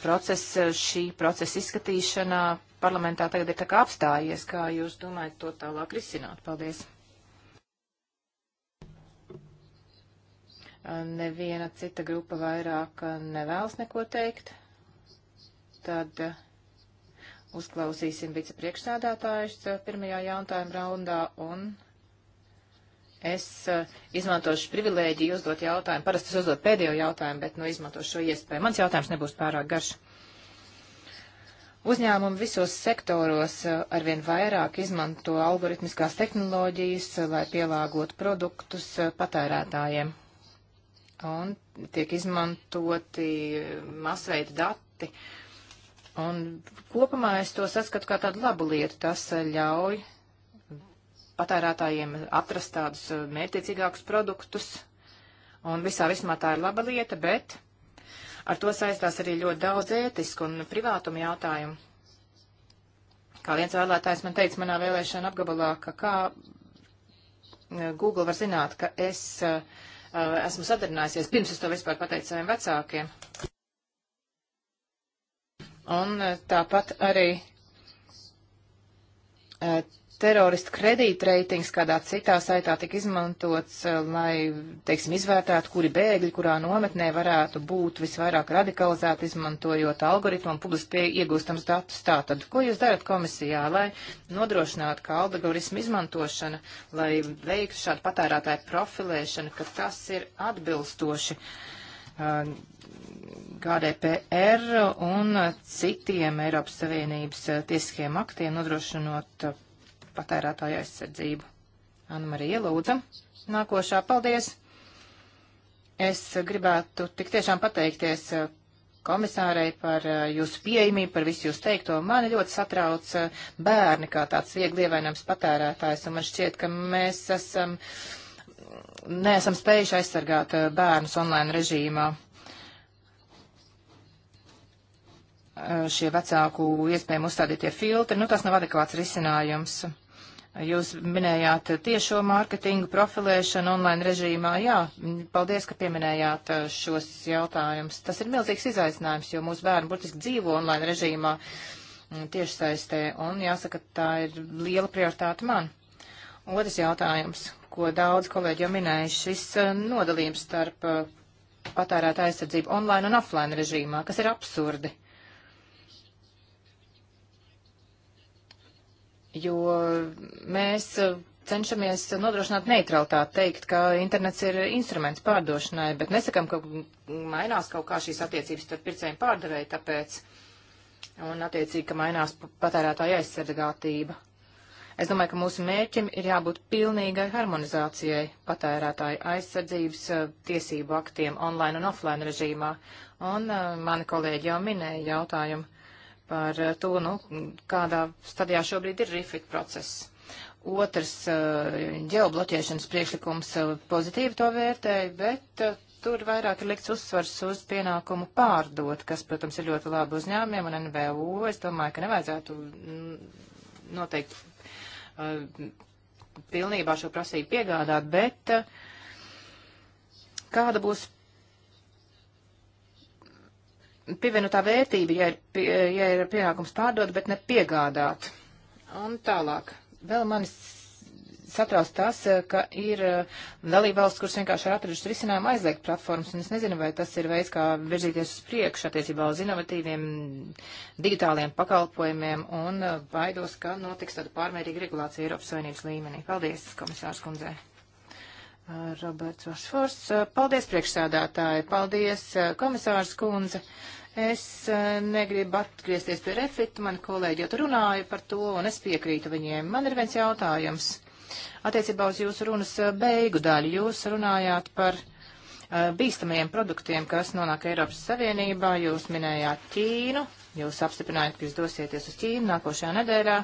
process, šī procesa izskatīšanā parlamentā tagad ir tā kā apstājies. Kā jūs domājat to tālāk risināt? Paldies! neviena cita grupa vairāk eh, nevēlas neko teikt, tad eh, uzklausīsim vicepriekšsēdētājus eh, pirmajā jautājuma raundā un es izmantošu privilēģiju uzdot jautājumu. Parasti es uzdot pēdējo jautājumu, bet nu izmantošu šo iespēju. Mans jautājums nebūs pārāk garš. Uzņēmumi visos sektoros arvien vairāk izmanto algoritmiskās tehnoloģijas, lai pielāgotu produktus patērētājiem un tiek izmantoti masveida dati. Un kopumā es to saskatu kā tādu labu lietu. Tas eh, ļauj patērētājiem atrast tādus eh, mērķiecīgākus produktus. Un visā vismā tā ir laba lieta, bet ar to saistās arī ļoti daudz ētisku un privātumu jautājumu. Kā viens vēlētājs man teica manā vēlēšana apgabalā, ka kā eh, Google var zināt, ka es uh, Eh, esmu sadarinājusies, pirms es to vispār pateicu saviem vecākiem. Un eh, tāpat arī eh, teroristu kredītreitings kādā citā saitā tika izmantots, eh, lai, teiksim, izvērtētu, kuri bēgļi, kurā nometnē varētu būt visvairāk radikalizēti, izmantojot algoritmu un publiski iegūstams datus. Tātad, ko jūs darat komisijā, lai nodrošinātu, ka algoritmu izmantošana, lai veiktu šādu patērētāju profilēšanu, ka tas ir atbilstoši uh, eh, GDPR un citiem Eiropas Savienības eh, tiesiskiem aktiem nodrošinot patērētāju aizsardzību. Anna Marija, lūdzam, nākošā, paldies. Es gribētu tik tiešām pateikties eh, komisārei par eh, jūsu pieejamību, par visu jūs teikto. Mani ļoti satrauc eh, bērni kā tāds viegli ievainojams patērētājs, un man šķiet, ka mēs esam, neesam spējuši aizsargāt bērnus online režīmā. Šie vecāku iespējami uzstādītie filtri, nu tas nav adekvāts risinājums. Jūs minējāt tiešo mārketingu, profilēšanu online režīmā. Jā, paldies, ka pieminējāt uh, šos jautājumus. Tas ir milzīgs izaicinājums, jo mūsu bērni burtiski dzīvo online režīmā mm, tiešsaistē, un jāsaka, tā ir liela prioritāte man. Otrs jautājums, ko daudz kolēģi jau minēja, šis uh, nodalījums starp uh, patērēta aizsardzību online un offline režīmā, kas ir absurdi. jo mēs eh, cenšamies nodrošināt neutralitāti, teikt, ka internets ir instruments pārdošanai, bet nesakam, ka mainās kaut kā šīs attiecības starp pircēju pārdevēju, tāpēc, un attiecīgi, ka mainās patērētāja aizsardzinātība. Es domāju, ka mūsu mērķim ir jābūt pilnīgai harmonizācijai patērētāju aizsardzības eh, tiesību aktiem online un offline režīmā, un eh, mani kolēģi jau minēja jautājumu par eh, to, nu, kādā stadijā šobrīd ir RIFIT process. Otrs eh, ģeobloķēšanas priekšlikums eh, pozitīvi to vērtēja, bet tur vairāk ir likts uzsvars uz pienākumu pārdot, kas, protams, ir ļoti labi uzņēmumiem un NVO. Es domāju, ka nevajadzētu mm, noteikti pilnībā šo prasību piegādāt, bet kāda būs pievienotā vērtība, ja ir, pie, ja ir pienākums pārdot, bet ne piegādāt. Un tālāk. Vēl manis satrauc tas, ka ir uh, dalībvalsts, kuras vienkārši ir atradušas risinājumu aizliegt platformas, un es nezinu, vai tas ir veids, kā virzīties uz priekšu attiecībā uz inovatīviem digitāliem pakalpojumiem, un uh, baidos, ka notiks tāda pārmērīga regulācija Eiropas Savienības līmenī. Paldies, komisārs kundzei! Roberts Vašfors. Paldies, priekšsādātāji. Paldies, komisārs kundze. Es eh, negribu atgriezties pie refitu, mani kolēģi jau tur runāja par to, un es piekrītu viņiem. Man ir viens jautājums. Attiecībā uz jūsu runas eh, beigu daļu jūs runājāt par uh, bīstamajiem produktiem, kas nonāk Eiropas Savienībā. Jūs minējāt Ķīnu, jūs apstiprinājāt, ka jūs dosieties uz Ķīnu nākošajā nedēļā.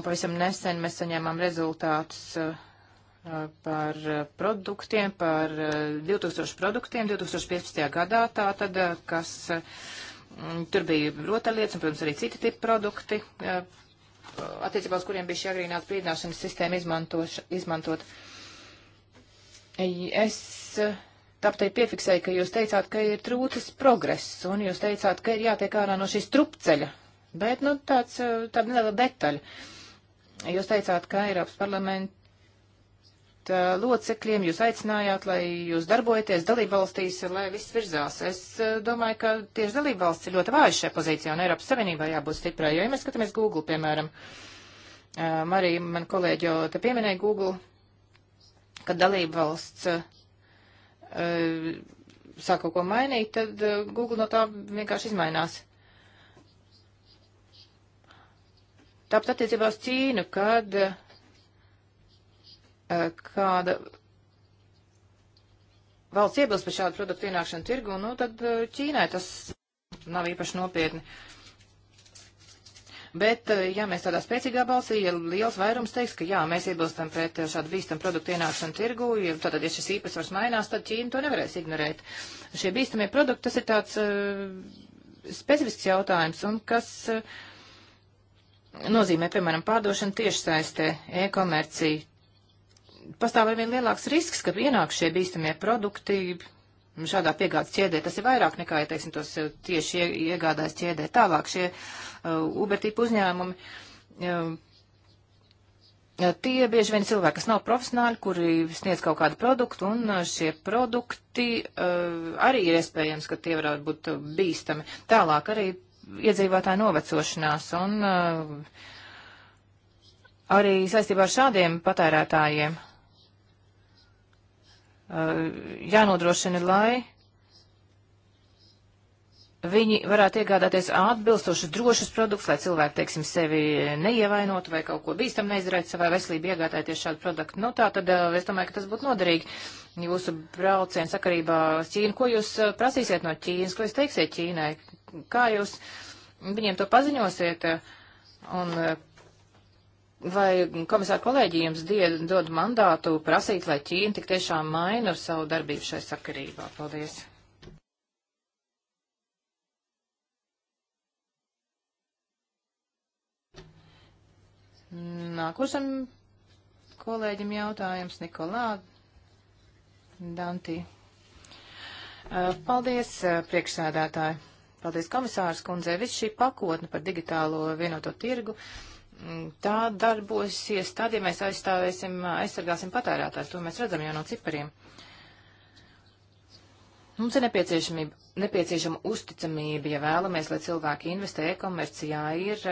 Pavisam nesen mēs saņēmām rezultātus uh, par eh, produktiem, par 2000 eh, produktiem 2015. gadā, tātad, eh, kas mm, tur bija rotaļlietas un, protams, arī citi tipi produkti, attiecībā uz kuriem bija šī agrīnās brīdināšanas sistēma izmantot. Es tāpēc piefiksēju, ka jūs teicāt, ka ir trūcis progress, un jūs teicāt, ka ir jātiek ārā no šīs trupceļa, bet, nu, tāds, tāda neliela detaļa. Jūs teicāt, ka Eiropas parlamenta Uh, locekļiem, jūs aicinājāt, lai jūs darbojaties dalībvalstīs, lai viss virzās. Es uh, domāju, ka tieši dalībvalsts ir ļoti vājas šajā pozīcijā un Eiropas Savienībā jābūt stiprai, jo, ja mēs skatāmies Google, piemēram, Marija, um, man kolēģi jau te pieminēja Google, ka dalībvalsts uh, sāk kaut ko mainīt, tad Google no tā vienkārši izmainās. Tāpat attiecībā uz Ķīnu, kad uh, Eh, kāda valsts iebilst par šādu produktu ienākšanu tirgu, nu tad eh, Ķīnai tas nav īpaši nopietni. Bet, eh, ja mēs tādā spēcīgā balsī, ja liels vairums teiks, ka jā, mēs iebilstam pret šādu bīstamu produktu ienākšanu tirgu, ja tātad, ja šis īpatsvars mainās, tad Ķīna to nevarēs ignorēt. Šie bīstamie produkti, tas ir tāds uh, specifisks jautājums, un kas uh, nozīmē, piemēram, pārdošana tiešsaistē, e-komercija pastāv arvien lielāks risks, ka ienāk šie bīstamie produkti šādā piegādes ķēdē. Tas ir vairāk nekā, ja teiksim, tos eh, tieši iegādājas ķēdē. Tālāk šie uh, eh, Uber tipu uzņēmumi. Uh, Tie bieži vien cilvēki, kas nav profesionāļi, kuri sniedz kaut kādu produktu, un šie produkti uh, arī ir iespējams, ka tie varētu būt bīstami. Tālāk arī iedzīvotāju novecošanās, un uh, arī saistībā ar šādiem patērētājiem Eh, jānodrošina, lai viņi varētu iegādāties atbilstošus drošus produktus, lai cilvēki, teiksim, sevi neievainotu vai kaut ko bīstam neizdarētu savai veselībai, iegādāties šādu produktu. Nu, tā tad eh, es domāju, ka tas būtu noderīgi jūsu braucienu sakarībā ar Ķīnu. Ko jūs eh, prasīsiet no Ķīnas, ko jūs teiksiet Ķīnai? Kā jūs viņiem to paziņosiet? Un Vai komisāra kolēģijums dod mandātu prasīt, lai Ķīna tik tiešām maina savu darbību šai sakarībā? Paldies. Nākošam kolēģim jautājums Nikolā Dantī. Paldies, priekšsēdētāji. Paldies, komisārs kundzei. Viss šī pakotne par digitālo vienoto tirgu. Uh, tā darbosies tad, ja mēs aizstāvēsim, aizsargāsim patērētājs. To mēs redzam jau no cipariem. Mums ir nepieciešama uzticamība, ja vēlamies, lai cilvēki investē e-komercijā, ir,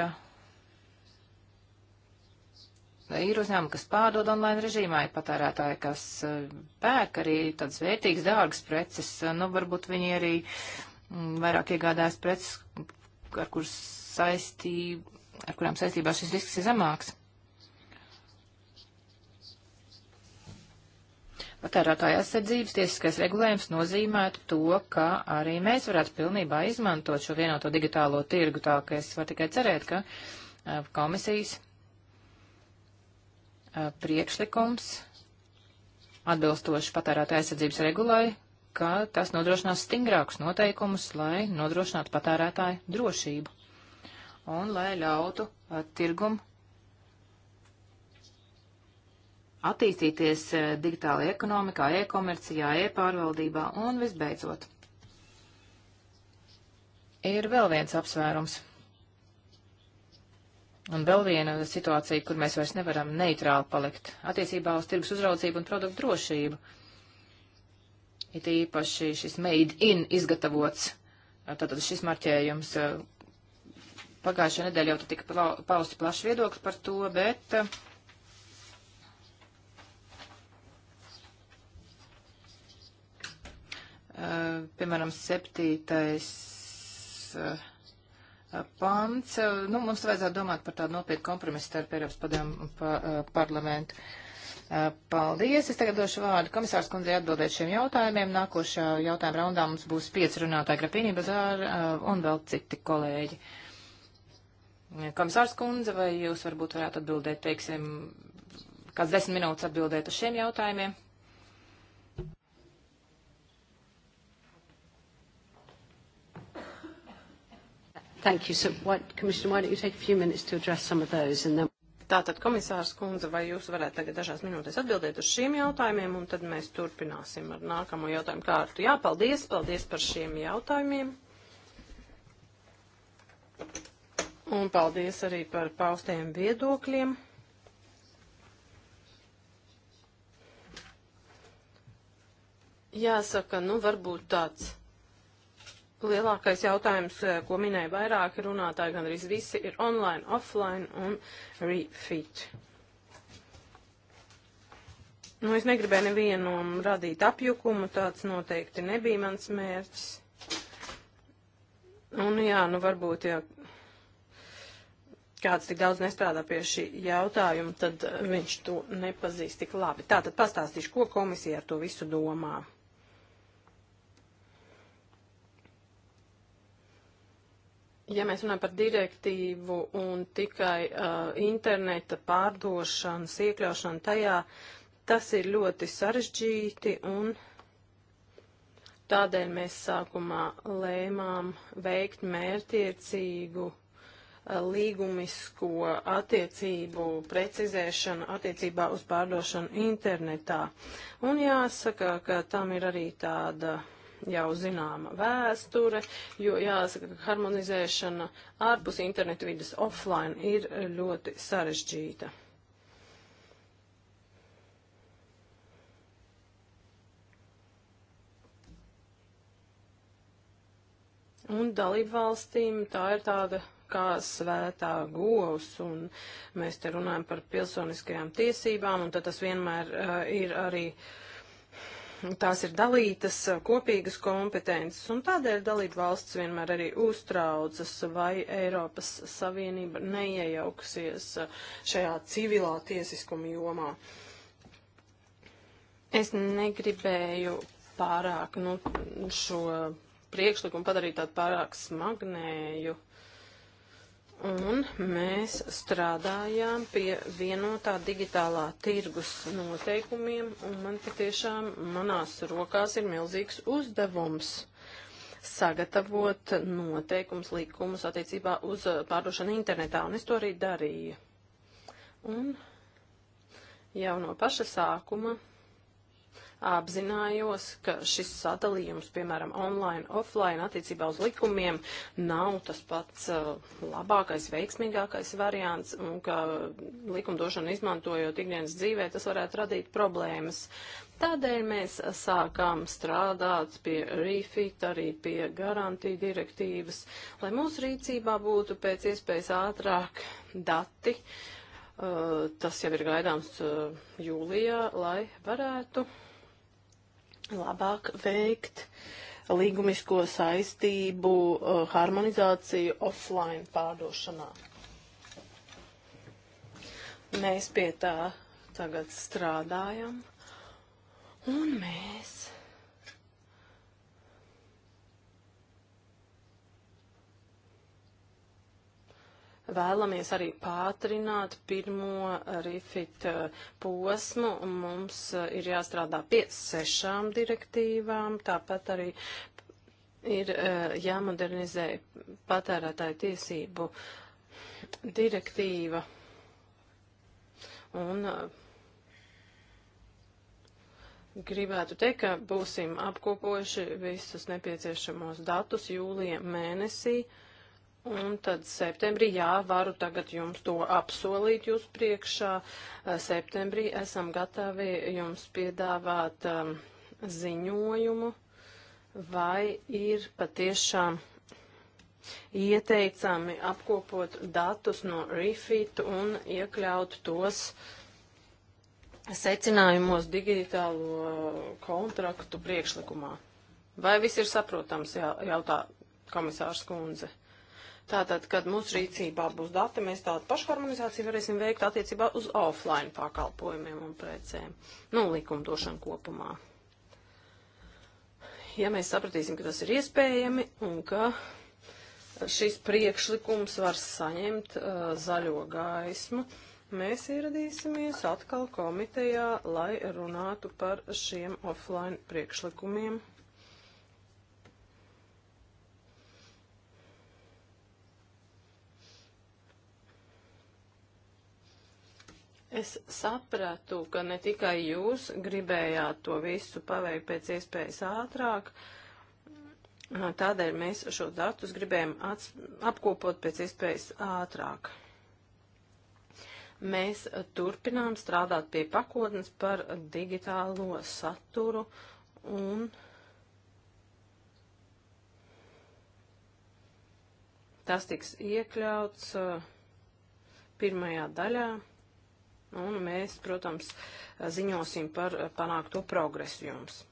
eh, ir uzņēmumi, kas pārdod online režīmā, ir patērētāji, kas eh, pērk arī tādas vērtīgas, dārgas preces, nu, varbūt viņi arī mm, vairāk iegādājas preces, ar kuras saistību ar kurām saistībā šis risks ir zemāks. Patērētāja aizsardzības tiesiskais regulējums nozīmētu to, ka arī mēs varētu pilnībā izmantot šo vienoto digitālo tirgu, tā ka es varu tikai cerēt, ka komisijas priekšlikums atbilstoši patērētāja aizsardzības regulai, ka tas nodrošinās stingrākus noteikumus, lai nodrošinātu patērētāju drošību un lai ļautu uh, tirgum attīstīties uh, digitālajā ekonomikā, e-komercijā, e-pārvaldībā un visbeidzot. Ir vēl viens apsvērums. Un vēl viena situācija, kur mēs vairs nevaram neitrāli palikt - attiecībā uz tirgus uzraudzību un produktu drošību. It īpaši šis made in izgatavots, uh, tātad šis marķējums, uh, Pagājušajā nedēļā jau tika pausti plaši viedokļi par to, bet eh, piemēram, septītais eh, pants. Eh, nu, mums vajadzētu domāt par tādu nopietnu kompromisu starp Eiropas padomu pa, parlamentu. Paldies. Es tagad došu vārdu komisārs kundzei atbildēt šiem jautājumiem. Nākošā jautājuma raundā mums būs pieci runātāji grapīnī bazāra un vēl citi kolēģi. Uh, Komisārs kundze, vai jūs varbūt varētu atbildēt, teiksim, kāds desmit minūtes atbildēt uz šiem jautājumiem? Thank you. So, why, Commissioner, why don't you take a few minutes to address some of those and then... Tātad, komisārs kundze, vai jūs varētu tagad dažās minūtēs atbildēt uz šiem jautājumiem, un tad mēs turpināsim ar nākamo jautājumu kārtu. Jā, paldies, paldies par šiem jautājumiem. Un paldies arī par paustajiem viedokļiem. Jāsaka, nu varbūt tāds lielākais jautājums, eh, ko minēja vairāki runātāji, gan arī visi ir online, offline un refit. Nu, es negribēju nevienam radīt apjukumu, tāds noteikti nebija mans mērķis. Un jā, nu varbūt, ja kāds tik daudz nestrādā pie šī jautājuma, tad eh, viņš to nepazīst tik labi. Tātad pastāstīšu, ko komisija ar to visu domā. Ja mēs runājam par direktīvu un tikai uh, interneta pārdošanas iekļaušanu tajā, tas ir ļoti sarežģīti un tādēļ mēs sākumā lēmām veikt mērtiecīgu līgumisko attiecību precizēšanu attiecībā uz pārdošanu internetā. Un jāsaka, ka tam ir arī tāda jau zināma vēsture, jo jāsaka, ka harmonizēšana ārpus internetu vidas offline ir ļoti sarežģīta. Un dalību valstīm tā ir tāda kā svētā govs, un mēs te runājam par pilsoniskajām tiesībām, un tad tas vienmēr uh, ir arī. Tās ir dalītas uh, kopīgas kompetences, un tādēļ dalība valsts vienmēr arī uztraucas, vai Eiropas Savienība neiejauksies uh, šajā civilā tiesiskuma jomā. Es negribēju pārāk nu, šo priekšlikumu padarīt tādu pārāk smagnēju un mēs strādājām pie vienotā digitālā tirgus noteikumiem, un man patiešām manās rokās ir milzīgs uzdevums sagatavot noteikums likumus attiecībā uz pārdošanu internetā, un es to arī darīju. Un jau no paša sākuma apzinājos, ka šis sadalījums, piemēram, online, offline attiecībā uz likumiem nav tas pats uh, labākais, veiksmīgākais variants un ka likumdošanu izmantojot ikdienas dzīvē, tas varētu radīt problēmas. Tādēļ mēs sākām strādāt pie refit, arī pie garantija direktīvas, lai mūsu rīcībā būtu pēc iespējas ātrāk dati. Uh, tas jau ir gaidāms uh, jūlijā, lai varētu labāk veikt līgumisko saistību uh, harmonizāciju offline pārdošanā. Mēs pie tā tagad strādājam, un mēs vēlamies arī pātrināt pirmo rifit eh, posmu, un mums eh, ir jāstrādā pie sešām direktīvām, tāpat arī ir eh, jāmodernizē patērētāju tiesību direktīva. Un gribētu teikt, ka būsim apkopojuši visus nepieciešamos datus jūlija mēnesī. Uh, Un tad septembrī, jā, varu tagad jums to apsolīt jūs priekšā. Eh, septembrī esam gatavi jums piedāvāt um, ziņojumu, vai ir patiešām ieteicami apkopot datus no Refit un iekļaut tos secinājumos digitālo kontraktu priekšlikumā. Vai viss ir saprotams, jā, jautā komisārs Kunze. Tātad, kad mūsu rīcībā būs dati, mēs tādu pašharmonizāciju varēsim veikt attiecībā uz offline pakalpojumiem un precēm, nu, likumdošanu kopumā. Ja mēs sapratīsim, ka tas ir iespējami un ka šis priekšlikums var saņemt uh, zaļo gaismu, mēs ieradīsimies atkal komitejā, lai runātu par šiem offline priekšlikumiem. Es sapratu, ka ne tikai jūs gribējāt to visu paveikt pēc iespējas ātrāk, tādēļ mēs šo datus gribējam apkopot pēc iespējas ātrāk. Mēs turpinām strādāt pie pakotnes par digitālo saturu un tas tiks iekļauts uh, pirmajā daļā. Un mēs, protams, ziņosim par eh, panākto progresu jums.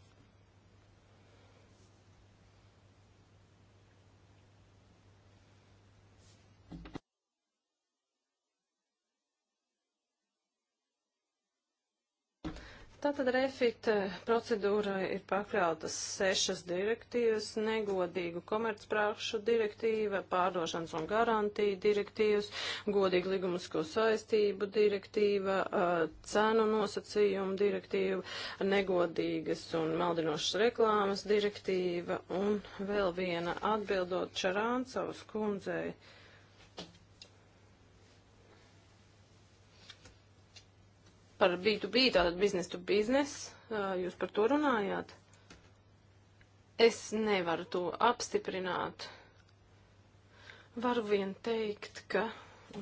Tātad refit eh, procedūra ir pakļautas sešas direktīvas - negodīgu komercprākšu direktīva, pārdošanas un garantija direktīvas, godīgu ligumisko saistību direktīva, eh, cenu nosacījumu direktīva, negodīgas un maldinošas reklāmas direktīva un vēl viena atbildot Čarāncavas kundzei. par B2B, tātad biznes to biznes, jūs par to runājāt. Es nevaru to apstiprināt. Varu vien teikt, ka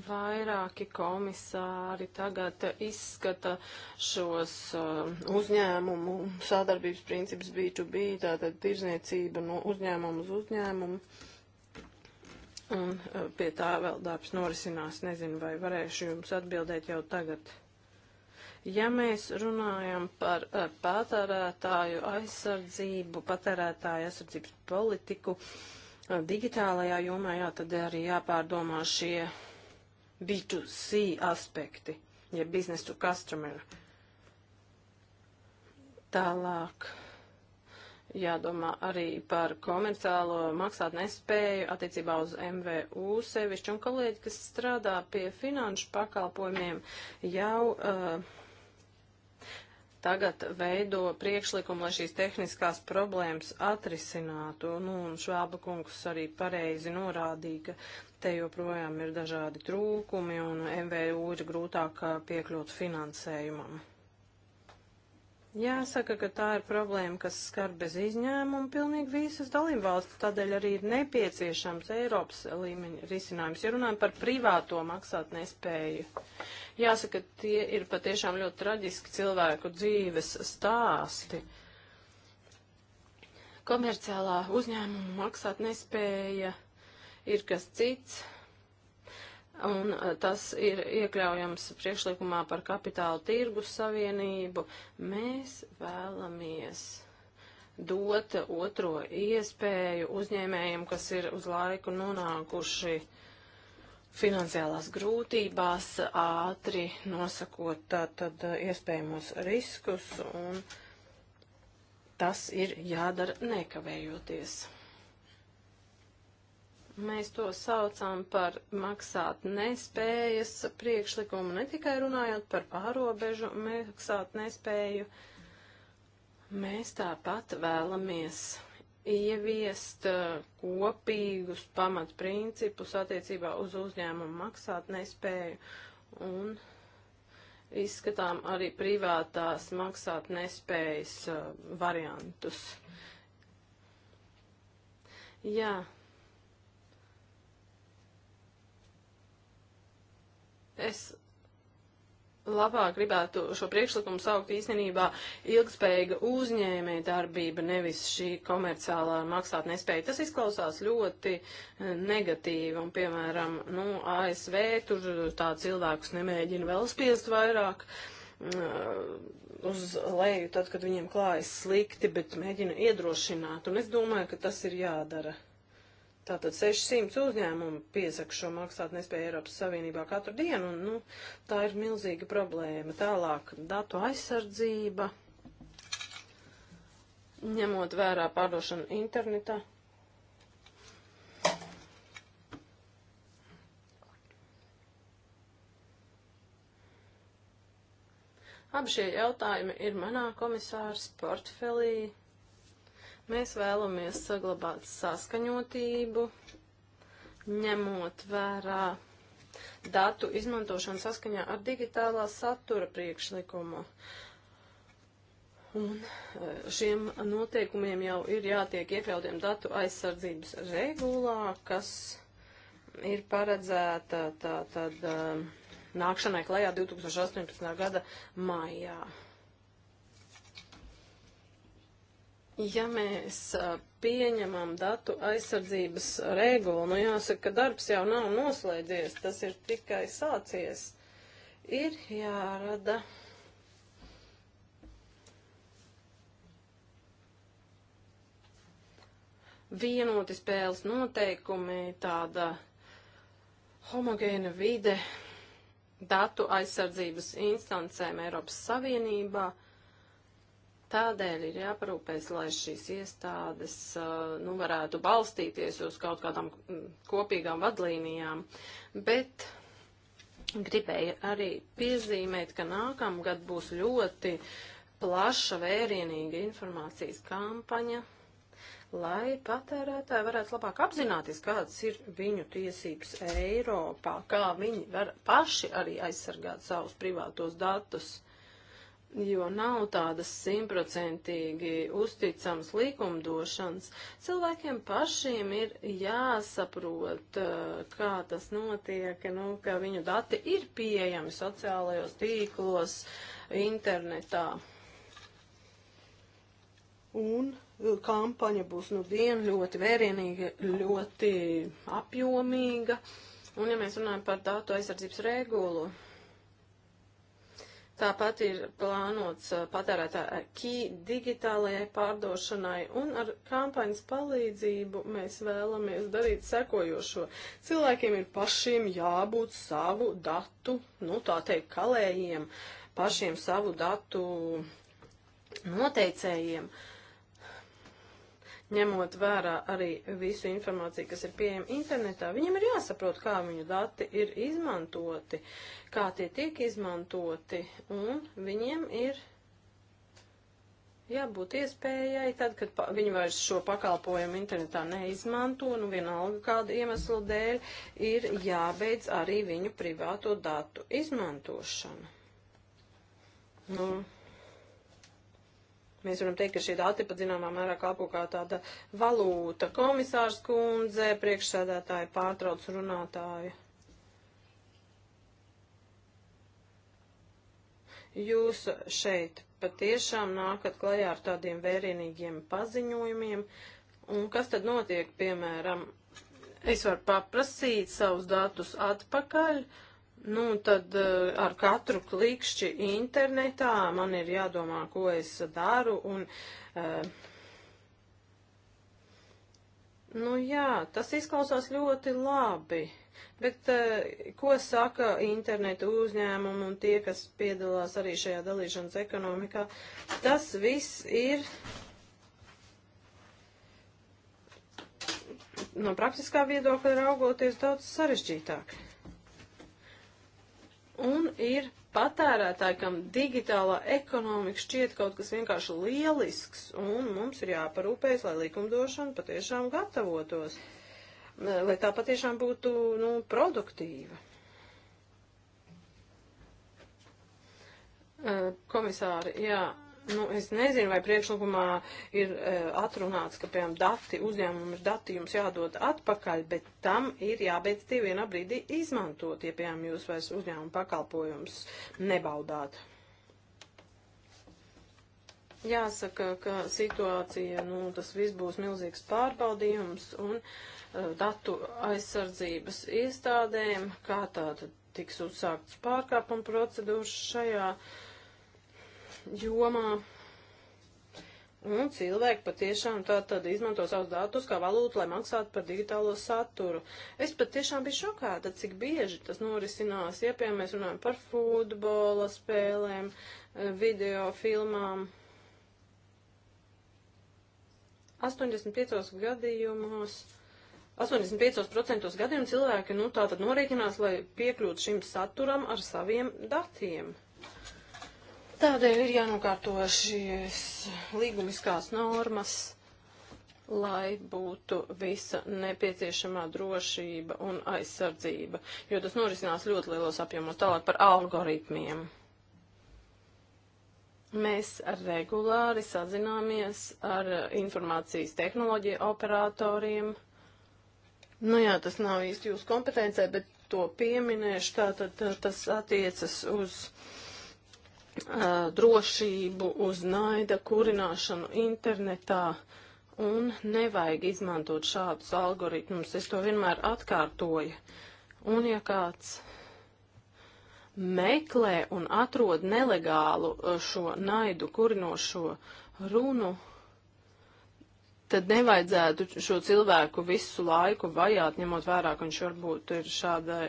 vairāki komisāri tagad izskata šos uzņēmumu sadarbības principus B2B, tātad tirzniecība no uzņēmumu uz uzņēmumu. Un pie tā vēl darbs norisinās. Nezinu, vai varēšu jums atbildēt jau tagad. Ja mēs runājam par eh, patērētāju aizsardzību, patērētāju aizsardzības politiku eh, digitālajā jomā, jā, tad arī jāpārdomā šie B2C aspekti, ja business to customer. Tālāk jādomā arī par komerciālo maksāt nespēju attiecībā uz MVU sevišķi un kolēģi, kas strādā pie finanšu pakalpojumiem, jau uh, tagad veido priekšlikumu, lai šīs tehniskās problēmas atrisinātu. Nu, un Švāba kungs arī pareizi norādīja, ka te joprojām ir dažādi trūkumi un MVU ir grūtāk uh, piekļūt finansējumam. Jāsaka, ka tā ir problēma, kas skar bez izņēmuma pilnīgi visas dalībvalstis, tādēļ arī ir nepieciešams Eiropas līmeņa risinājums. Ja runājam par privāto maksāt nespēju, jāsaka, tie ir patiešām ļoti traģiski cilvēku dzīves stāsti. Komerciālā uzņēmuma maksāt nespēja ir kas cits Un uh, tas ir iekļaujams priekšlikumā par kapitālu tirgus savienību. Mēs vēlamies dot otro iespēju uzņēmējiem, kas ir uz laiku nonākuši finansiālās grūtībās, ātri nosakot tātad uh, iespējamos riskus, un tas ir jādara nekavējoties. Mēs to saucam par maksāt nespējas priekšlikumu, ne tikai runājot par pārobežu maksāt nespēju. Mēs tāpat vēlamies ieviest uh, kopīgus pamatprincipus attiecībā uz uzņēmumu maksāt nespēju un izskatām arī privātās maksāt nespējas uh, variantus. Jā, Es labāk gribētu šo priekšlikumu saukt īstenībā ilgspējīga uzņēmē darbība, nevis šī komerciālā maksāt nespēja. Tas izklausās ļoti eh, negatīvi, un, piemēram, nu, ASV tur eh, tā cilvēkus nemēģina vēl spiest vairāk eh, uz leju, tad, kad viņiem klājas slikti, bet mēģina iedrošināt, un es domāju, ka tas ir jādara. Tātad 600 uzņēmumu piesaka šo maksāt nespēju Eiropas Savienībā katru dienu, un nu, tā ir milzīga problēma. Tālāk datu aizsardzība, ņemot vērā pārdošanu internetā. Abi šie jautājumi ir manā komisārs portfelī. Mēs vēlamies saglabāt saskaņotību, ņemot vērā datu izmantošanu saskaņā ar digitālā satura priekšlikumu. Un e, šiem noteikumiem jau ir jātiek iekļautiem datu aizsardzības regulā, kas ir paredzēta tā, tad e, nākšanai klajā 2018. gada maijā. Ja mēs pieņemam datu aizsardzības regulu, nu jāsaka, ka darbs jau nav noslēdzies, tas ir tikai sācies. Ir jārada. Vienoti spēles noteikumi, tāda homogēna vide datu aizsardzības instancēm Eiropas Savienībā – Tādēļ ir jāparūpēs, lai šīs iestādes nu, varētu balstīties uz kaut kādām kopīgām vadlīnijām, bet gribēju arī piezīmēt, ka nākamgad būs ļoti plaša vērienīga informācijas kampaņa, lai patērētāji varētu labāk apzināties, kādas ir viņu tiesības Eiropā, kā viņi var paši arī aizsargāt savus privātos datus jo nav tādas simtprocentīgi uzticamas likumdošanas. Cilvēkiem pašiem ir jāsaprot, eh, kā tas notiek, nu, ka viņu dati ir pieejami sociālajos tīklos, internetā. Un eh, kampaņa būs nu dien ļoti vērienīga, ļoti apjomīga. Un ja mēs runājam par datu aizsardzības regulu, Tāpat ir plānots patērētā key digitālajai pārdošanai un ar kampaņas palīdzību mēs vēlamies darīt sekojošo. Cilvēkiem ir pašiem jābūt savu datu, nu tā teikt, kalējiem, pašiem savu datu noteicējiem. Uh, ņemot vērā arī visu informāciju, kas ir pieejama internetā, viņam ir jāsaprot, kā viņu dati ir izmantoti, kā tie tiek izmantoti, un viņiem ir jābūt iespējai, tad, kad pa, viņi vairs šo pakalpojumu internetā neizmanto, nu vienalga kāda iemesla dēļ, ir jābeidz arī viņu privāto datu izmantošana. Nu, mm Mēs varam teikt, ka šie dati pat zināmā mērā kalpo kā tāda valūta. Komisārs kundze, priekšsēdētāji pārtrauc runātāju. Jūs šeit patiešām nākat klajā ar tādiem vērienīgiem paziņojumiem, un kas tad notiek, piemēram, es varu paprasīt savus datus atpakaļ, uh, Nu, tad eh, ar katru klikšķi internetā man ir jādomā, ko es daru. Un, eh, nu, jā, tas izklausās ļoti labi. Bet eh, ko saka internetu uzņēmumu un tie, kas piedalās arī šajā dalīšanas ekonomikā? Tas viss ir no praktiskā viedokļa raugoties daudz sarežģītāk. Un ir patērētāji, kam digitālā ekonomika šķiet kaut kas vienkārši lielisks, un mums ir jāparūpējas, lai likumdošana patiešām gatavotos, lai tā patiešām būtu nu, produktīva. Komisāri, jā, Nu, es nezinu, vai priekšlikumā ir e, atrunāts, ka, piemēram, dati uzņēmumam ir dati jums jādod atpakaļ, bet tam ir jābeidz tie vienā brīdī izmantot, ja, piemēram, jūs vairs uzņēmuma pakalpojums nebaudāt. Jāsaka, ka situācija, nu, tas viss būs milzīgs pārbaudījums un e, datu aizsardzības iestādēm, kā tātad tiks uzsākts pārkāpuma procedūras šajā. E, jomā. Un cilvēki patiešām tā tad izmanto savus datus kā valūtu, lai maksātu par digitālo saturu. Es patiešām biju šokāta, cik bieži tas norisinās, ja piemēram mēs runājam par futbola spēlēm, eh, video filmām. 85 gadījumos, 85% gadījumu cilvēki, nu tā tad norēķinās, lai piekļūtu šim saturam ar saviem datiem. Tādēļ ir jānokārto šīs līgumiskās normas, lai būtu visa nepieciešamā drošība un aizsardzība, jo tas norisinās ļoti lielos apjomos tālāk par algoritmiem. Mēs regulāri sazināmies ar informācijas tehnoloģiju operatoriem. Nu jā, tas nav īsti jūsu kompetencē, bet to pieminēšu. Tātad tas attiecas uz uh, Uh, drošību, uz naida kurināšanu internetā. Un nevajag izmantot šādus algoritmus. Es to vienmēr atkārtoju. Un ja kāds meklē un atrod nelegālu uh, šo naidu kurinošo runu, tad nevajadzētu šo cilvēku visu laiku vajāt, ņemot vērā, ka viņš varbūt ir šādai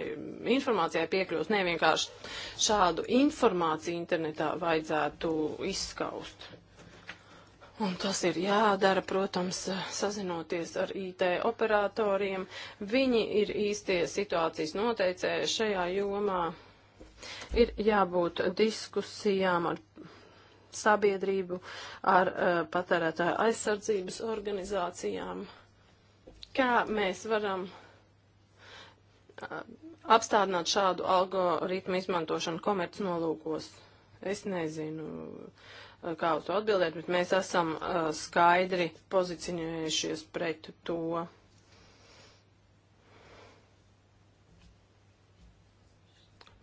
informācijai piekļūst. Ne vienkārši šādu informāciju internetā vajadzētu izskaust. Un tas ir jādara, protams, sazinoties ar IT operatoriem. Viņi ir īstie situācijas noteicēji šajā jomā. Ir jābūt diskusijām ar sabiedrību, ar uh, patērētāju aizsardzības organizācijām. Kā mēs varam uh, apstādināt šādu algoritmu izmantošanu komerc nolūkos? Es nezinu, eh, kā uz to atbildēt, bet mēs esam uh, skaidri pozicionējušies pret to.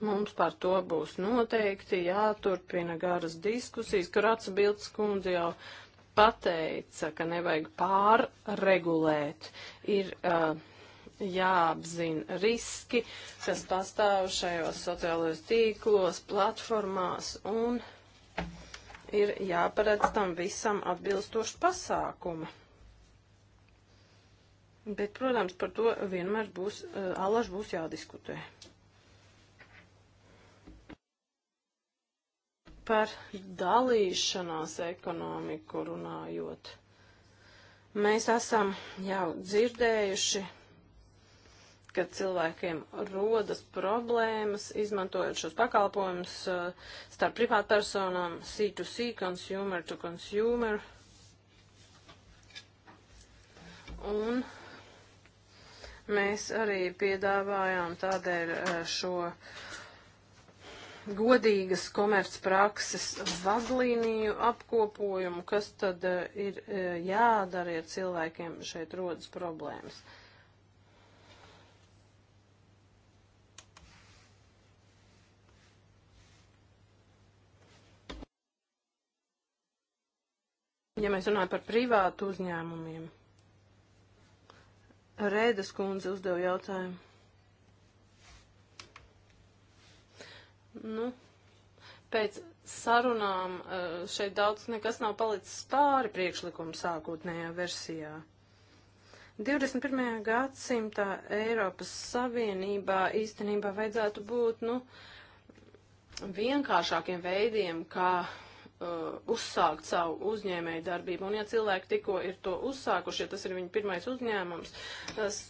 Mums par to būs noteikti jāturpina garas diskusijas, kur atsabildes kundze jau pateica, ka nevajag pārregulēt. Ir uh, jāapzina riski, kas pastāv šajos sociālajos tīklos, platformās, un ir jāparedz tam visam atbilstoši pasākumi. Bet, protams, par to vienmēr būs, uh, alaž būs jādiskutē. par dalīšanās ekonomiku runājot. Mēs esam jau dzirdējuši, ka cilvēkiem rodas problēmas, izmantojot šos pakalpojumus uh, starp privātpersonām C2C, consumer to consumer. Un mēs arī piedāvājām tādēļ uh, šo uh, godīgas komercprakses vadlīniju apkopojumu, kas tad eh, ir eh, jādara, ja cilvēkiem šeit rodas problēmas. Ja mēs runājam par privātu uzņēmumiem, Rēdas kundze uzdeva jautājumu. Nu, pēc sarunām e, šeit daudz nekas nav palicis pāri priekšlikuma sākotnējā versijā. 21. gadsimtā Eiropas Savienībā īstenībā vajadzētu būt nu, vienkāršākiem veidiem, kā uh, uzsākt savu uzņēmēju darbību. Un ja cilvēki tikko ir to uzsākuši, ja tas ir viņu pirmais uzņēmums, tas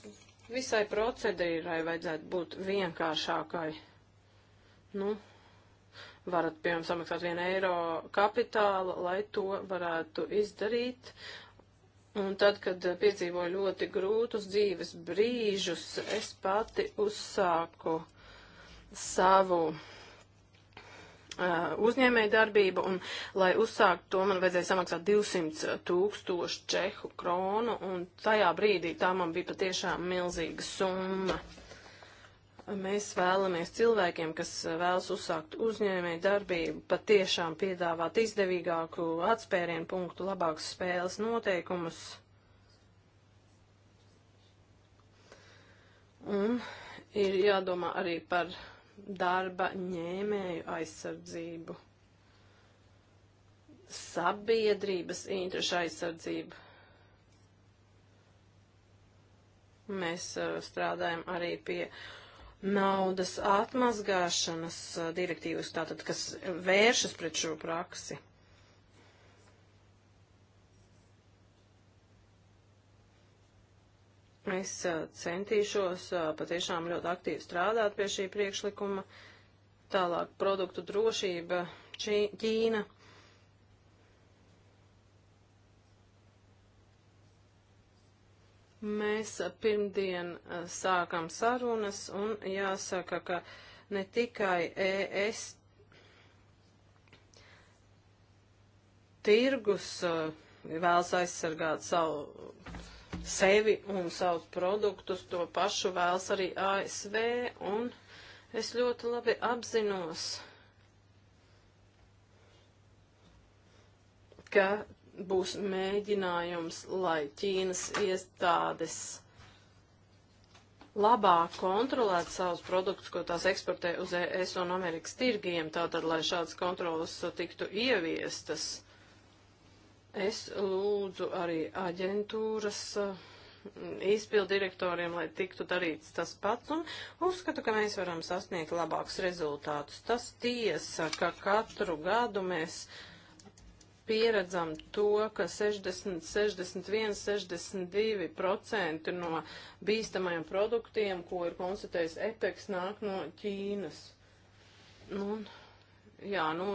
visai procedīrai vajadzētu būt vienkāršākai. Nu, varat, piemēram, samaksāt vienu eiro kapitālu, lai to varētu izdarīt. Un tad, kad piedzīvoju ļoti grūtus dzīves brīžus, es pati uzsāku savu Uh, uzņēmēja darbība, un, lai uzsākt to, man vajadzēja samaksāt 200 tūkstošu čehu kronu, un tajā brīdī tā man bija patiešām milzīga summa. Mēs vēlamies cilvēkiem, kas vēlas uzsākt uzņēmēju darbību, patiešām piedāvāt izdevīgāku atspērienu punktu, labākus spēles noteikumus. Un ir jādomā arī par darba ņēmēju aizsardzību, sabiedrības interešu aizsardzību. Mēs uh, strādājam arī pie uh, naudas atmazgāšanas uh, direktīvas, tātad, kas vēršas pret šo praksi. Es uh, centīšos uh, patiešām ļoti aktīvi strādāt pie šī priekšlikuma. Tālāk produktu drošība Či Ķīna. Mēs pirmdien sākam sarunas un jāsaka, ka ne tikai ES tirgus vēlas aizsargāt savu sevi un savus produktus, to pašu vēlas arī ASV, un es ļoti labi apzinos, ka būs mēģinājums, lai Ķīnas iestādes labāk kontrolēt savus produktus, ko tās eksportē uz ES un Amerikas tirgiem, tātad, lai šādas kontrolas tiktu ieviestas. Es lūdzu arī aģentūras eh, izpildirektoriem, lai tiktu darīts tas pats, un uzskatu, ka mēs varam sasniegt labākus rezultātus. Tas tiesa, ka katru gadu mēs uh, pieredzam to, ka 60, 61, 62% no bīstamajiem produktiem, ko ir konstatējis EPEX, nāk no Ķīnas. Nu, jā, nu,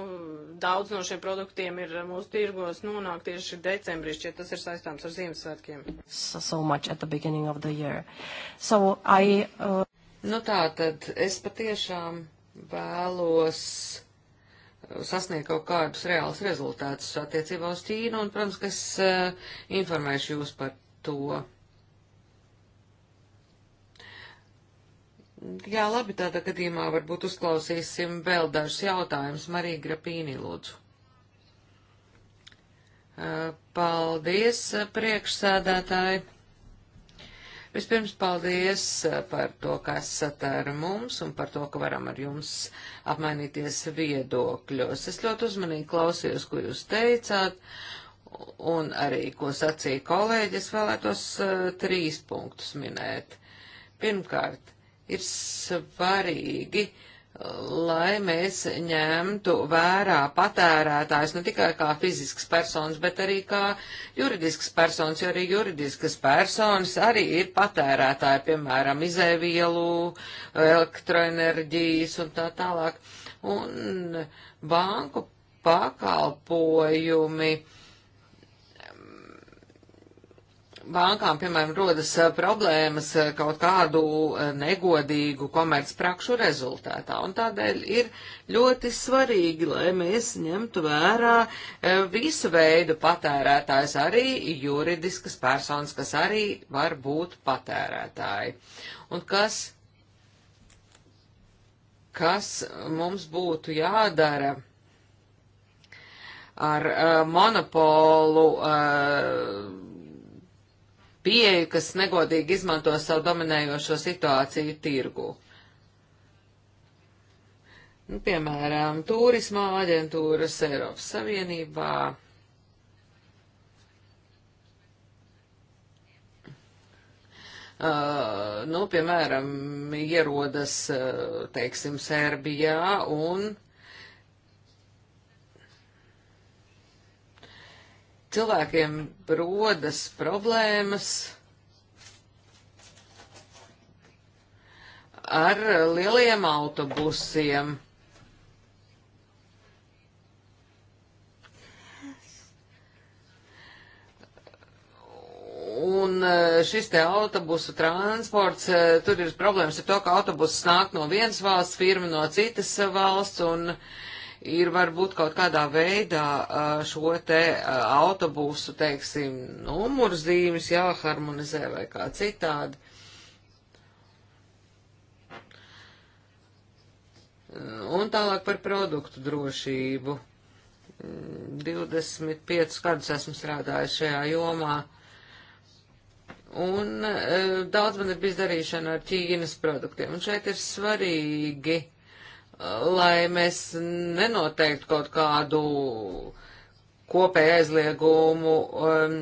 daudz no šiem produktiem ir mūsu tirgos nonāk tieši decembrī, šķiet tas ir saistāms ar Ziemassvētkiem. So, so much at the beginning of the year. So I, uh... Nu tā tad, es patiešām vēlos sasniegt kaut kādus reālus rezultātus attiecībā uz Ķīnu, un, protams, ka es uh, informēšu jūs par to. Jā, labi, tādā gadījumā varbūt uzklausīsim vēl dažus jautājumus. Marija Grapīnī, lūdzu. Uh, paldies, eh, priekšsēdētāji. Vispirms paldies eh, par to, ka esat ar mums un par to, ka varam ar jums apmainīties viedokļos. Es ļoti uzmanīgi klausījos, ko jūs teicāt, un arī, ko sacīja kolēģis, vēlētos uh, trīs punktus minēt. Pirmkārt, ir svarīgi uh, lai mēs ņemtu vērā patērētājs ne tikai kā fizisks personas, bet arī kā juridisks personas, jo arī juridiskas personas arī ir patērētāji, piemēram, izēvielu, elektroenerģijas un tā tālāk. Un banku pakalpojumi. Uh, bankām, piemēram, rodas problēmas kaut kādu negodīgu komercprakšu rezultātā. Un tādēļ ir ļoti svarīgi, lai mēs ņemtu vērā visu veidu patērētājs, arī juridiskas personas, kas arī var būt patērētāji. Un kas, kas mums būtu jādara? ar uh, monopolu uh, pieeja, kas negodīgi izmanto savu dominējošo situāciju tirgu. Nu, piemēram, turismā aģentūras Eiropas Savienībā. Uh, nu, piemēram, ierodas, uh, teiksim, Serbijā un cilvēkiem rodas problēmas ar lieliem autobusiem. Un e, šis te autobusu transports, e, tur ir problēmas ar to, ka autobuss nāk no vienas valsts, firma no citas valsts, un uh, ir varbūt kaut kādā veidā šo te autobusu, teiksim, numurzīmes jāharmonizē vai kā citādi. Un tālāk par produktu drošību. 25 mm, gadus esmu strādājis šajā jomā. Un e, daudz man ir bijis darīšana ar Ķīnas produktiem. Un šeit ir svarīgi lai mēs nenoteiktu kaut kādu kopēju aizliegumu um,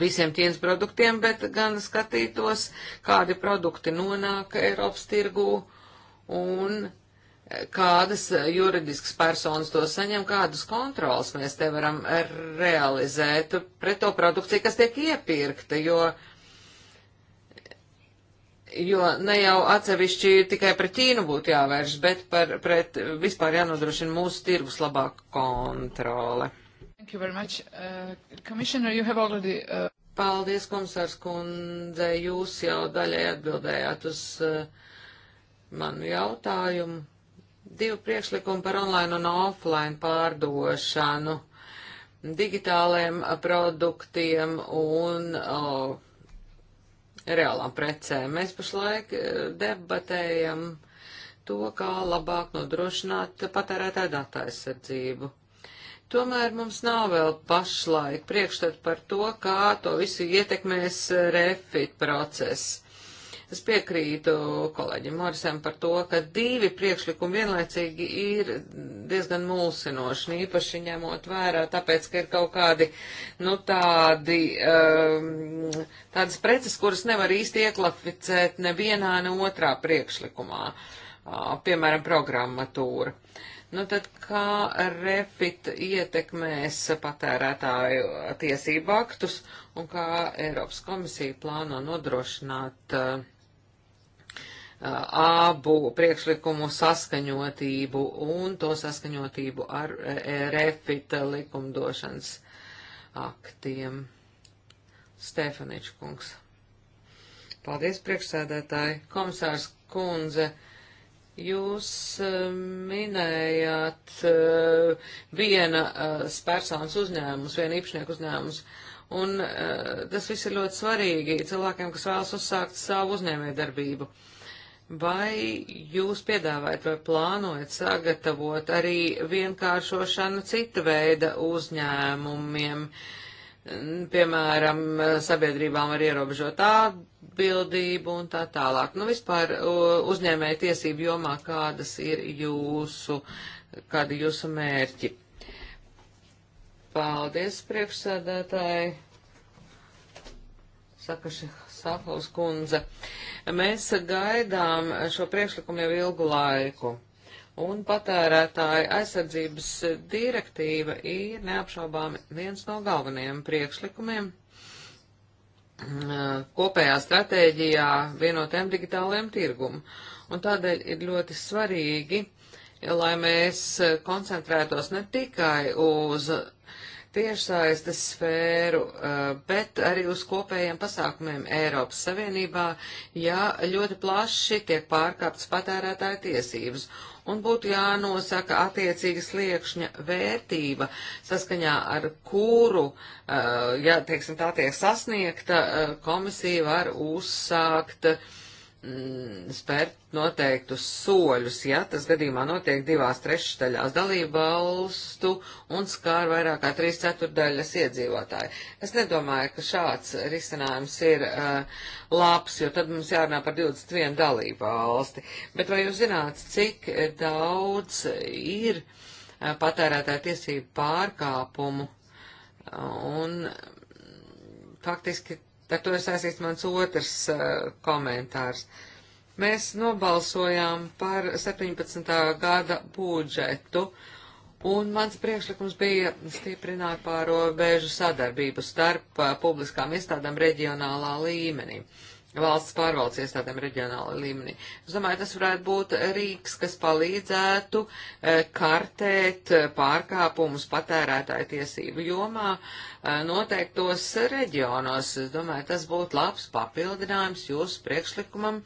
visiem tīnas produktiem, bet gan skatītos, kādi produkti nonāk Eiropas tirgū un kādas juridiskas personas to saņem, kādas kontrolas mēs te varam realizēt pret to produkciju, kas tiek iepirkta, jo uh, jo ne jau atsevišķi tikai pret Ķīnu būtu jāvērš, bet par, pret vispār jānodrošina mūsu tirgus labāka kontrole. Thank you very much. Uh, Commissioner, you have already... Uh... Paldies, komisārs kundze, jūs jau daļai atbildējāt uz uh, manu jautājumu. Divu priekšlikumu par online un offline pārdošanu digitāliem produktiem un uh, reālām precēm. Mēs pašlaik eh, debatējam to, kā labāk nodrošināt patērētāju datu aizsardzību. Tomēr mums nav vēl pašlaik priekšstat par to, kā to visu ietekmēs eh, refit process. Es piekrītu kolēģim Morisam par to, ka divi priekšlikumi vienlaicīgi ir diezgan mulsinoši, īpaši ņemot vērā, tāpēc, ka ir kaut kādi, nu, tādi, um, tādas preces, kuras nevar īsti ieklaficēt nevienā, ne otrā priekšlikumā, uh, piemēram, programmatūra. Nu, tad kā refit ietekmēs patērētāju tiesību aktus un kā Eiropas komisija plāno nodrošināt uh, abu priekšlikumu saskaņotību un to saskaņotību ar refita likumdošanas aktiem. Stefaničs kungs. Paldies, priekšsēdētāji. Komisārs kundze, jūs minējāt viena personas uzņēmumus, viena īpašnieku uzņēmumus. Un tas viss ir ļoti svarīgi cilvēkiem, kas vēlas uzsākt savu uzņēmējdarbību. darbību Vai jūs piedāvājat vai plānojat sagatavot arī vienkāršošanu cita veida uzņēmumiem, piemēram, sabiedrībām ar ierobežotu atbildību un tā tālāk? Nu, vispār uzņēmēja tiesību jomā, kādas ir jūsu, kādi jūsu mērķi? Paldies, priekšsēdētāji! saka Safos kundze. Mēs gaidām šo priekšlikumu jau ilgu laiku. Un patērētāja aizsardzības direktīva ir neapšaubām viens no galvenajiem priekšlikumiem mm, kopējā stratēģijā vienotiem digitālajiem tirgumu. Un tādēļ ir ļoti svarīgi, lai mēs koncentrētos ne tikai uz tiešsaistes sfēru, eh, bet arī uz kopējiem pasākumiem Eiropas Savienībā, ja ļoti plaši tiek pārkāptas patērētāja tiesības. Un būtu jānosaka attiecīga sliekšņa vērtība, saskaņā ar kuru, eh, ja teiksim, tā tiek sasniegta, eh, komisija var uzsākt uh, Mm, spērt noteiktus soļus, ja tas gadījumā notiek divās trešdaļās dalību valstu un skār vairāk kā trīs ceturdaļas iedzīvotāji. Es nedomāju, ka šāds risinājums ir uh, labs, jo tad mums jārunā par 21 dalību valsti. Bet vai jūs zināt, cik daudz ir uh, eh, patērētāja tiesību pārkāpumu un mm, faktiski ar to ir saistīts mans otrs uh, komentārs. Mēs nobalsojām par 17. gada budžetu, un mans priekšlikums bija stiprināt pārobežu sadarbību starp uh, publiskām iestādām reģionālā līmenī. Uh, valsts pārvaldes iestādēm reģionāla līmenī. Es domāju, tas varētu būt rīks, kas palīdzētu eh, kartēt eh, pārkāpumus patērētāju tiesību jomā eh, noteiktos reģionos. Es domāju, tas būtu labs papildinājums jūsu priekšlikumam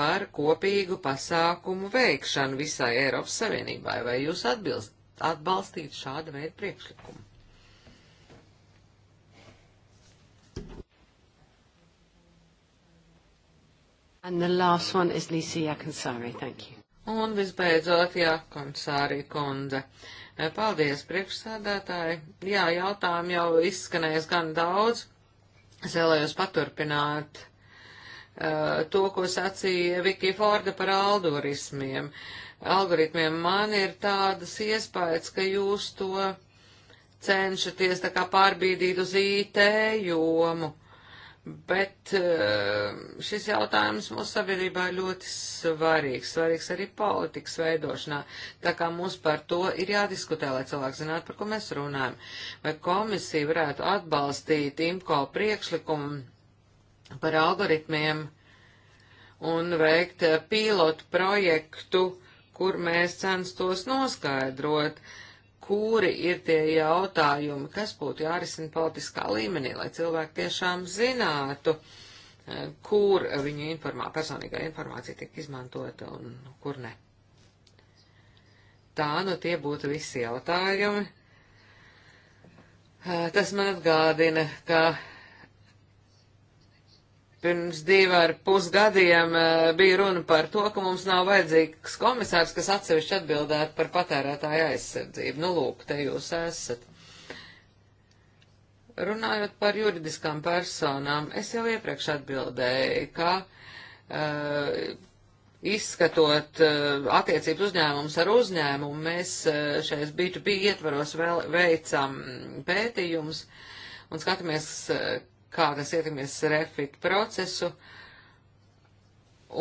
par kopīgu pasākumu veikšanu visai Eiropas Savienībai. Vai jūs atbilst, atbalstītu šādu veidu priekšlikumu? And the last one is Lisa Yakansari. Thank you. Un visbeidzot, Jākonsārī kundze. E, paldies, priekšsēdētāji. Jā, jautājumu jau izskanējis gan daudz. Es vēlējos paturpināt uh, to, ko sacīja Viki Forda par algoritmiem. Algoritmiem man ir tādas iespējas, ka jūs to cenšaties tā kā pārbīdīt uz IT jomu. Uh, Bet eh, šis jautājums mūsu sabiedrībā ir ļoti svarīgs, svarīgs arī politikas veidošanā, tā kā mums par to ir jādiskutē, lai cilvēki zinātu, par ko mēs runājam. Vai komisija varētu atbalstīt IMCO priekšlikumu par algoritmiem un veikt eh, pilotu projektu, kur mēs censtos noskaidrot, uh, kuri ir tie jautājumi, kas būtu jārisina politiskā līmenī, lai cilvēki tiešām zinātu, eh, kur viņu informā, personīgā informācija tiek izmantota un kur ne. Tā, nu tie būtu visi jautājumi. Eh, Tas man atgādina, ka Pirms divi ar pusgadiem eh, bija runa par to, ka mums nav vajadzīgs komisārs, kas atsevišķi atbildētu par patērētāju aizsardzību. Nu, lūk, te jūs esat. Runājot par juridiskām personām, es jau iepriekš atbildēju, ka uh, izskatot uh, attiecības uzņēmums ar uzņēmumu, mēs uh, šais B2B ietvaros vēl veicam mm, pētījums un skatāmies, uh, kā tas ietekmēs refit procesu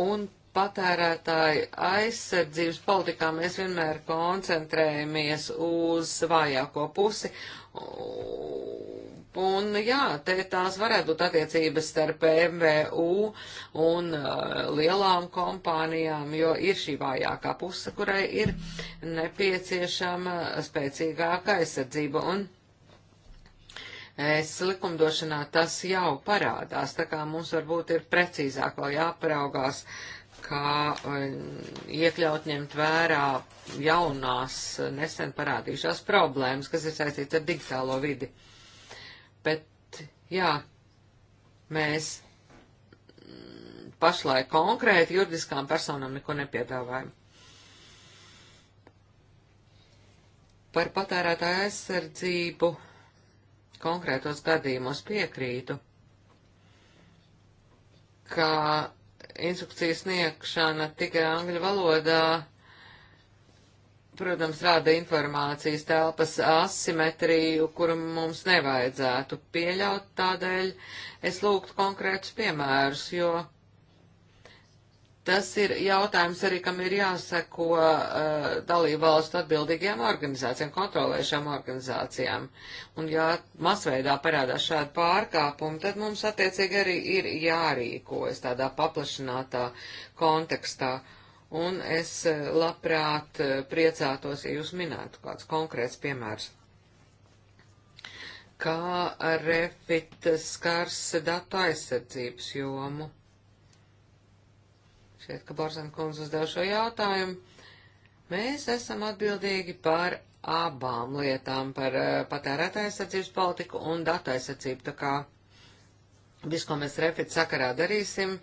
un patērētāju aizsardzības politikā mēs vienmēr koncentrējamies uz vājāko pusi. Un jā, te tās varētu būt attiecības starp MVU un uh, lielām kompānijām, jo ir šī vājākā puse, kurai ir nepieciešama spēcīgāka aizsardzība. Un Es likumdošanā tas jau parādās, tā kā mums varbūt ir precīzāk vēl jāparaugās, kā um, iekļaut ņemt vērā jaunās nesen parādījušās problēmas, kas ir saistīts ar digitālo vidi. Bet, jā, mēs mm, pašlaik konkrēti juridiskām personām neko nepiedāvājam. Par patērētāju aizsardzību konkrētos gadījumos piekrītu, ka instrukcijas sniegšana tikai angļu valodā, protams, rāda informācijas telpas asimetriju, kuru mums nevajadzētu pieļaut, tādēļ es lūgtu konkrētus piemērus, jo Tas ir jautājums arī, kam ir jāseko uh, eh, dalību valstu atbildīgajām organizācijām, kontrolējušām organizācijām. Un ja masveidā parādās šādi pārkāpumi, tad mums attiecīgi arī ir jārīkojas tādā paplašinātā kontekstā. Un es eh, labprāt eh, priecātos, ja jūs minētu kāds konkrēts piemērs. Kā refit skars datu aizsardzības jomu? Šķiet, ka Borzan kundze uzdev šo jautājumu. Mēs esam atbildīgi par abām lietām, par uh, eh, patērētāja aizsardzības politiku un datu aizsardzību. Tā kā viss, ko mēs refit sakarā darīsim,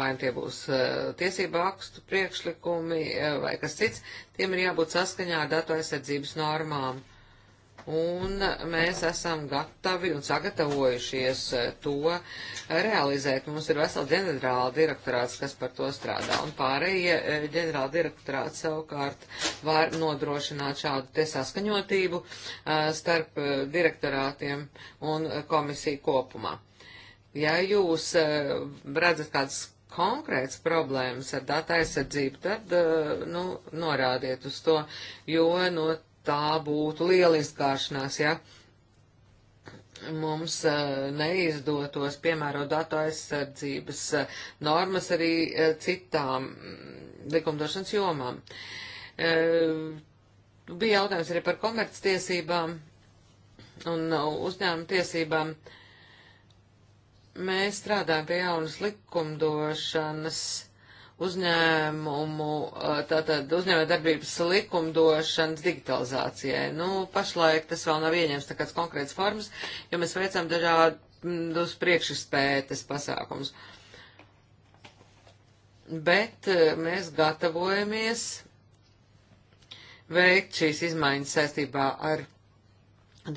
vai tie būs uh, eh, tiesību akstu priekšlikumi uh, vai kas cits, tiem ir jābūt saskaņā ar datu aizsardzības normām un mēs esam gatavi un sagatavojušies e, to realizēt. Mums ir vesela ģenerāla direktorāts, kas par to strādā, un pārējie e, ģenerāla direktorāti savukārt var nodrošināt šādu te saskaņotību e, starp direktorātiem un komisiju kopumā. Ja jūs redzat kādas konkrēts problēmas ar datu aizsardzību, tad, nu, norādiet uz to, jo no tā būtu liela izkāršanās, ja mums eh, neizdotos piemērot datu aizsardzības eh, normas arī eh, citām mm, likumdošanas jomām. Bija jautājums arī par komerctiesībām un uzņēmuma tiesībām. Mēs strādājam pie jaunas likumdošanas uzņēmumu, tātad uzņēmē darbības likumdošanas digitalizācijai. Nu, pašlaik tas vēl nav ieņems tā kāds konkrēts formas, jo mēs veicam dažādus priekšspētes pasākums. Bet mēs gatavojamies veikt šīs izmaiņas saistībā ar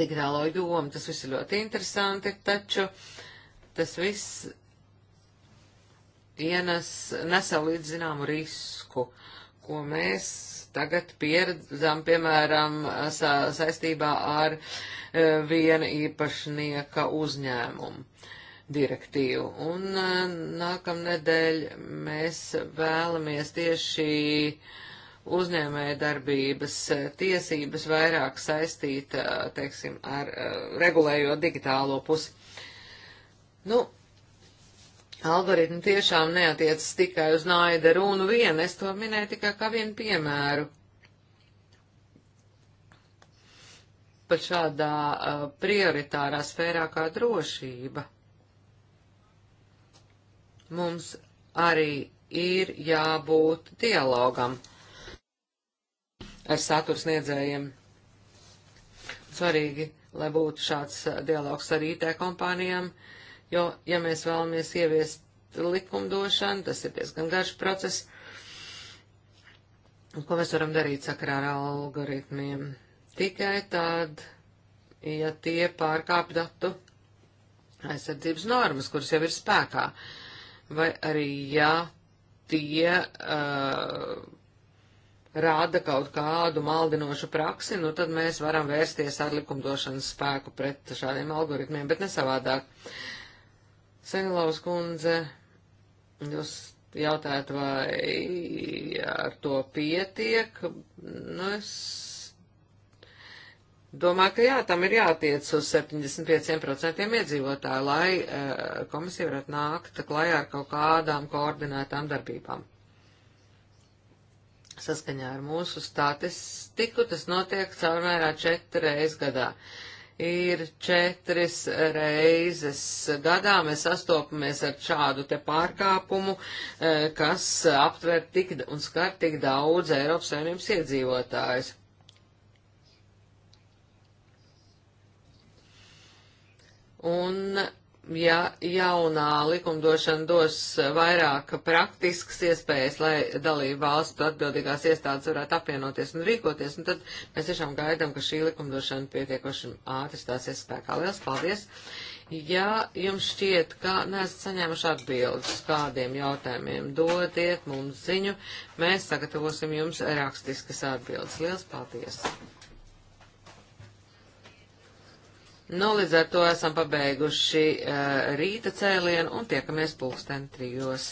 digitālo jomu. Tas viss ir ļoti interesanti, taču tas viss ienes, nesa līdz zināmu risku, ko mēs tagad pieredzam, piemēram, sa saistībā ar e, viena īpašnieka uzņēmumu direktīvu. Un e, nākamnedēļ mēs vēlamies tieši uzņēmēja darbības e, tiesības vairāk saistīt, teiksim, ar regulējo digitālo pusi. Nu, algoritmi tiešām neatiecas tikai uz naida runu vienu, es to minēju tikai kā vienu piemēru. Pat šādā uh, prioritārā sfērā kā drošība. Mums arī ir jābūt dialogam ar satursniedzējiem. Svarīgi, lai būtu šāds uh, dialogs ar IT kompānijām. Uh, jo, ja mēs vēlamies ieviest likumdošanu, tas ir diezgan garš process, un ko mēs varam darīt sakarā ar algoritmiem. Tikai tād, ja tie pārkāp datu aizsardzības normas, kuras jau ir spēkā, vai arī, ja tie uh, rāda kaut kādu maldinošu praksi, nu tad mēs varam vērsties ar likumdošanas spēku pret šādiem algoritmiem, bet ne savādāk. Uh, Senilaus kundze, jūs jautājat, vai ar to pietiek? Nu, es domāju, ka jā, tam ir jātiec uz 75% iedzīvotāju, lai uh, komisija varētu nākt klajā ar kaut kādām koordinētām darbībām. Saskaņā ar mūsu statistiku tas notiek caurmērā četreiz gadā. Uh, ir četras reizes gadā mēs sastopamies ar šādu te pārkāpumu, e, kas aptver tik un skar tik daudz Eiropas Savienības iedzīvotājus. Un ja jaunā likumdošana dos vairāk praktiskas iespējas, lai dalību valstu atbildīgās iestādes varētu apvienoties un rīkoties, un nu tad mēs tiešām gaidām, ka šī likumdošana pietiekoši ātri stāsies spēkā. Liels paldies! Ja jums šķiet, ka neesat saņēmuši atbildes uz kādiem jautājumiem, dodiet mums ziņu, mēs sagatavosim jums rakstiskas atbildes. Liels paldies! Nu, līdz ar to esam pabeiguši uh, rīta cēlienu un tiekamies pulksten trijos.